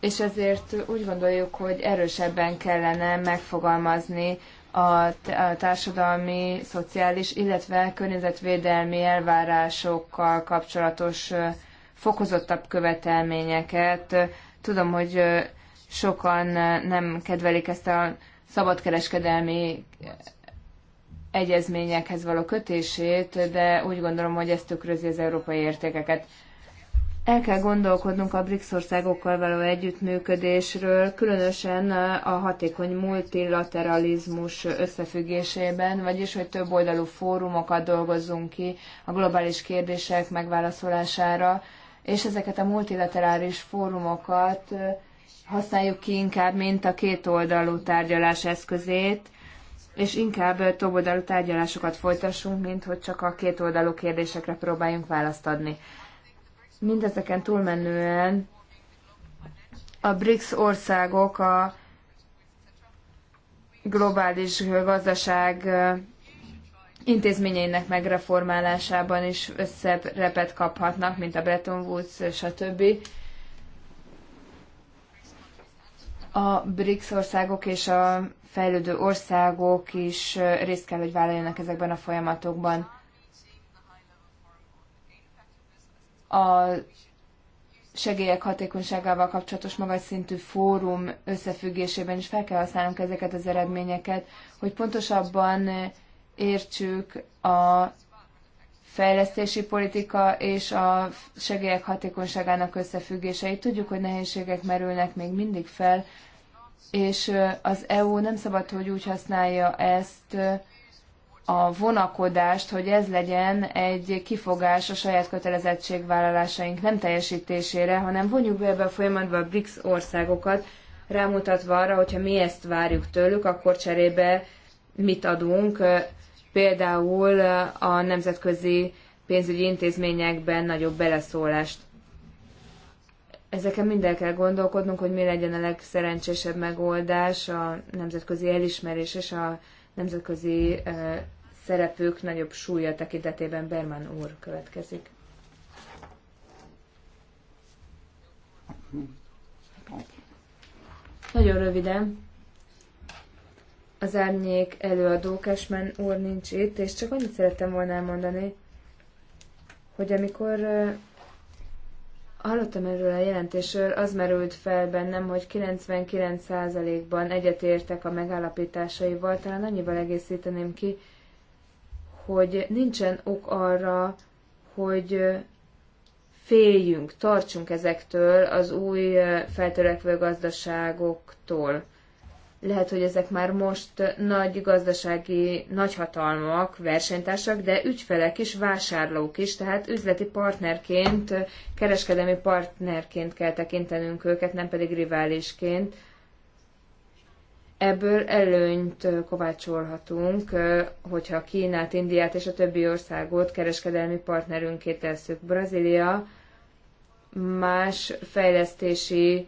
És ezért úgy gondoljuk, hogy erősebben kellene megfogalmazni a társadalmi, szociális, illetve környezetvédelmi elvárásokkal kapcsolatos fokozottabb követelményeket. Tudom, hogy sokan nem kedvelik ezt a szabadkereskedelmi egyezményekhez való kötését, de úgy gondolom, hogy ez tükrözi az európai értékeket. El kell gondolkodnunk a BRICS országokkal való együttműködésről, különösen a hatékony multilateralizmus összefüggésében, vagyis hogy több oldalú fórumokat dolgozzunk ki a globális kérdések megválaszolására, és ezeket a multilaterális fórumokat használjuk ki inkább, mint a kétoldalú tárgyalás eszközét, és inkább több oldalú tárgyalásokat folytassunk, mint hogy csak a kétoldalú kérdésekre próbáljunk választ adni. Mindezeken túlmenően a BRICS országok a globális gazdaság intézményeinek megreformálásában is összebb repet kaphatnak, mint a Bretton Woods, stb. A BRICS országok és a fejlődő országok is részt kell, hogy vállaljanak ezekben a folyamatokban. a segélyek hatékonyságával kapcsolatos magas szintű fórum összefüggésében is fel kell használnunk ezeket az eredményeket, hogy pontosabban értsük a fejlesztési politika és a segélyek hatékonyságának összefüggéseit. Tudjuk, hogy nehézségek merülnek még mindig fel, és az EU nem szabad, hogy úgy használja ezt, a vonakodást, hogy ez legyen egy kifogás a saját kötelezettségvállalásaink nem teljesítésére, hanem vonjuk be ebbe a folyamatba a BRICS országokat, rámutatva arra, hogyha mi ezt várjuk tőlük, akkor cserébe mit adunk, például a nemzetközi pénzügyi intézményekben nagyobb beleszólást. Ezeken minden kell gondolkodnunk, hogy mi legyen a legszerencsésebb megoldás, a nemzetközi elismerés és a nemzetközi eh, szerepük nagyobb súlya tekintetében Berman úr következik. Nagyon röviden. Az árnyék előadó Kesmen úr nincs itt, és csak annyit szerettem volna elmondani, hogy amikor hallottam erről a jelentésről, az merült fel bennem, hogy 99%-ban egyetértek a megállapításaival, talán annyival egészíteném ki, hogy nincsen ok arra, hogy féljünk, tartsunk ezektől az új feltörekvő gazdaságoktól. Lehet, hogy ezek már most nagy gazdasági nagyhatalmak, versenytársak, de ügyfelek is, vásárlók is, tehát üzleti partnerként, kereskedelmi partnerként kell tekintenünk őket, nem pedig riválisként ebből előnyt kovácsolhatunk, hogyha Kínát, Indiát és a többi országot kereskedelmi partnerünké tesszük. Brazília más fejlesztési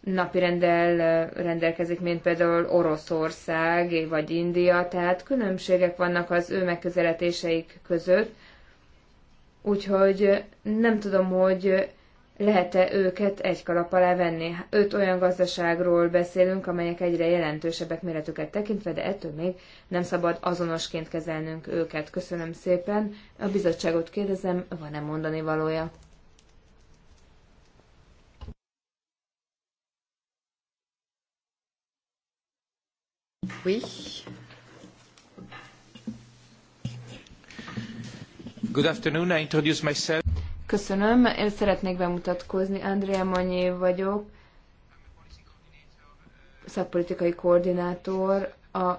napirendel rendelkezik, mint például Oroszország vagy India, tehát különbségek vannak az ő megközelítéseik között, úgyhogy nem tudom, hogy lehet-e őket egy kalap alá venni? Öt olyan gazdaságról beszélünk, amelyek egyre jelentősebbek méretüket tekintve, de ettől még nem szabad azonosként kezelnünk őket. Köszönöm szépen. A bizottságot kérdezem, van-e mondani valója? Oui. Good afternoon. I introduce myself. Köszönöm, én szeretnék bemutatkozni. Andrea Manyé vagyok, szakpolitikai koordinátor a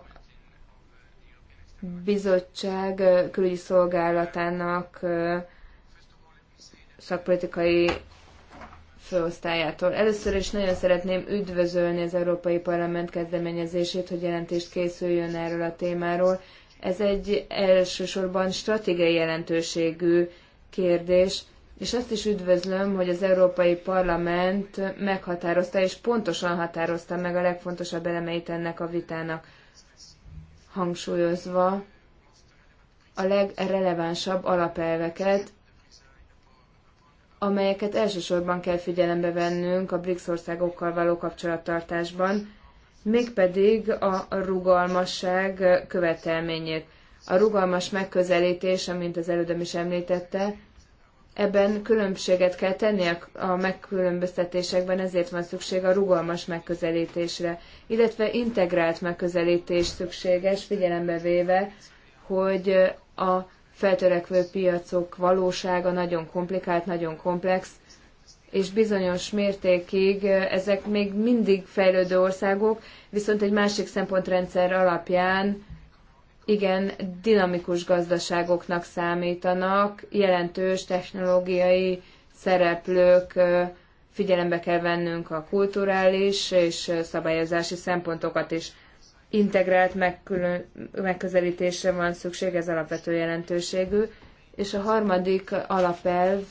bizottság külügyi szolgálatának szakpolitikai főosztályától. Először is nagyon szeretném üdvözölni az Európai Parlament kezdeményezését, hogy jelentést készüljön erről a témáról. Ez egy elsősorban stratégiai jelentőségű kérdés, és azt is üdvözlöm, hogy az Európai Parlament meghatározta és pontosan határozta meg a legfontosabb elemeit ennek a vitának, hangsúlyozva a legrelevánsabb alapelveket, amelyeket elsősorban kell figyelembe vennünk a BRICS országokkal való kapcsolattartásban, mégpedig a rugalmasság követelményét. A rugalmas megközelítés, amint az elődöm is említette, ebben különbséget kell tenni a megkülönböztetésekben, ezért van szükség a rugalmas megközelítésre, illetve integrált megközelítés szükséges, figyelembe véve, hogy a feltörekvő piacok valósága nagyon komplikált, nagyon komplex, és bizonyos mértékig ezek még mindig fejlődő országok, viszont egy másik szempontrendszer alapján igen dinamikus gazdaságoknak számítanak, jelentős technológiai szereplők, figyelembe kell vennünk a kulturális és szabályozási szempontokat is. Integrált megkülön, megközelítésre van szükség, ez alapvető jelentőségű. És a harmadik alapelv,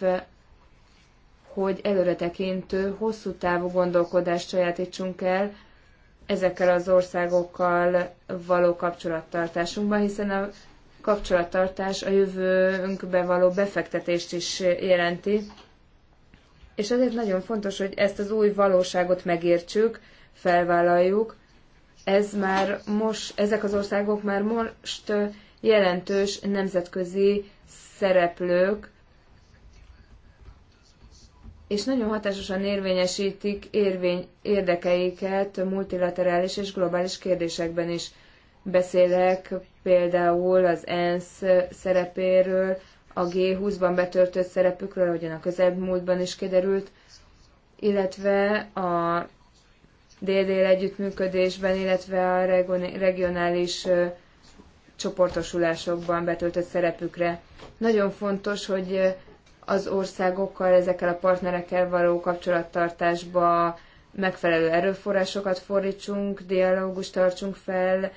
hogy előretekintő, hosszú távú gondolkodást sajátítsunk el, ezekkel az országokkal való kapcsolattartásunkban, hiszen a kapcsolattartás a jövőnkbe való befektetést is jelenti. És azért nagyon fontos, hogy ezt az új valóságot megértsük, felvállaljuk. Ez már most, ezek az országok már most jelentős nemzetközi szereplők, és nagyon hatásosan érvényesítik érvény, érdekeiket multilaterális és globális kérdésekben is. Beszélek például az ENSZ szerepéről, a G20-ban betöltött szerepükről, ahogyan a közelmúltban is kiderült, illetve a dél-dél együttműködésben, illetve a regionális csoportosulásokban betöltött szerepükre. Nagyon fontos, hogy az országokkal, ezekkel a partnerekkel való kapcsolattartásba megfelelő erőforrásokat fordítsunk, dialógust tartsunk fel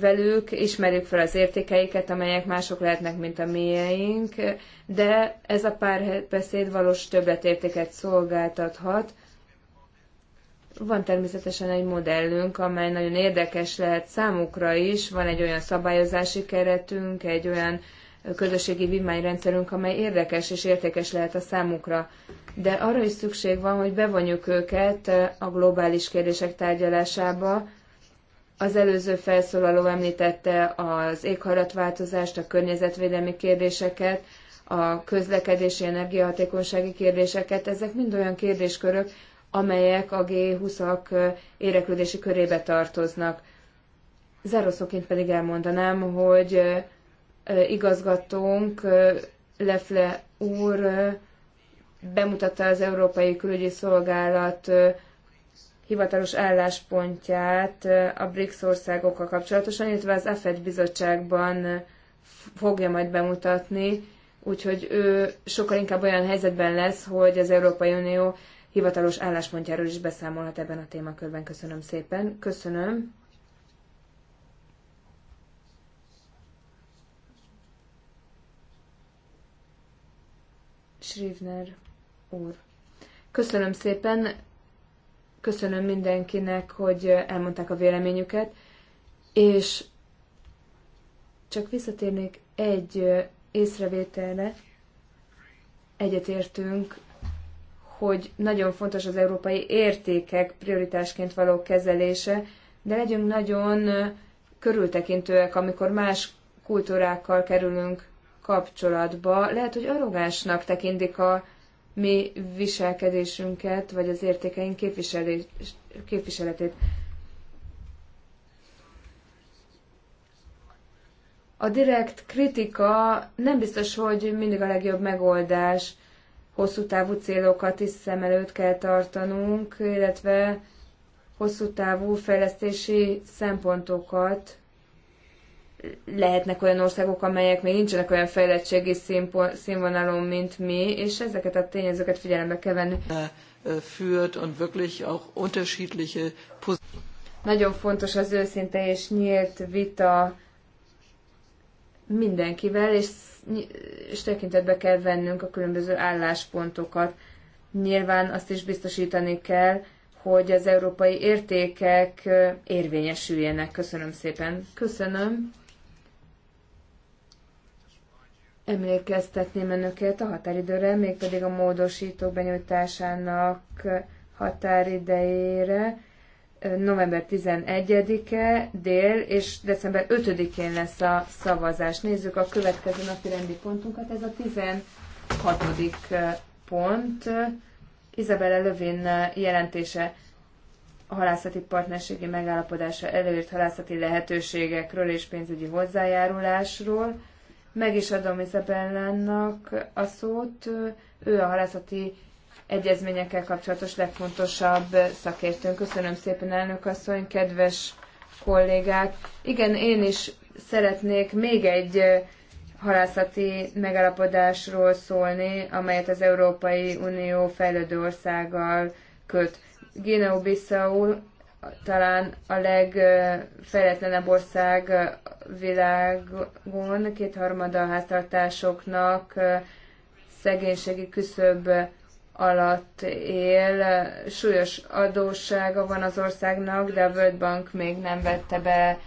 velük, ismerjük fel az értékeiket, amelyek mások lehetnek, mint a miénk, de ez a párbeszéd valós többletértéket szolgáltathat. Van természetesen egy modellünk, amely nagyon érdekes lehet számukra is, van egy olyan szabályozási keretünk, egy olyan közösségi vívmányrendszerünk, amely érdekes és értékes lehet a számukra. De arra is szükség van, hogy bevonjuk őket a globális kérdések tárgyalásába. Az előző felszólaló említette az éghajlatváltozást, a környezetvédelmi kérdéseket, a közlekedési energiahatékonysági kérdéseket. Ezek mind olyan kérdéskörök, amelyek a G20-ak éreklődési körébe tartoznak. Zárószóként pedig elmondanám, hogy igazgatónk, Lefle úr bemutatta az Európai Külügyi Szolgálat hivatalos álláspontját a BRICS országokkal kapcsolatosan, illetve az AFED bizottságban fogja majd bemutatni, úgyhogy ő sokkal inkább olyan helyzetben lesz, hogy az Európai Unió hivatalos álláspontjáról is beszámolhat ebben a témakörben. Köszönöm szépen. Köszönöm. Schrivner úr. Köszönöm szépen, köszönöm mindenkinek, hogy elmondták a véleményüket, és csak visszatérnék egy észrevételre. Egyetértünk, hogy nagyon fontos az európai értékek prioritásként való kezelése, de legyünk nagyon körültekintőek, amikor más kultúrákkal kerülünk kapcsolatba. Lehet, hogy arrogánsnak tekintik a mi viselkedésünket, vagy az értékeink képviseletét. A direkt kritika nem biztos, hogy mindig a legjobb megoldás. Hosszú távú célokat is szem előtt kell tartanunk, illetve hosszú távú fejlesztési szempontokat, lehetnek olyan országok, amelyek még nincsenek olyan fejlettségi színvonalon, mint mi, és ezeket a tényezőket figyelembe kell venni. Äh, äh, führt und wirklich auch unterschiedliche Nagyon fontos az őszinte és nyílt vita mindenkivel, és, és tekintetbe kell vennünk a különböző álláspontokat. Nyilván azt is biztosítani kell, hogy az európai értékek érvényesüljenek. Köszönöm szépen. Köszönöm emlékeztetném önöket a határidőre, mégpedig a módosítók benyújtásának határidejére november 11-e dél, és december 5-én lesz a szavazás. Nézzük a következő napi rendi pontunkat, ez a 16. pont. Izabella Lövin jelentése a halászati partnerségi megállapodása előírt halászati lehetőségekről és pénzügyi hozzájárulásról. Meg is adom Izabellának a szót, ő a halászati egyezményekkel kapcsolatos legfontosabb szakértőnk. Köszönöm szépen, elnök asszony, kedves kollégák. Igen, én is szeretnék még egy halászati megállapodásról szólni, amelyet az Európai Unió fejlődő országgal köt. Guinea-Bissau talán a legfejletlenebb ország világon, kétharmada a háztartásoknak szegénységi küszöb alatt él. Súlyos adóssága van az országnak, de a World Bank még nem vette be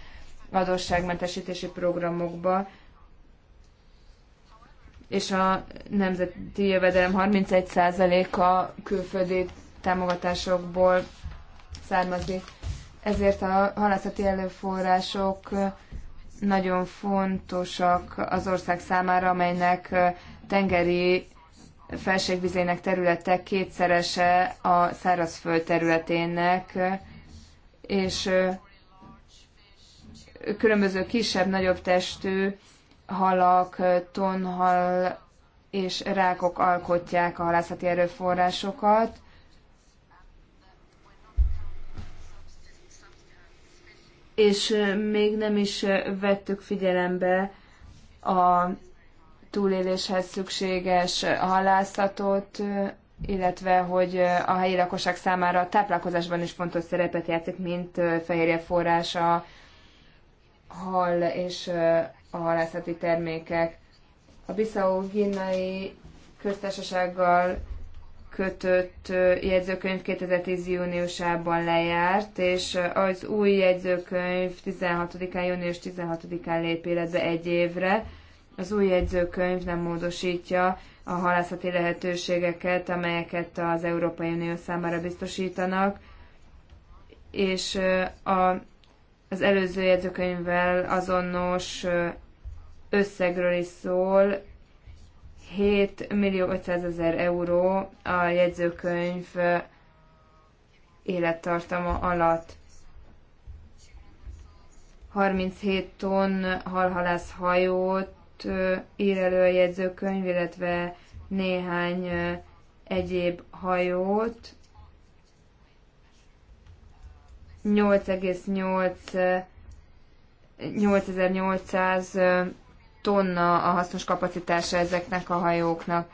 adósságmentesítési programokba. És a nemzeti jövedelem 31%-a külföldi támogatásokból származni. Ezért a halászati előforrások nagyon fontosak az ország számára, amelynek tengeri felségvizének területe kétszerese a szárazföld területének, és különböző kisebb, nagyobb testű halak, tonhal és rákok alkotják a halászati erőforrásokat. és még nem is vettük figyelembe a túléléshez szükséges halászatot, illetve hogy a helyi lakosság számára a táplálkozásban is fontos szerepet játszik, mint fehérje a hal és a halászati termékek. A Bissau-Ginai köztársasággal kötött jegyzőkönyv 2010. júniusában lejárt, és az új jegyzőkönyv 16-án, június 16-án lép életbe egy évre. Az új jegyzőkönyv nem módosítja a halászati lehetőségeket, amelyeket az Európai Unió számára biztosítanak, és a, az előző jegyzőkönyvvel azonos összegről is szól, 7 millió 500 ezer euró a jegyzőkönyv élettartama alatt. 37 tonn halhalász hajót ír elő a jegyzőkönyv, illetve néhány egyéb hajót. 8,8 8800 tonna a hasznos kapacitása ezeknek a hajóknak.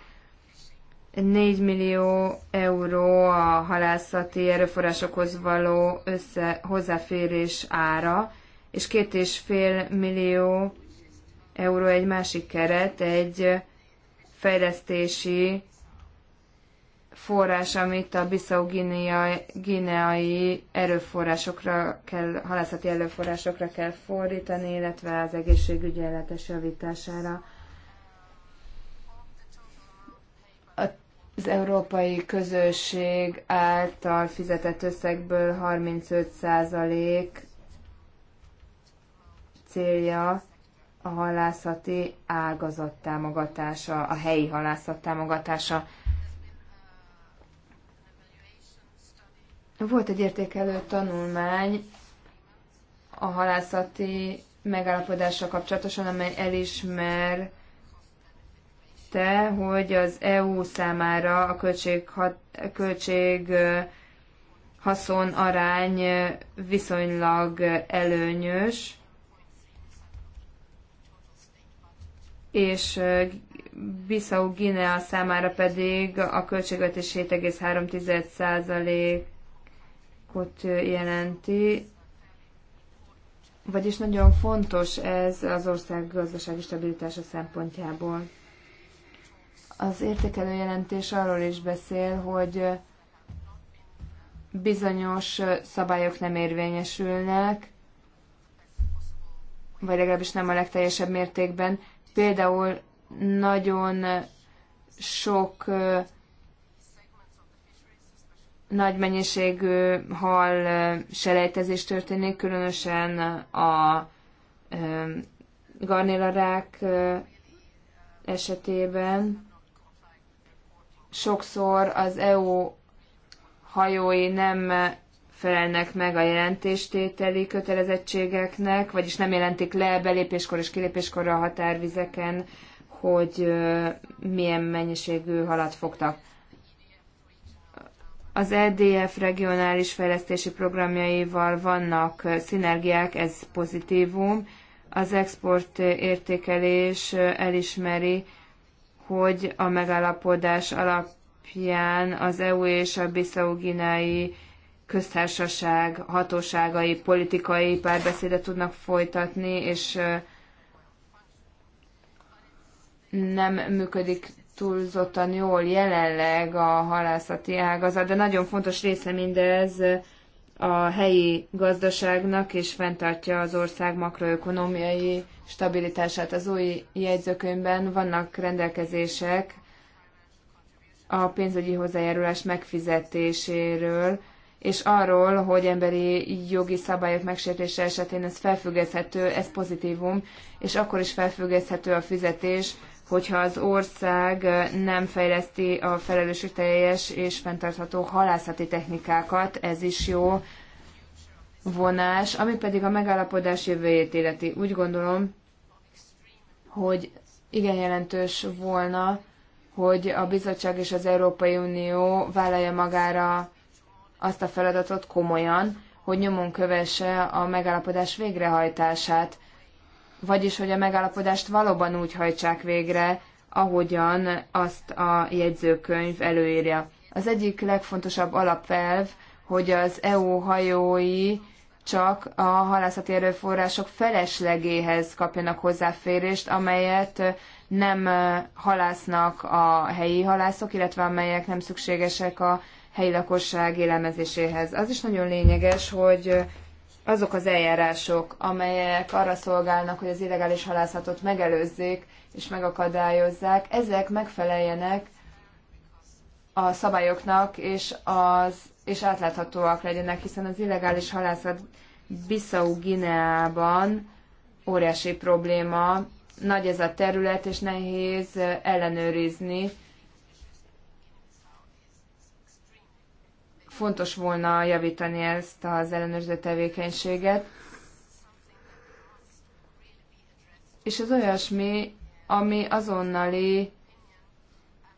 4 millió euró a halászati erőforrásokhoz való össze, hozzáférés ára, és 2,5 millió euró egy másik keret, egy fejlesztési forrás, amit a bissau gineai erőforrásokra kell, halászati erőforrásokra kell fordítani, illetve az egészségügyi ellátás javítására. Az európai közösség által fizetett összegből 35% célja a halászati ágazat támogatása, a helyi halászat támogatása. Volt egy értékelő tanulmány a halászati megállapodással kapcsolatosan, amely elismer te, hogy az EU számára a költség, hat, költség haszon arány viszonylag előnyös, és Bissau Guinea számára pedig a költségvetés 7,3%-a alapot jelenti, vagyis nagyon fontos ez az ország gazdasági stabilitása szempontjából. Az értékelő jelentés arról is beszél, hogy bizonyos szabályok nem érvényesülnek, vagy legalábbis nem a legteljesebb mértékben. Például nagyon sok nagy mennyiségű hal selejtezés történik, különösen a garnélarák esetében. Sokszor az EU hajói nem felelnek meg a jelentéstételi kötelezettségeknek, vagyis nem jelentik le belépéskor és kilépéskor a határvizeken, hogy milyen mennyiségű halat fogtak. Az EDF regionális fejlesztési programjaival vannak szinergiák, ez pozitívum. Az export értékelés elismeri, hogy a megállapodás alapján az EU és a Bissau-Ginai köztársaság hatóságai politikai párbeszédet tudnak folytatni, és nem működik túlzottan jól jelenleg a halászati ágazat, de nagyon fontos része mindez a helyi gazdaságnak, és fenntartja az ország makroökonomiai stabilitását. Az új jegyzőkönyvben vannak rendelkezések a pénzügyi hozzájárulás megfizetéséről, és arról, hogy emberi jogi szabályok megsértése esetén ez felfüggeszthető, ez pozitívum, és akkor is felfüggeszthető a fizetés, hogyha az ország nem fejleszti a felelősségteljes és fenntartható halászati technikákat, ez is jó vonás, ami pedig a megállapodás jövőjét életi. Úgy gondolom, hogy igen jelentős volna, hogy a bizottság és az Európai Unió vállalja magára azt a feladatot komolyan, hogy nyomon kövesse a megállapodás végrehajtását vagyis hogy a megállapodást valóban úgy hajtsák végre, ahogyan azt a jegyzőkönyv előírja. Az egyik legfontosabb alapelv, hogy az EU hajói csak a halászati erőforrások feleslegéhez kapjanak hozzáférést, amelyet nem halásznak a helyi halászok, illetve amelyek nem szükségesek a helyi lakosság élelmezéséhez. Az is nagyon lényeges, hogy azok az eljárások, amelyek arra szolgálnak, hogy az illegális halászatot megelőzzék és megakadályozzák, ezek megfeleljenek a szabályoknak, és, az, és átláthatóak legyenek, hiszen az illegális halászat Bissau Gineában óriási probléma, nagy ez a terület, és nehéz ellenőrizni fontos volna javítani ezt az ellenőrző tevékenységet. És az olyasmi, ami azonnali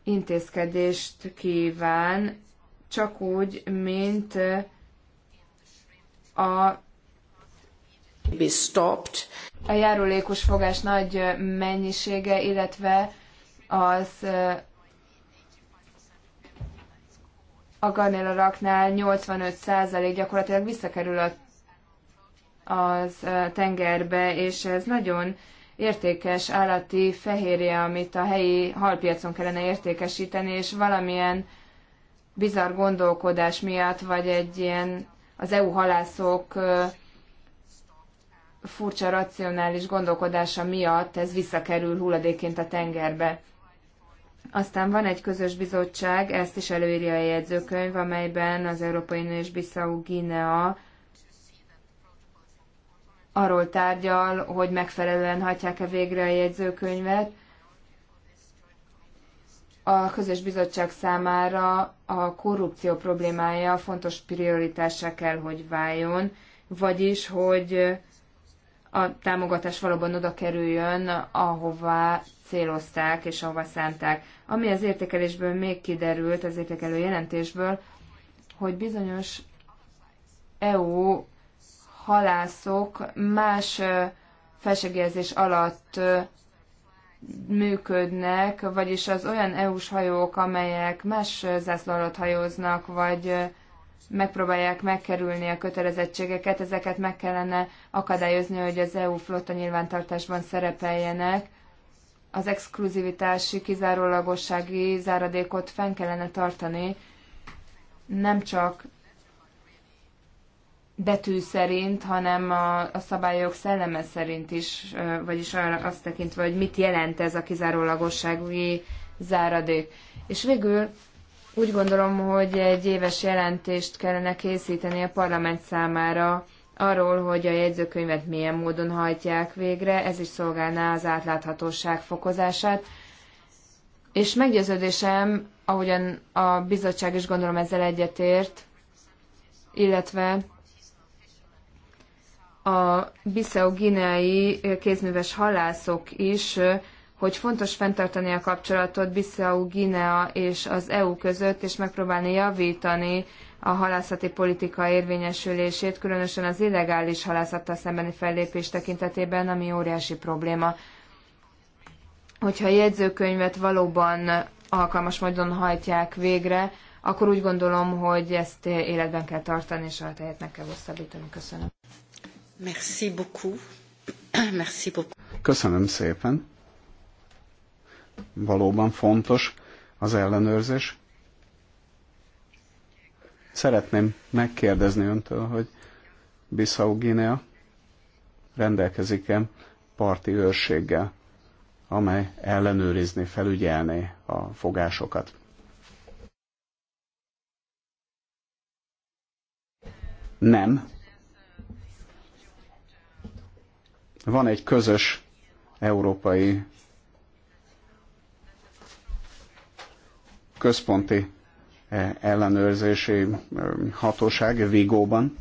intézkedést kíván, csak úgy, mint a be stopped. A járulékos fogás nagy mennyisége, illetve az a raknál 85% gyakorlatilag visszakerül a, az tengerbe, és ez nagyon értékes állati fehérje, amit a helyi halpiacon kellene értékesíteni, és valamilyen bizarr gondolkodás miatt, vagy egy ilyen az EU halászok furcsa racionális gondolkodása miatt ez visszakerül hulladéként a tengerbe. Aztán van egy közös bizottság, ezt is előírja a jegyzőkönyv, amelyben az Európai Unió és Bissau Guinea arról tárgyal, hogy megfelelően hagyják-e végre a jegyzőkönyvet. A közös bizottság számára a korrupció problémája fontos prioritássá kell, hogy váljon, vagyis, hogy a támogatás valóban oda kerüljön, ahová célozták és ahova szánták. Ami az értékelésből még kiderült, az értékelő jelentésből, hogy bizonyos EU halászok más felsegélyezés alatt működnek, vagyis az olyan EU-s hajók, amelyek más zászló alatt hajóznak, vagy megpróbálják megkerülni a kötelezettségeket, ezeket meg kellene akadályozni, hogy az EU flotta nyilvántartásban szerepeljenek, az exkluzivitási, kizárólagossági záradékot fenn kellene tartani, nem csak betű szerint, hanem a, a szabályok szelleme szerint is, vagyis arra azt tekintve, hogy mit jelent ez a kizárólagossági záradék. És végül úgy gondolom, hogy egy éves jelentést kellene készíteni a parlament számára arról, hogy a jegyzőkönyvet milyen módon hajtják végre, ez is szolgálná az átláthatóság fokozását. És meggyőződésem, ahogyan a bizottság is gondolom ezzel egyetért, illetve a Biszeo gineai kézműves halászok is, hogy fontos fenntartani a kapcsolatot Biszeo Ginea és az EU között, és megpróbálni javítani a halászati politika érvényesülését, különösen az illegális halászattal szembeni fellépés tekintetében, ami óriási probléma. Hogyha a jegyzőkönyvet valóban alkalmas módon hajtják végre, akkor úgy gondolom, hogy ezt életben kell tartani, és a helyet meg kell hosszabbítani. Köszönöm. Merci beaucoup. Merci beaucoup. Köszönöm szépen. Valóban fontos az ellenőrzés Szeretném megkérdezni öntől, hogy Bissau Guinea rendelkezik-e parti őrséggel, amely ellenőrizni, felügyelné a fogásokat. Nem. Van egy közös európai központi E, ellenőrzési e, hatóság Vigóban,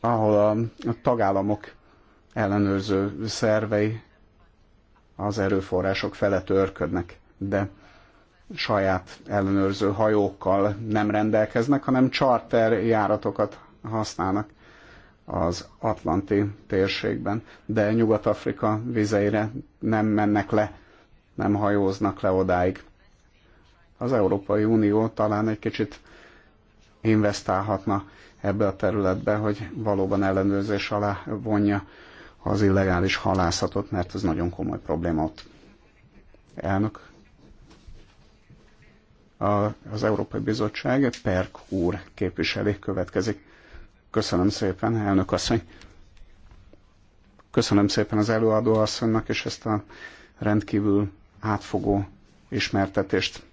ahol a tagállamok ellenőrző szervei az erőforrások felett örködnek, de saját ellenőrző hajókkal nem rendelkeznek, hanem charter járatokat használnak az Atlanti térségben, de Nyugat-Afrika vizeire nem mennek le, nem hajóznak le odáig. Az Európai Unió talán egy kicsit investálhatna ebbe a területbe, hogy valóban ellenőrzés alá vonja az illegális halászatot, mert ez nagyon komoly probléma ott. Elnök, a, az Európai Bizottság Perk úr képviseli következik. Köszönöm szépen, elnök asszony. Köszönöm szépen az előadó asszonynak és ezt a rendkívül átfogó ismertetést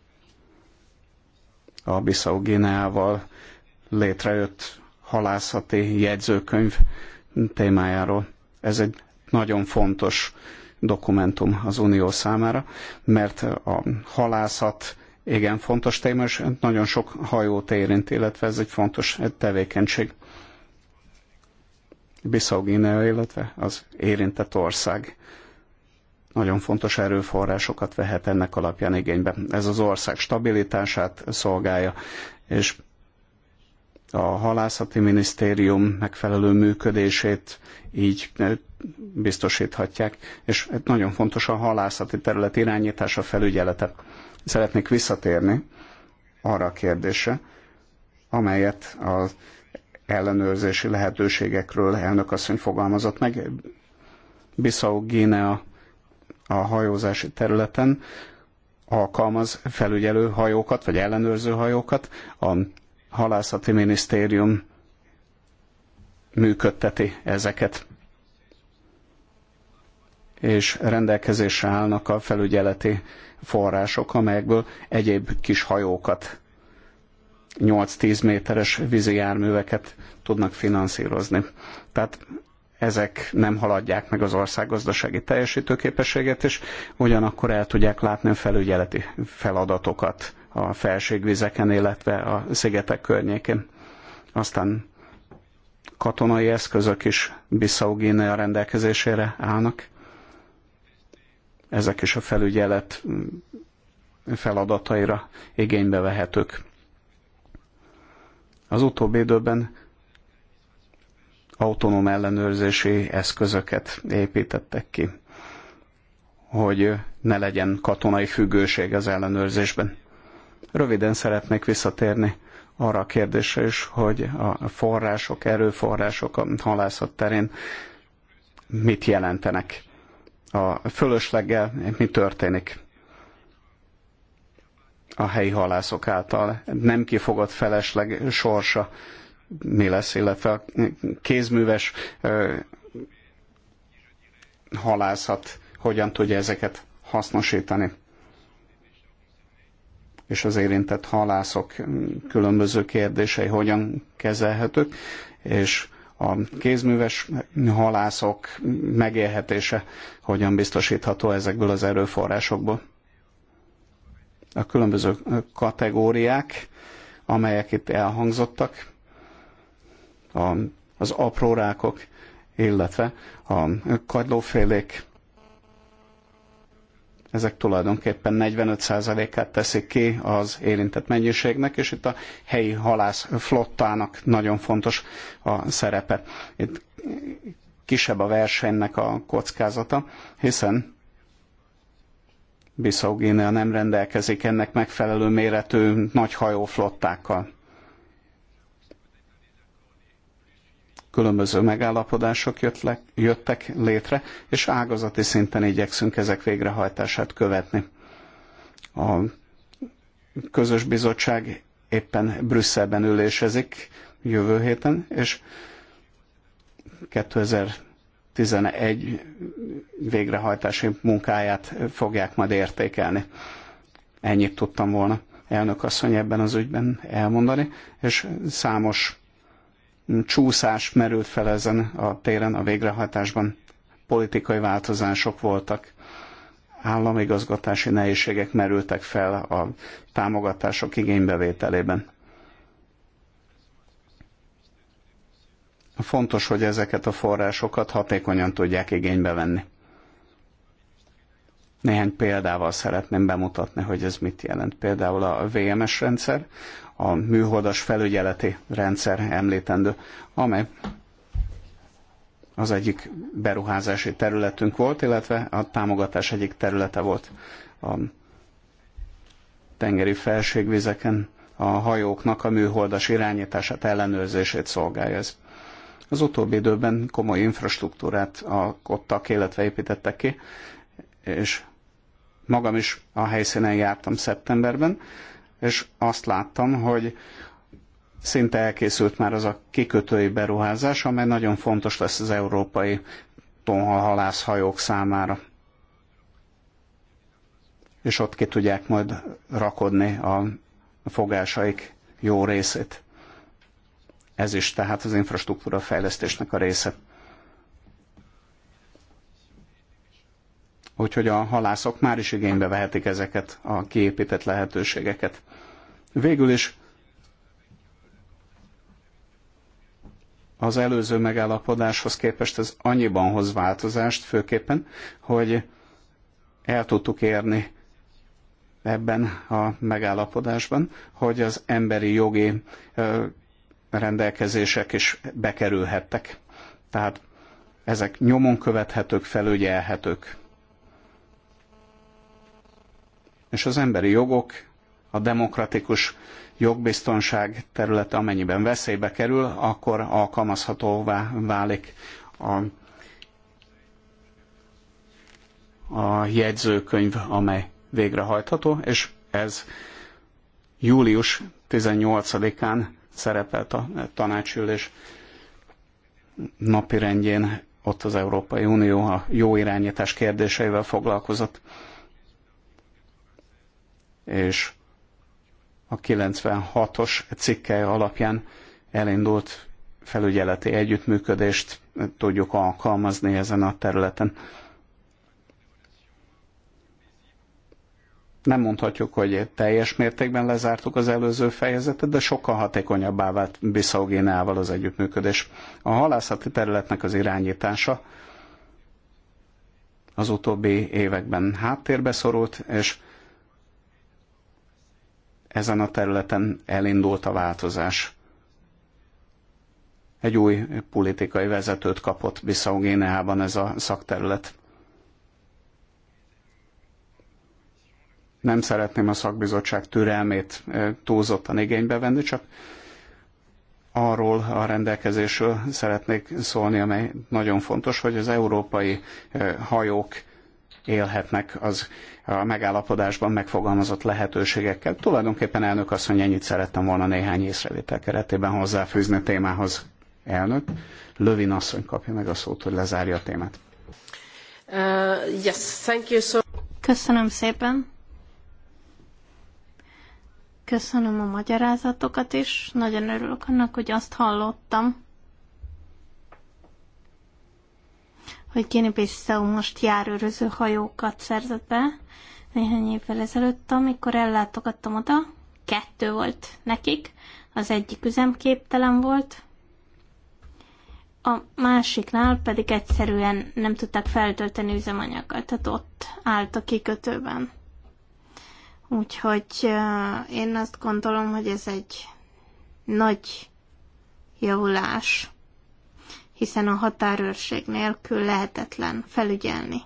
a Bissau Gineával létrejött halászati jegyzőkönyv témájáról. Ez egy nagyon fontos dokumentum az Unió számára, mert a halászat igen fontos téma, és nagyon sok hajót érint, illetve ez egy fontos tevékenység. Bissau Guinea, illetve az érintett ország nagyon fontos erőforrásokat vehet ennek alapján igénybe. Ez az ország stabilitását szolgálja, és a halászati minisztérium megfelelő működését így eh, biztosíthatják, és hát nagyon fontos a halászati terület irányítása, felügyelete. Szeretnék visszatérni arra a kérdése, amelyet az ellenőrzési lehetőségekről elnök asszony fogalmazott meg. Bissau Guinea a hajózási területen alkalmaz felügyelő hajókat, vagy ellenőrző hajókat. A halászati minisztérium működteti ezeket és rendelkezésre állnak a felügyeleti források, amelyekből egyéb kis hajókat, 8-10 méteres vízi járműveket tudnak finanszírozni. Tehát ezek nem haladják meg az ország gazdasági teljesítőképességet, és ugyanakkor el tudják látni a felügyeleti feladatokat a felségvizeken, illetve a szigetek környékén. Aztán katonai eszközök is Bissau Guinea rendelkezésére állnak. Ezek is a felügyelet feladataira igénybe vehetők. Az utóbbi időben autonóm ellenőrzési eszközöket építettek ki, hogy ne legyen katonai függőség az ellenőrzésben. Röviden szeretnék visszatérni arra a kérdésre is, hogy a források, erőforrások a halászat terén mit jelentenek. A fölösleggel mi történik a helyi halászok által? Nem kifogott felesleg sorsa mi lesz, illetve a kézműves halászat hogyan tudja ezeket hasznosítani. És az érintett halászok különböző kérdései hogyan kezelhetők, és a kézműves halászok megélhetése hogyan biztosítható ezekből az erőforrásokból. A különböző kategóriák, amelyek itt elhangzottak, a, az apró rákok, illetve a kagylófélék, ezek tulajdonképpen 45%-át teszik ki az érintett mennyiségnek, és itt a helyi halász flottának nagyon fontos a szerepe. Itt kisebb a versenynek a kockázata, hiszen Bissau nem rendelkezik ennek megfelelő méretű nagy hajóflottákkal. különböző megállapodások jöttek, jöttek létre, és ágazati szinten igyekszünk ezek végrehajtását követni. A közös bizottság éppen Brüsszelben ülésezik jövő héten, és 2011 végrehajtási munkáját fogják majd értékelni. Ennyit tudtam volna elnök asszony ebben az ügyben elmondani, és számos csúszás merült fel ezen a téren, a végrehajtásban politikai változások voltak, államigazgatási nehézségek merültek fel a támogatások igénybevételében. Fontos, hogy ezeket a forrásokat hatékonyan tudják igénybe venni. Néhány példával szeretném bemutatni, hogy ez mit jelent. Például a VMS rendszer, a műholdas felügyeleti rendszer említendő, amely az egyik beruházási területünk volt, illetve a támogatás egyik területe volt a tengeri felségvizeken a hajóknak a műholdas irányítását, ellenőrzését szolgálja ez. Az utóbbi időben komoly infrastruktúrát alkottak, illetve építettek ki, és magam is a helyszínen jártam szeptemberben, és azt láttam, hogy szinte elkészült már az a kikötői beruházás, amely nagyon fontos lesz az európai tonhalhalászhajók számára. És ott ki tudják majd rakodni a fogásaik jó részét. Ez is tehát az infrastruktúra fejlesztésnek a része. úgyhogy a halászok már is igénybe vehetik ezeket a kiépített lehetőségeket. Végül is az előző megállapodáshoz képest ez annyiban hoz változást, főképpen, hogy el tudtuk érni ebben a megállapodásban, hogy az emberi jogi rendelkezések is bekerülhettek. Tehát ezek nyomon követhetők, felügyelhetők. És az emberi jogok, a demokratikus jogbiztonság területe, amennyiben veszélybe kerül, akkor alkalmazhatóvá válik a, a jegyzőkönyv, amely végrehajtható, és ez július 18-án szerepelt a tanácsülés napirendjén, ott az Európai Unió a jó irányítás kérdéseivel foglalkozott és a 96-os cikke alapján elindult felügyeleti együttműködést tudjuk alkalmazni ezen a területen. Nem mondhatjuk, hogy teljes mértékben lezártuk az előző fejezetet, de sokkal hatékonyabbá vált Bissau Génával az együttműködés. A halászati területnek az irányítása az utóbbi években háttérbe szorult, és ezen a területen elindult a változás. Egy új politikai vezetőt kapott Bissau Géneában ez a szakterület. Nem szeretném a szakbizottság türelmét eh, túlzottan igénybe venni, csak arról a rendelkezésről szeretnék szólni, amely nagyon fontos, hogy az európai eh, hajók élhetnek az a megállapodásban megfogalmazott lehetőségekkel. Tulajdonképpen elnök mondja, ennyit szerettem volna néhány észrevétel keretében hozzáfűzni a témához. Elnök, Lövin asszony kapja meg a szót, hogy lezárja a témát. Uh, yes, thank you so Köszönöm szépen. Köszönöm a magyarázatokat is. Nagyon örülök annak, hogy azt hallottam, hogy Guinea-Bissau most járőröző hajókat szerzett be néhány évvel ezelőtt, amikor ellátogattam oda, kettő volt nekik, az egyik üzemképtelen volt, a másiknál pedig egyszerűen nem tudták feltölteni üzemanyagot, tehát ott állt a kikötőben. Úgyhogy én azt gondolom, hogy ez egy nagy javulás hiszen a határőrség nélkül lehetetlen felügyelni.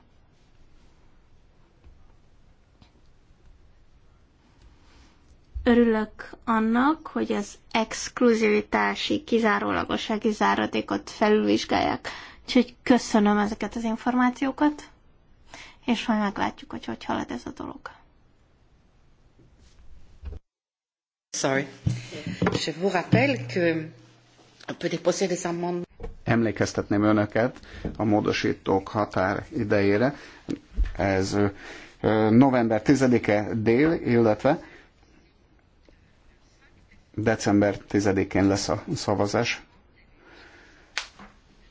Örülök annak, hogy az exkluzivitási, kizárólagosági záradékot felülvizsgálják. Úgyhogy köszönöm ezeket az információkat, és majd meglátjuk, hogy hogy halad ez a dolog. Sorry. Je vous rappelle que Emlékeztetném önöket a módosítók határ idejére. Ez november 10-e dél, illetve december 10-én lesz a szavazás.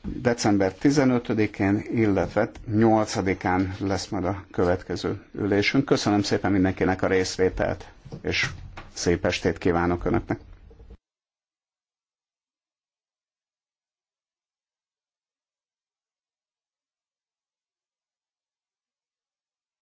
December 15-én, illetve 8-án lesz majd a következő ülésünk. Köszönöm szépen mindenkinek a részvételt, és szép estét kívánok Önöknek!